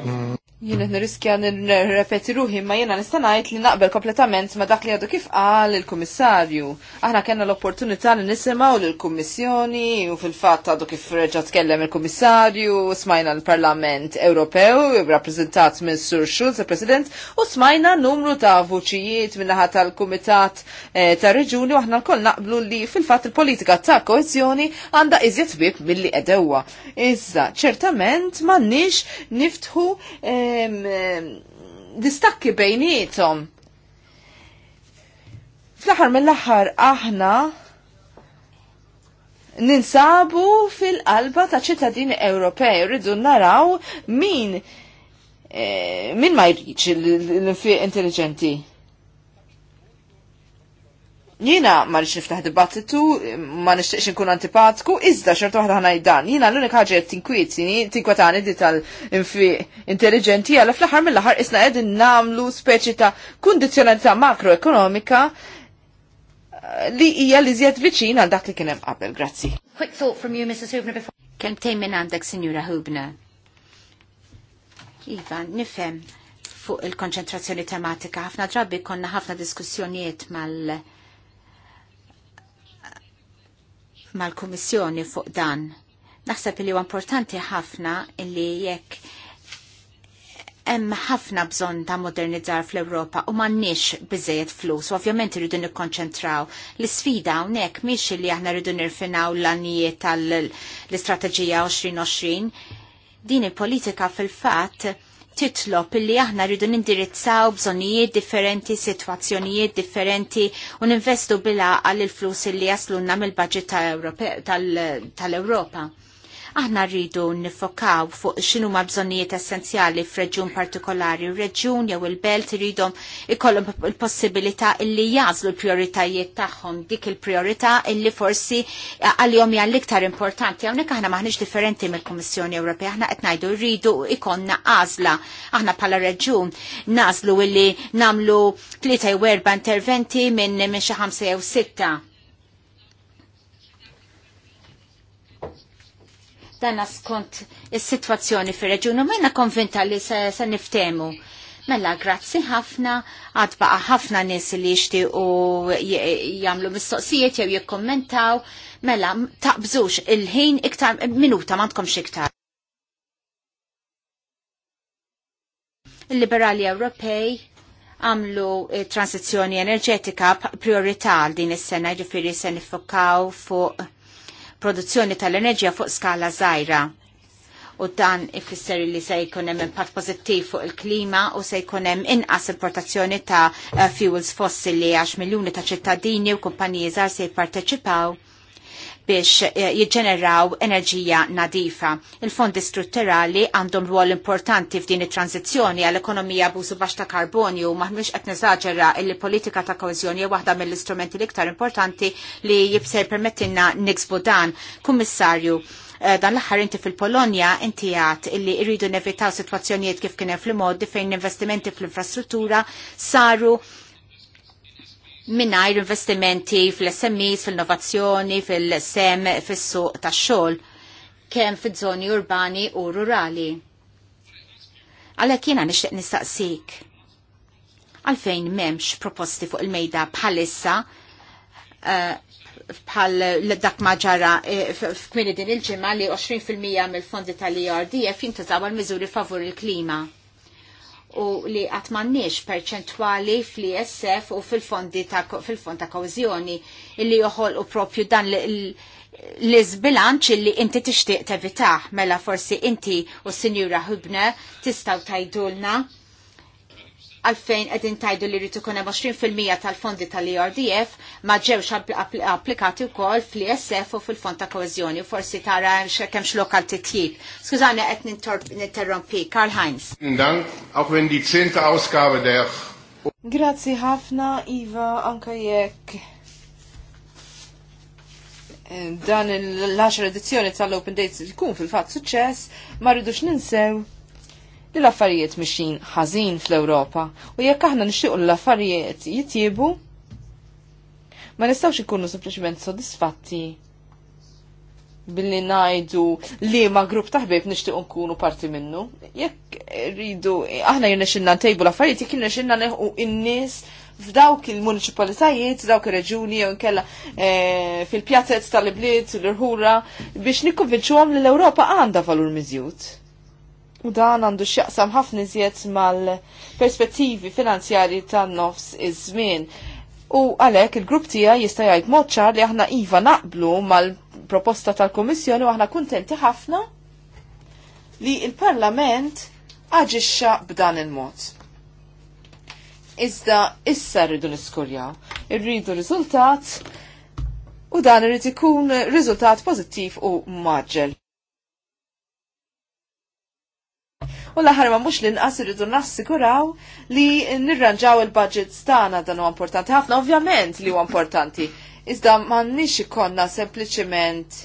Jien qed nirriskja nirrepeti ruħi ma jiena nista' ngħid li naqbel kompletament ma dak li għadu kif qal il-Kummissarju. Aħna kellna l-opportunità li nisimgħu lill-Kummissjoni u fil-fatt għadu kif reġa' tkellem il-Kummissarju, smajna l-Parlament Ewropew rappreżentat minn Sur Schulz, il-President, u smajna numru ta' vuċijiet min-naħa tal-Kumitat eh, ta' Reġuni u aħna l-koll naqblu li fil-fatt il-politika ta' koezjoni għandha iżjed bib milli edewwa. Iżda ċertament m'għandniex niftħu eh, distakki bejnietom. Fl-aħħar mill-aħħar aħna ninsabu fil-qalba ta' ċittadini Ewropej, rridu naraw min eh, min ma jridx l-infiq intelligenti Jiena ma nix niftaħ dibattitu, ma nixtieqx nkun antipatku, iżda xorta waħda ħana dan. Jiena l-unika ħaġa qed tinkwitini, tinkwetani di tal infi intelligenti għala fl-aħħar mill ħar isna qegħdin nagħmlu speċi ta' kundizzjonalità makroekonomika eh, li hija li zjed viċin għal dak li kien hemm qabel. Grazzi. Quick thought from you, Mrs. Hubner, before. Kemm tejn minn għandek, Signora Hubner? Iva, nifhem fuq il-konċentrazzjoni tematika. Ħafna drabi konna ħafna diskussjonijiet mal- mal-Kummissjoni fuq dan. Naħseb li huwa importanti ħafna li jekk hemm ħafna bżonn ta' modernizzar fl-Ewropa u m'għandniex biżejjed flus, ovvjament irridu nikkonċentraw. L-isfida hawnhekk mhix li aħna rridu nirfinaw l-għanijiet tal-istrateġija 2020. Din il-politika fil-fatt titlob illi aħna rridu nindirizzaw bżonijiet differenti, situazzjonijiet differenti u ninvestu bila għall il-flus illi jaslunna mill-budget tal-Europa. Tal Aħna rridu nifokaw fuq xinu ma bżonnijiet essenzjali f'reġjun partikolari, reġjun jew il-belt rridhom ikollhom il-possibilità illi jażlu l-prioritajiet tagħhom dik il-priorità illi forsi għalihom hija l-iktar importanti. Hawnhekk aħna maħniex differenti mill-Kummissjoni Ewropea, aħna qed ngħidu rridu ikonna għażla. Aħna bħala reġjun nażlu illi namlu tlieta jew erba' interventi minn minn xi ħamsa jew sitta dan skont is-sitwazzjoni fir-reġjun u minna konvinta li se, niftemu. Mella, grazzi ħafna, għad baqa ħafna nis li jishti u jamlu mistoqsijiet jew jikkommentaw. mela taqbżux il-ħin iktar minuta mandkom iktar. Il-liberali Ewropej għamlu eh, transizjoni enerġetika priorità din is-sena ġifiri se nifokaw fuq produzzjoni tal-enerġija fuq skala żgħira. U dan ifisser li se jkun hemm impatt pożittiv fuq il-klima u se jkun hemm inqas importazzjoni ta' eh, fuels fossili għax miljuni ta' ċittadini u kumpaniji żgħar se jipparteċipaw biex eh, jiġġeneraw enerġija nadifa. Il-fondi strutturali għandhom rwol importanti f'din it-tranzizzjoni għall ekonomija bużu baxx ta' karbonju ma' maħmiex qed niżaġera li politika ta' koeżjoni waħda mill-istrumenti l-iktar importanti li jibser permettinna niksbu dan. Kummissarju, eh, dan l-aħħar inti fil-Polonja inti għat illi irridu nevitaw situazzjonijiet kif kien fl-modi fejn investimenti fl-infrastruttura saru minnajr investimenti fil-SMEs, fil-innovazzjoni, fil-sem, fil-suq ta' xol, kem fil-żoni urbani u rurali. Għalek jena nishtiq nistaqsik. Għalfejn memx proposti fuq il-mejda bħalissa bħal eh, bħal dak maġara eh, f'kmini din il-ġimma li 20% mill-fondi tal irdf jintużaw għal miżuri favur il-klima u li għatmanniex perċentwali fl-ISF u fil-fondi fil-fond ta' kawzjoni illi joħol u propju dan l-izbilanċ illi inti tixtieq tevitaħ mela forsi inti u Sinjura Hubne tistaw tajdulna għalfejn edin tajdu li rritu kuna 20% tal-fondi tal-IRDF ma ġewx applikati u kol fl-ISF u fil-fond ta' koezjoni. Forsi tara xekemx lokal titjib. Skużani, għet ninterrompi. Karl Heinz. Dank, auch di 10. Ausgabe deħ. Grazzi ħafna, Iva, anka jekk eh, dan l-10 edizzjoni tal-Open Dates ikun fil-fat suċċess, ma rridux ninsew li l-affarijiet mixin ħażin fl-Ewropa u jekk aħna nixtiequ l-affarijiet jitjiebu, ma nistgħux ikunu sempliċement sodisfatti billi najdu li ma grupp taħbib nixtieq nkunu parti minnu. Jekk rridu, aħna xinna ntejbu l-affarijiet, jekk xinna neħu in-nies f'dawk il-municipalitajiet, dawk il-reġuni, jew nkella eh, fil-pjazzet tal-ibliet, l-irħura, biex nikkonvinċuhom li l-Ewropa għandha valur miżjud u dan għandu x'jaqsam ħafna iżjed mal-perspettivi finanzjarji tan-nofs iż-żmien. U għalhekk il-grupp tiegħi jista' jgħid mod ċar li aħna iva naqblu mal-proposta tal-Kummissjoni u aħna kuntenti ħafna li il-Parlament aġixxa b'dan il-mod. Iżda issa rridu niskurjaw, irridu riżultat u dan irrid ikun riżultat pożittiv u maġġel. u l-aħħar ma mhux l-inqas irridu nassiguraw li nirranġaw il-budgets tagħna dan huwa importanti ħafna ovvjament li huwa importanti. Iżda m'għandniex ikonna sempliciment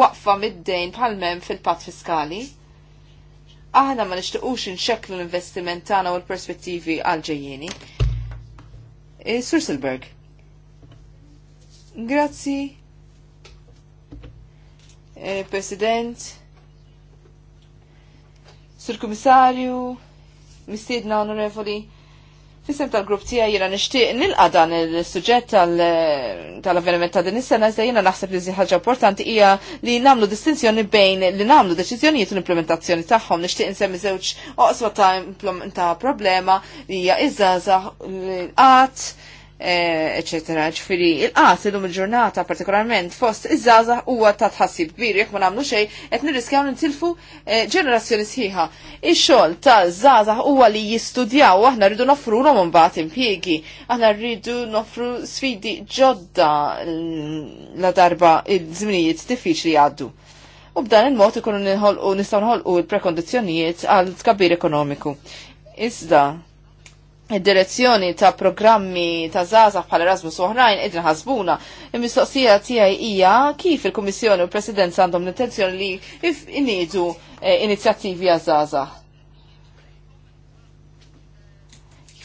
waqfa mid-dejn bħal-mem fil-pat fiskali. Aħna ma nixtiqux inxeklu l-investiment tagħna u l-perspettivi għal-ġejjieni. Eh, Sur Silberg. Grazzi. Eh, President Sir Komissarju, mistiedna onorevoli, Fissem tal-grupp tija jena nishtiq nilqa dan il-sujġet tal-avveniment ta' din is-sena iżda jena naħseb li ħaġa importanti hija li namlu distinzjoni bejn li namlu deċiżjonijiet u l-implementazzjoni tagħhom nixtieq insemmi żewġ oqswa ta' problema li hija iż-żgħażagħ l-qatt eccetera. Eh, ċfiri, il-qat illum il-ġurnata, partikolarment fost iż-żaza huwa ta' tħassib kbir, jekk ma nagħmlu xejn qed nirriskjaw nintilfu eh, ġenerazzjoni sħiħa. Ix-xogħol ta' żaza huwa li jistudjaw aħna rridu nofrulhom imbagħad impjiegi, aħna rridu nofru sfidi ġodda mm, la darba il-żminijiet diffiċli jgħaddu. U b'dan il-mod ikunu nistgħu nħolqu il-prekondizzjonijiet għal tkabbir ekonomiku. Iżda, id-direzzjoni ta' programmi ta' zaza bħal Erasmus oħrajn id ħasbuna. Il-mistoqsija tiegħi hija kif il-Kummissjoni u l-Presidenza għandhom l-intenzjoni li iniedu eh, inizjattivi għaż Zaza.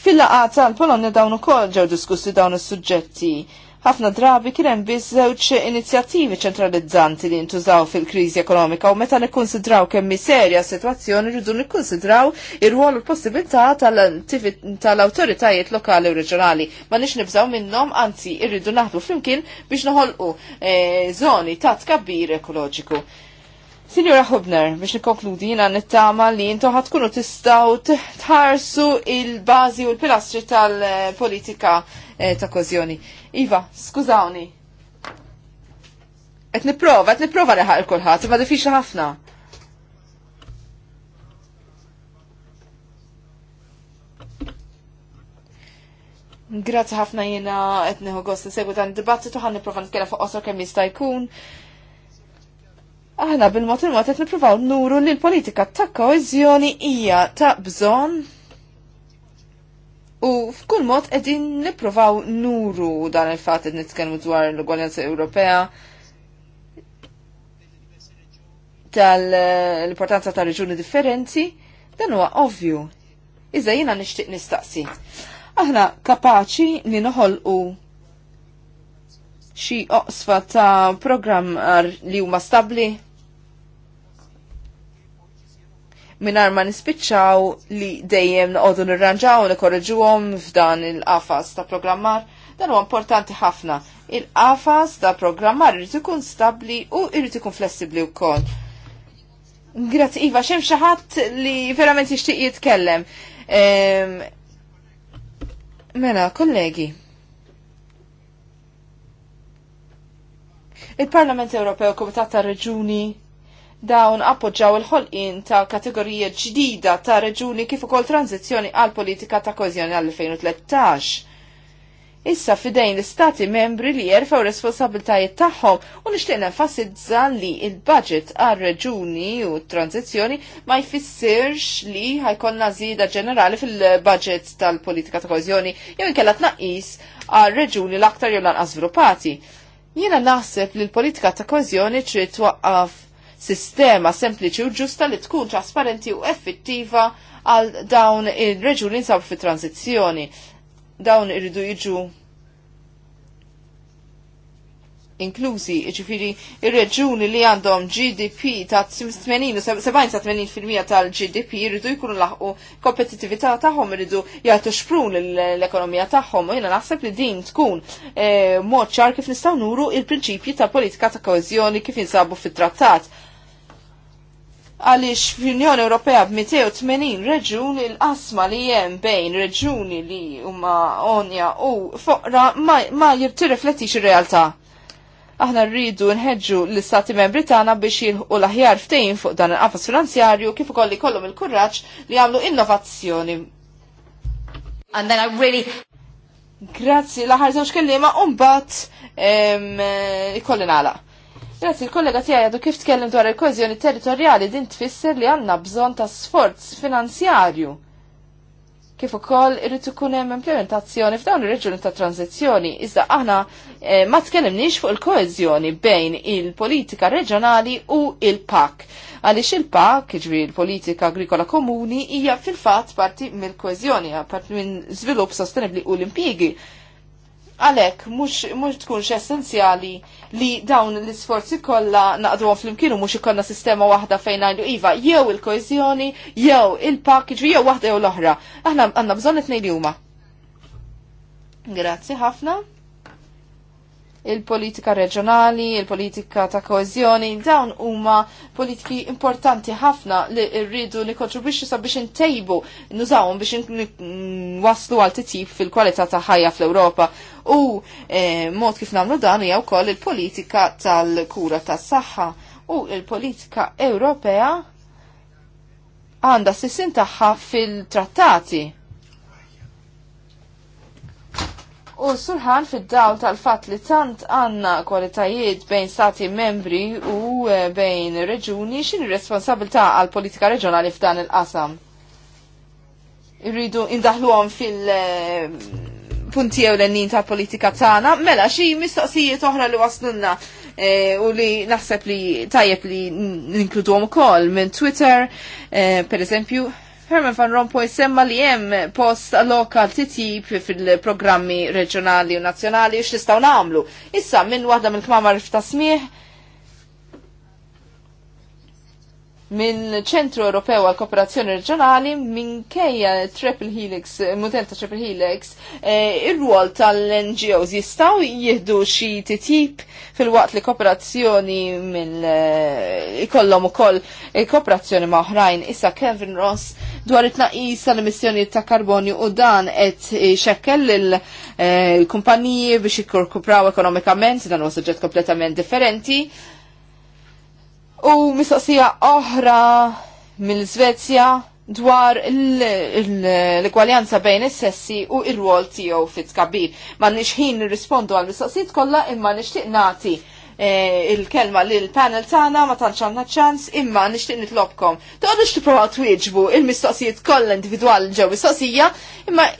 Fil-laqgħa tal-Polonja dawn ukoll ġew diskussi dawn is-suġġetti ħafna drabi kien hemm biss żewġ inizjattivi ċentralizzanti li ntużaw fil-kriżi ekonomika u meta nikkonsidraw kemm serja s-sitwazzjoni rridu nikkonsidraw ir-rwol u l-possibilità tal-awtoritajiet lokali u reġjonali. Ma nix nibżaw minnhom anzi irridu naħdu flimkien biex noħolqu eh, żoni ta' tkabbir ekoloġiku. Signora Hubner, biex nikonkludi jina nittama li jinto ħatkunu tistaw tħarsu il-bazi u l-pilastri tal-politika eh, ta' kozjoni. Iva, skużawni. Et niprofa, et niprofa li il kolħat, ma diffiċ ħafna. Grazie ħafna jina et neħu għost għan dibattitu ħan niprofa nitkella fuq osor kemm jista' jkun aħna bil mot il mot qed nippruvaw nuru li l-politika ta' koezjoni hija ta' bżon u f'kull mod qegħdin nippruvaw nuru dan il-fatt qed nitkellmu dwar l-Ugwaljanza Ewropea tal-importanza ta' reġuni differenti, dan huwa ovvju. Iżda jiena nixtieq nistaqsi. Aħna kapaċi li noħolqu xi oqsfa ta' programm li huma stabbli? minar ma nispiċċaw li dejjem noqogħdu nirranġaw nikorreġuhom f'dan il-qafas ta' programmar. Dan huwa importanti ħafna. Il-qafas ta' programmar irid ikun stabbli u irid ikun flessibbli wkoll. Grazzi Iva, xemm xi ħadd li verament jixtieq jitkellem. Mela, kollegi. Il-Parlament Ewropew, Komitat ta' Reġuni, dawn appoġġaw il-ħolqien ta' kategorija ġdida ta' reġuni kif ukoll tranzizzjoni għal politika ta' kozjoni għal 2013. Issa fidejn l-istati membri li jerfaw responsabiltajiet tagħhom u nixtieq nenfasizza li il-budget għal reġuni u tranzizzjoni ma jfissirx li ħajkonna żieda ġenerali fil-budget tal-politika ta' kozjoni jew inkella tnaqqis għal reġuni l-aktar jew lanqas żviluppati. Jiena naħseb li l-politika ta' kozjoni trid twaqqaf sistema sempliċi u ġusta li tkun trasparenti u effettiva għal dawn il-reġuni nsab fi tranzizjoni. Dawn irridu jiġu inklużi, ġifiri il reġuni li għandhom GDP ta' 70-80% tal-GDP irridu jkunu laħu kompetitività tagħhom irridu jgħatu xprun l-ekonomija tagħhom u jiena naħseb li din tkun eh, mod ċar kif nistgħu nuru il-prinċipji ta' politika ta' koeżjoni kif jinsabu fit-trattat għaliex fl-Unjoni Ewropea b-280 reġun il-qasma li jem bejn reġuni li huma onja u foqra ma, ma jirtirriflettix ir-realtà. Aħna rridu nħeġġu l-istati membri tagħna biex jilħu l-aħjar ftejn fuq dan il-qafas finanzjarju kif ukoll ikollhom il-kuraġġ li jagħmlu innovazzjoni. And then I really Grazzi, l-aħħar kellima, kelliema u mbagħad eh, ikolli nagħlaq. Grazie il-kollega tiegħi għadu kif tkellem dwar il-kohezjoni territorjali din tfisser li għandna bżonn ta' sforz finanzjarju. Kif ukoll irid ikun hemm implementazzjoni f'dawn ir-reġuni ta' tranzizzjoni, iżda aħna eh, ma tkellimniex fuq il-kohezjoni bejn il-politika reġjonali u il-PAK. Għaliex il-PAK, ġri il-politika agrikola komuni, hija fil-fatt parti mill-kohezjoni, parti minn żvilupp sostenibbli u l-impjiegi Għalek, mux tkunx essenzjali li dawn l-isforzi kolla naqduhom fl-imkienu mux ikonna sistema wahda fejn għajdu iva, jew il-koezjoni, jew il-package, jew wahda jew l-oħra. Aħna għanna bżonet it-nejn Grazzi ħafna il-politika reġjonali, il-politika ta' koezjoni, dawn huma politiki importanti ħafna li rridu nikkontribwixxu sabiex intejbu nużawhom biex waslu għal titjib fil-kwalità ta' ħajja fl-Ewropa. U eh, mod kif nagħmlu dan hija wkoll il-politika tal-kura tas-saħħa u il-politika Ewropea għandha sissin tagħha fil-trattati U surħan fid-dawl tal-fat li tant għanna kwalitajiet bejn stati membri u eh, bejn reġuni xin responsabilta għal-politika reġjonali f'dan il-qasam. Irridu għom fil-punti eh, ewlenin tal-politika tagħna, mela xi mistoqsijiet oħra li waslunna eh, u li naħseb li tajjeb li għom ukoll minn Twitter, per eżempju, Herman Van Rompuy semma li hemm post lokal titjib fil-programmi reġjonali u nazzjonali u xistaw nagħmlu. Issa minn waħda mill-kmamar ta' smieħ minn ċentru Ewropew għal Kooperazzjoni Reġjonali kejja Triple Helix, mutenta Triple Helix, e, ir-rwol tal-NGOs jistaw jihdu xi titip fil-waqt li kooperazzjoni mill e, ikollhom ukoll e, kooperazzjoni ma' oħrajn. Issa Kevin Ross dwar it-tnaqqis tal-emissjoni ta' karbonju u dan qed xekkel il-kumpaniji biex jikkurkupraw ekonomikament, dan huwa suġġett kompletament differenti U mistoqsija oħra mill-Svezja dwar l-ekwaljanza bejn is-sessi u ir-rwol tiegħu fit-tkabbir. Ma nixħin nirrispondu għal mistoqsijiet kollha imma nixtieq nagħti eh, il-kelma li l-panel tagħna ma tantx għandna ċans imma nixtieq nitlobkom. Toqgħodux tipprova twieġbu il-mistoqsijiet kollha individwali ġew mistoqsija, imma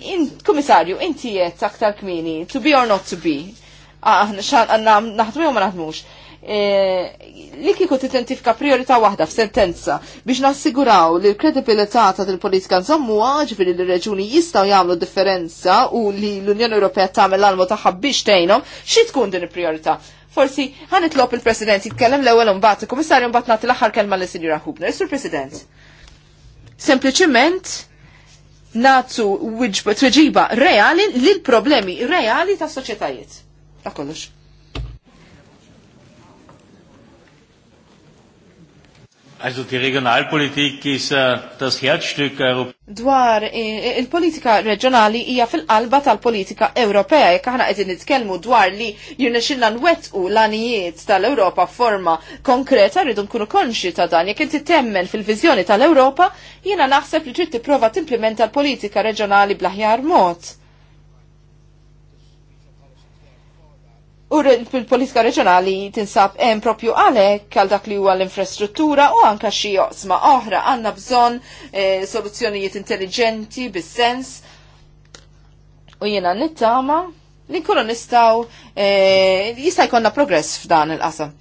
kummissarju inti qed aktar kmini, to be or not to be. Ah, aħna xan għandna naħdmu ma naħdmux E, li kieku priorita priorità waħda f'sentenza biex nassiguraw li l-kredibilità ta' dil-politika nżommu ah, ġifiri li reġuni jistaw jagħmlu differenza u li l-Unjoni Ewropea tagħmel l-almu tagħha biex tgħinhom, xi tkun din il-priorità? Forsi ħanitlob il-President jitkellem l-ewwel bat, il-Kummissarju bat nagħti l-aħħar kelma l Sinjura Hubner. Sur President, sempliciment natu tweġiba reali l problemi reali ta' soċjetajiet. Ta' kollox. Also die Regionalpolitik ist uh, das Herzstück Europa. Dwar eh, eh, il-politika reġjonali hija fil-qalba tal-politika Ewropea jekk aħna qegħdin nitkellmu dwar li xilna nwettqu l-anijiet tal-Ewropa f'forma konkreta rridu nkunu konxi ta' dan jekk inti temmen fil-viżjoni tal-Ewropa jiena naħseb li trid tipprova timplementa l-politika reġjonali bl-aħjar mod. U fil politika reġjonali tinsab hemm propju għalhekk għal dak li huwa l-infrastruttura u anka xi oqsma oħra għandna bżonn eh, soluzzjonijiet intelligenti bis-sens u jiena nittama li nkunu nistgħu eh, jista' jkollna progress f'dan il-qasam.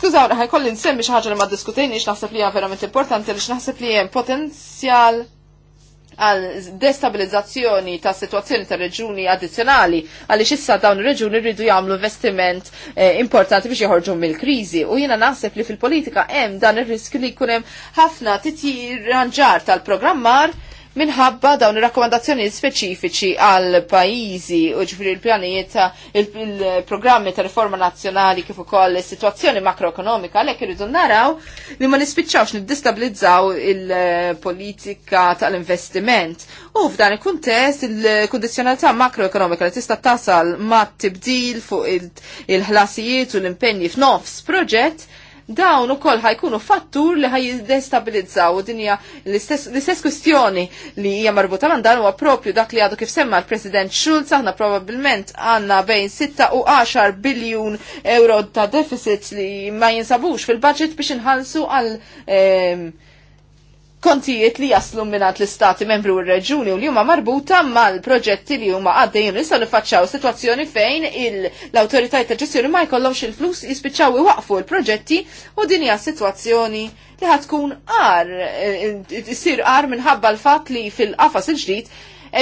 Skużaw, ħajkolli nsemmi xi ħaġa li ma diskutejniex naħseb li hija verament importanti li naħseb li hemm potenzjal għal destabilizzazzjoni ta' situazzjoni ta' reġuni addizzjonali għaliex issa dawn ir-reġuni rridu jagħmlu investiment eh, importanti biex joħorġu mill-kriżi u jiena naħseb li fil-politika hemm dan ir-risk li jkun hemm ħafna titjiranġar tal-programmar minħabba dawn ir-rakkomandazzjoni speċifiċi għal pajjiżi u ġifri l-pjanijiet il-programmi ta' riforma nazzjonali kif ukoll is-sitwazzjoni makroekonomika għalhekk irridu naraw li ma nispiċċawx niddistabilizzaw il-politika tal-investiment. U f'dan il-kuntest il-kundizzjonalità makroekonomika li tista' tasal ma' tibdil fuq il-ħlasijiet u l impenni f'nofs proġett dawn ukoll ħajkunu fattur li ħaj destabilizzaw dinja l-istess kwistjoni li hija marbuta l dan huwa propju dak li għadu kif semma l-President Schulz aħna probabbilment għandna bejn 6 u 10 biljun euro ta' deficit li ma jinsabux fil-budget biex inħallsu għal eh, kontijiet li jaslu minnat l-istati membru u reġuni u li huma marbuta mal-proġetti li huma għaddejjin li jistgħu faċċaw sitwazzjoni fejn l-awtoritajiet ta' ġestjoni ma jkollhomx il-flus jispiċċaw iwaqfu l-proġetti u din hija sitwazzjoni li ħatkun għar, eh, issir għar minħabba l-fatt li fil-qafas il-ġdid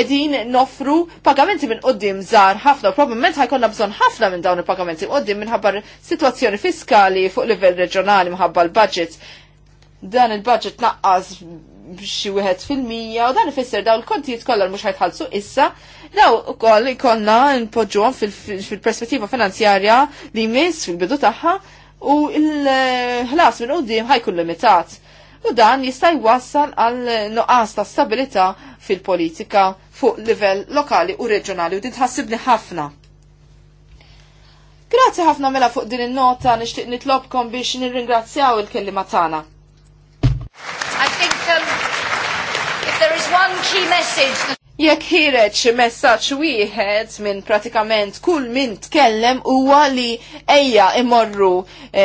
edin nofru pagamenti minn qoddim zar ħafna, u probabbilment ħajkonna bżon ħafna minn dawn il-pagamenti qoddim minħabba situazzjoni fiskali fuq livell reġjonali minħabba l-budget dan il-budget naqqas b'xi wieħed fil-mija u dan ifisser daw l-kontijiet kollha mhux ħajtħallsu issa daw ukoll ikollna npoġġuhom fil-perspettiva finanzjarja li jmiss fil-bidu tagħha u l-ħlas minn qudiem ħajkun limitat. U dan jista' jwassal għal nuqqas ta' stabilità fil-politika fuq livell lokali u reġjonali u din tħassibni ħafna. Grazzi ħafna mela fuq din il-nota nixtieq nitlobkom biex nirringrazzjaw il kelliema tagħna. I think um, if there is one key message... Jekk ħireġ xi messaġġ wieħed minn pratikament kull min tkellem huwa li ejja imorru e, e,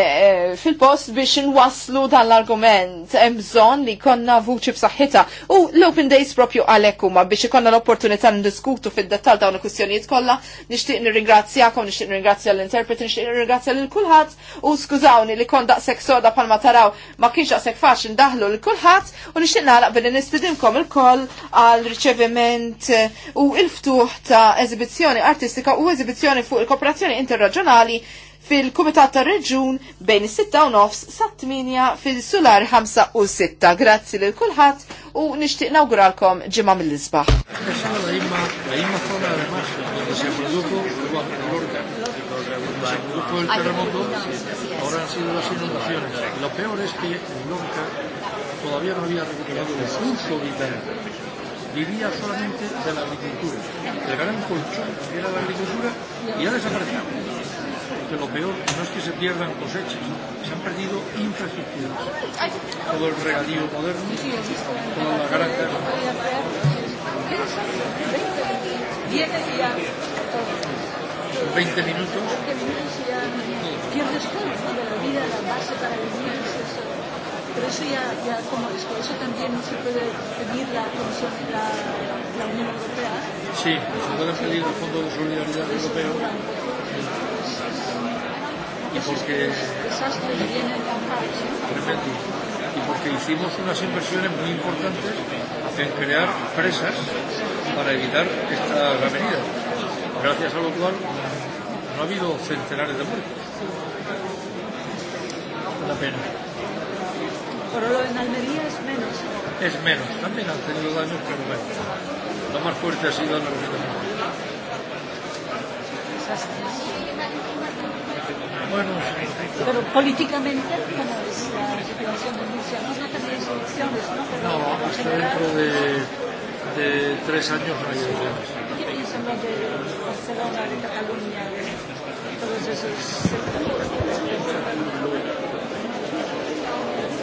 fil-post biex nwasslu dan l-argument hemm bżonn li konna vuċi b'saħħitha. U l-Open Days propju għalhekk huma biex ikonna l-opportunità ndiskutu fid-dettall dawn il-kwistjonijiet kollha. Nixtieq nirringrazzjakom, nixtieq nirringrazzja l-interpreti, nixtieq nirringrazzja lil kulħadd u skużawni li kon daqshekk soda palma taraw ma kienx daqshekk faċli ndaħlu lil kulħadd u nixtieq nagħlaq billi nistidimkom il-koll għal riċeviment l eh, u il-ftuħ ta' eżibizzjoni artistika u eżibizzjoni fuq il-kooperazzjoni interregjonali fil-Kumitat ta' Reġun bejn is-6 u nofs sa' 8 fil-Sular 5 u 6. Grazzi lil kulħadd u nixtieq nawguralkom ġimgħa mill-isbaħ. Ahora han sido las inundaciones. Lo peor es que nunca, todavía no había recuperado el curso vital vivía solamente de la agricultura. El gran colchón era la agricultura y ha desaparecido. Porque lo peor no es que se pierdan cosechas, se han perdido infraestructuras. Todo el regadío moderno, toda la granja. Son 20 minutos. 20 minutos y ya pierdes todo de la vida, la base para vivir. Pero eso ya, ya como es eso también se puede pedir la Comisión, la, la Unión Europea. Sí, se puede pedir el Fondo de Solidaridad Europeo. Y porque... Desastre viene Tremendo. Y porque hicimos unas inversiones muy importantes en crear presas para evitar esta avenida. Gracias a lo cual no ha habido centenares de muertos. Una pena es menos. Es menos, también han tenido daños, pero menos. Lo más fuerte ha sido la Almería. Bueno, pero políticamente, como es la situación de Murcia, no no tenéis elecciones, ¿no? Pero no, hasta general... dentro de, de tres años no hay elecciones. ¿Qué piensan de Barcelona, de Cataluña, de todos esos sectores?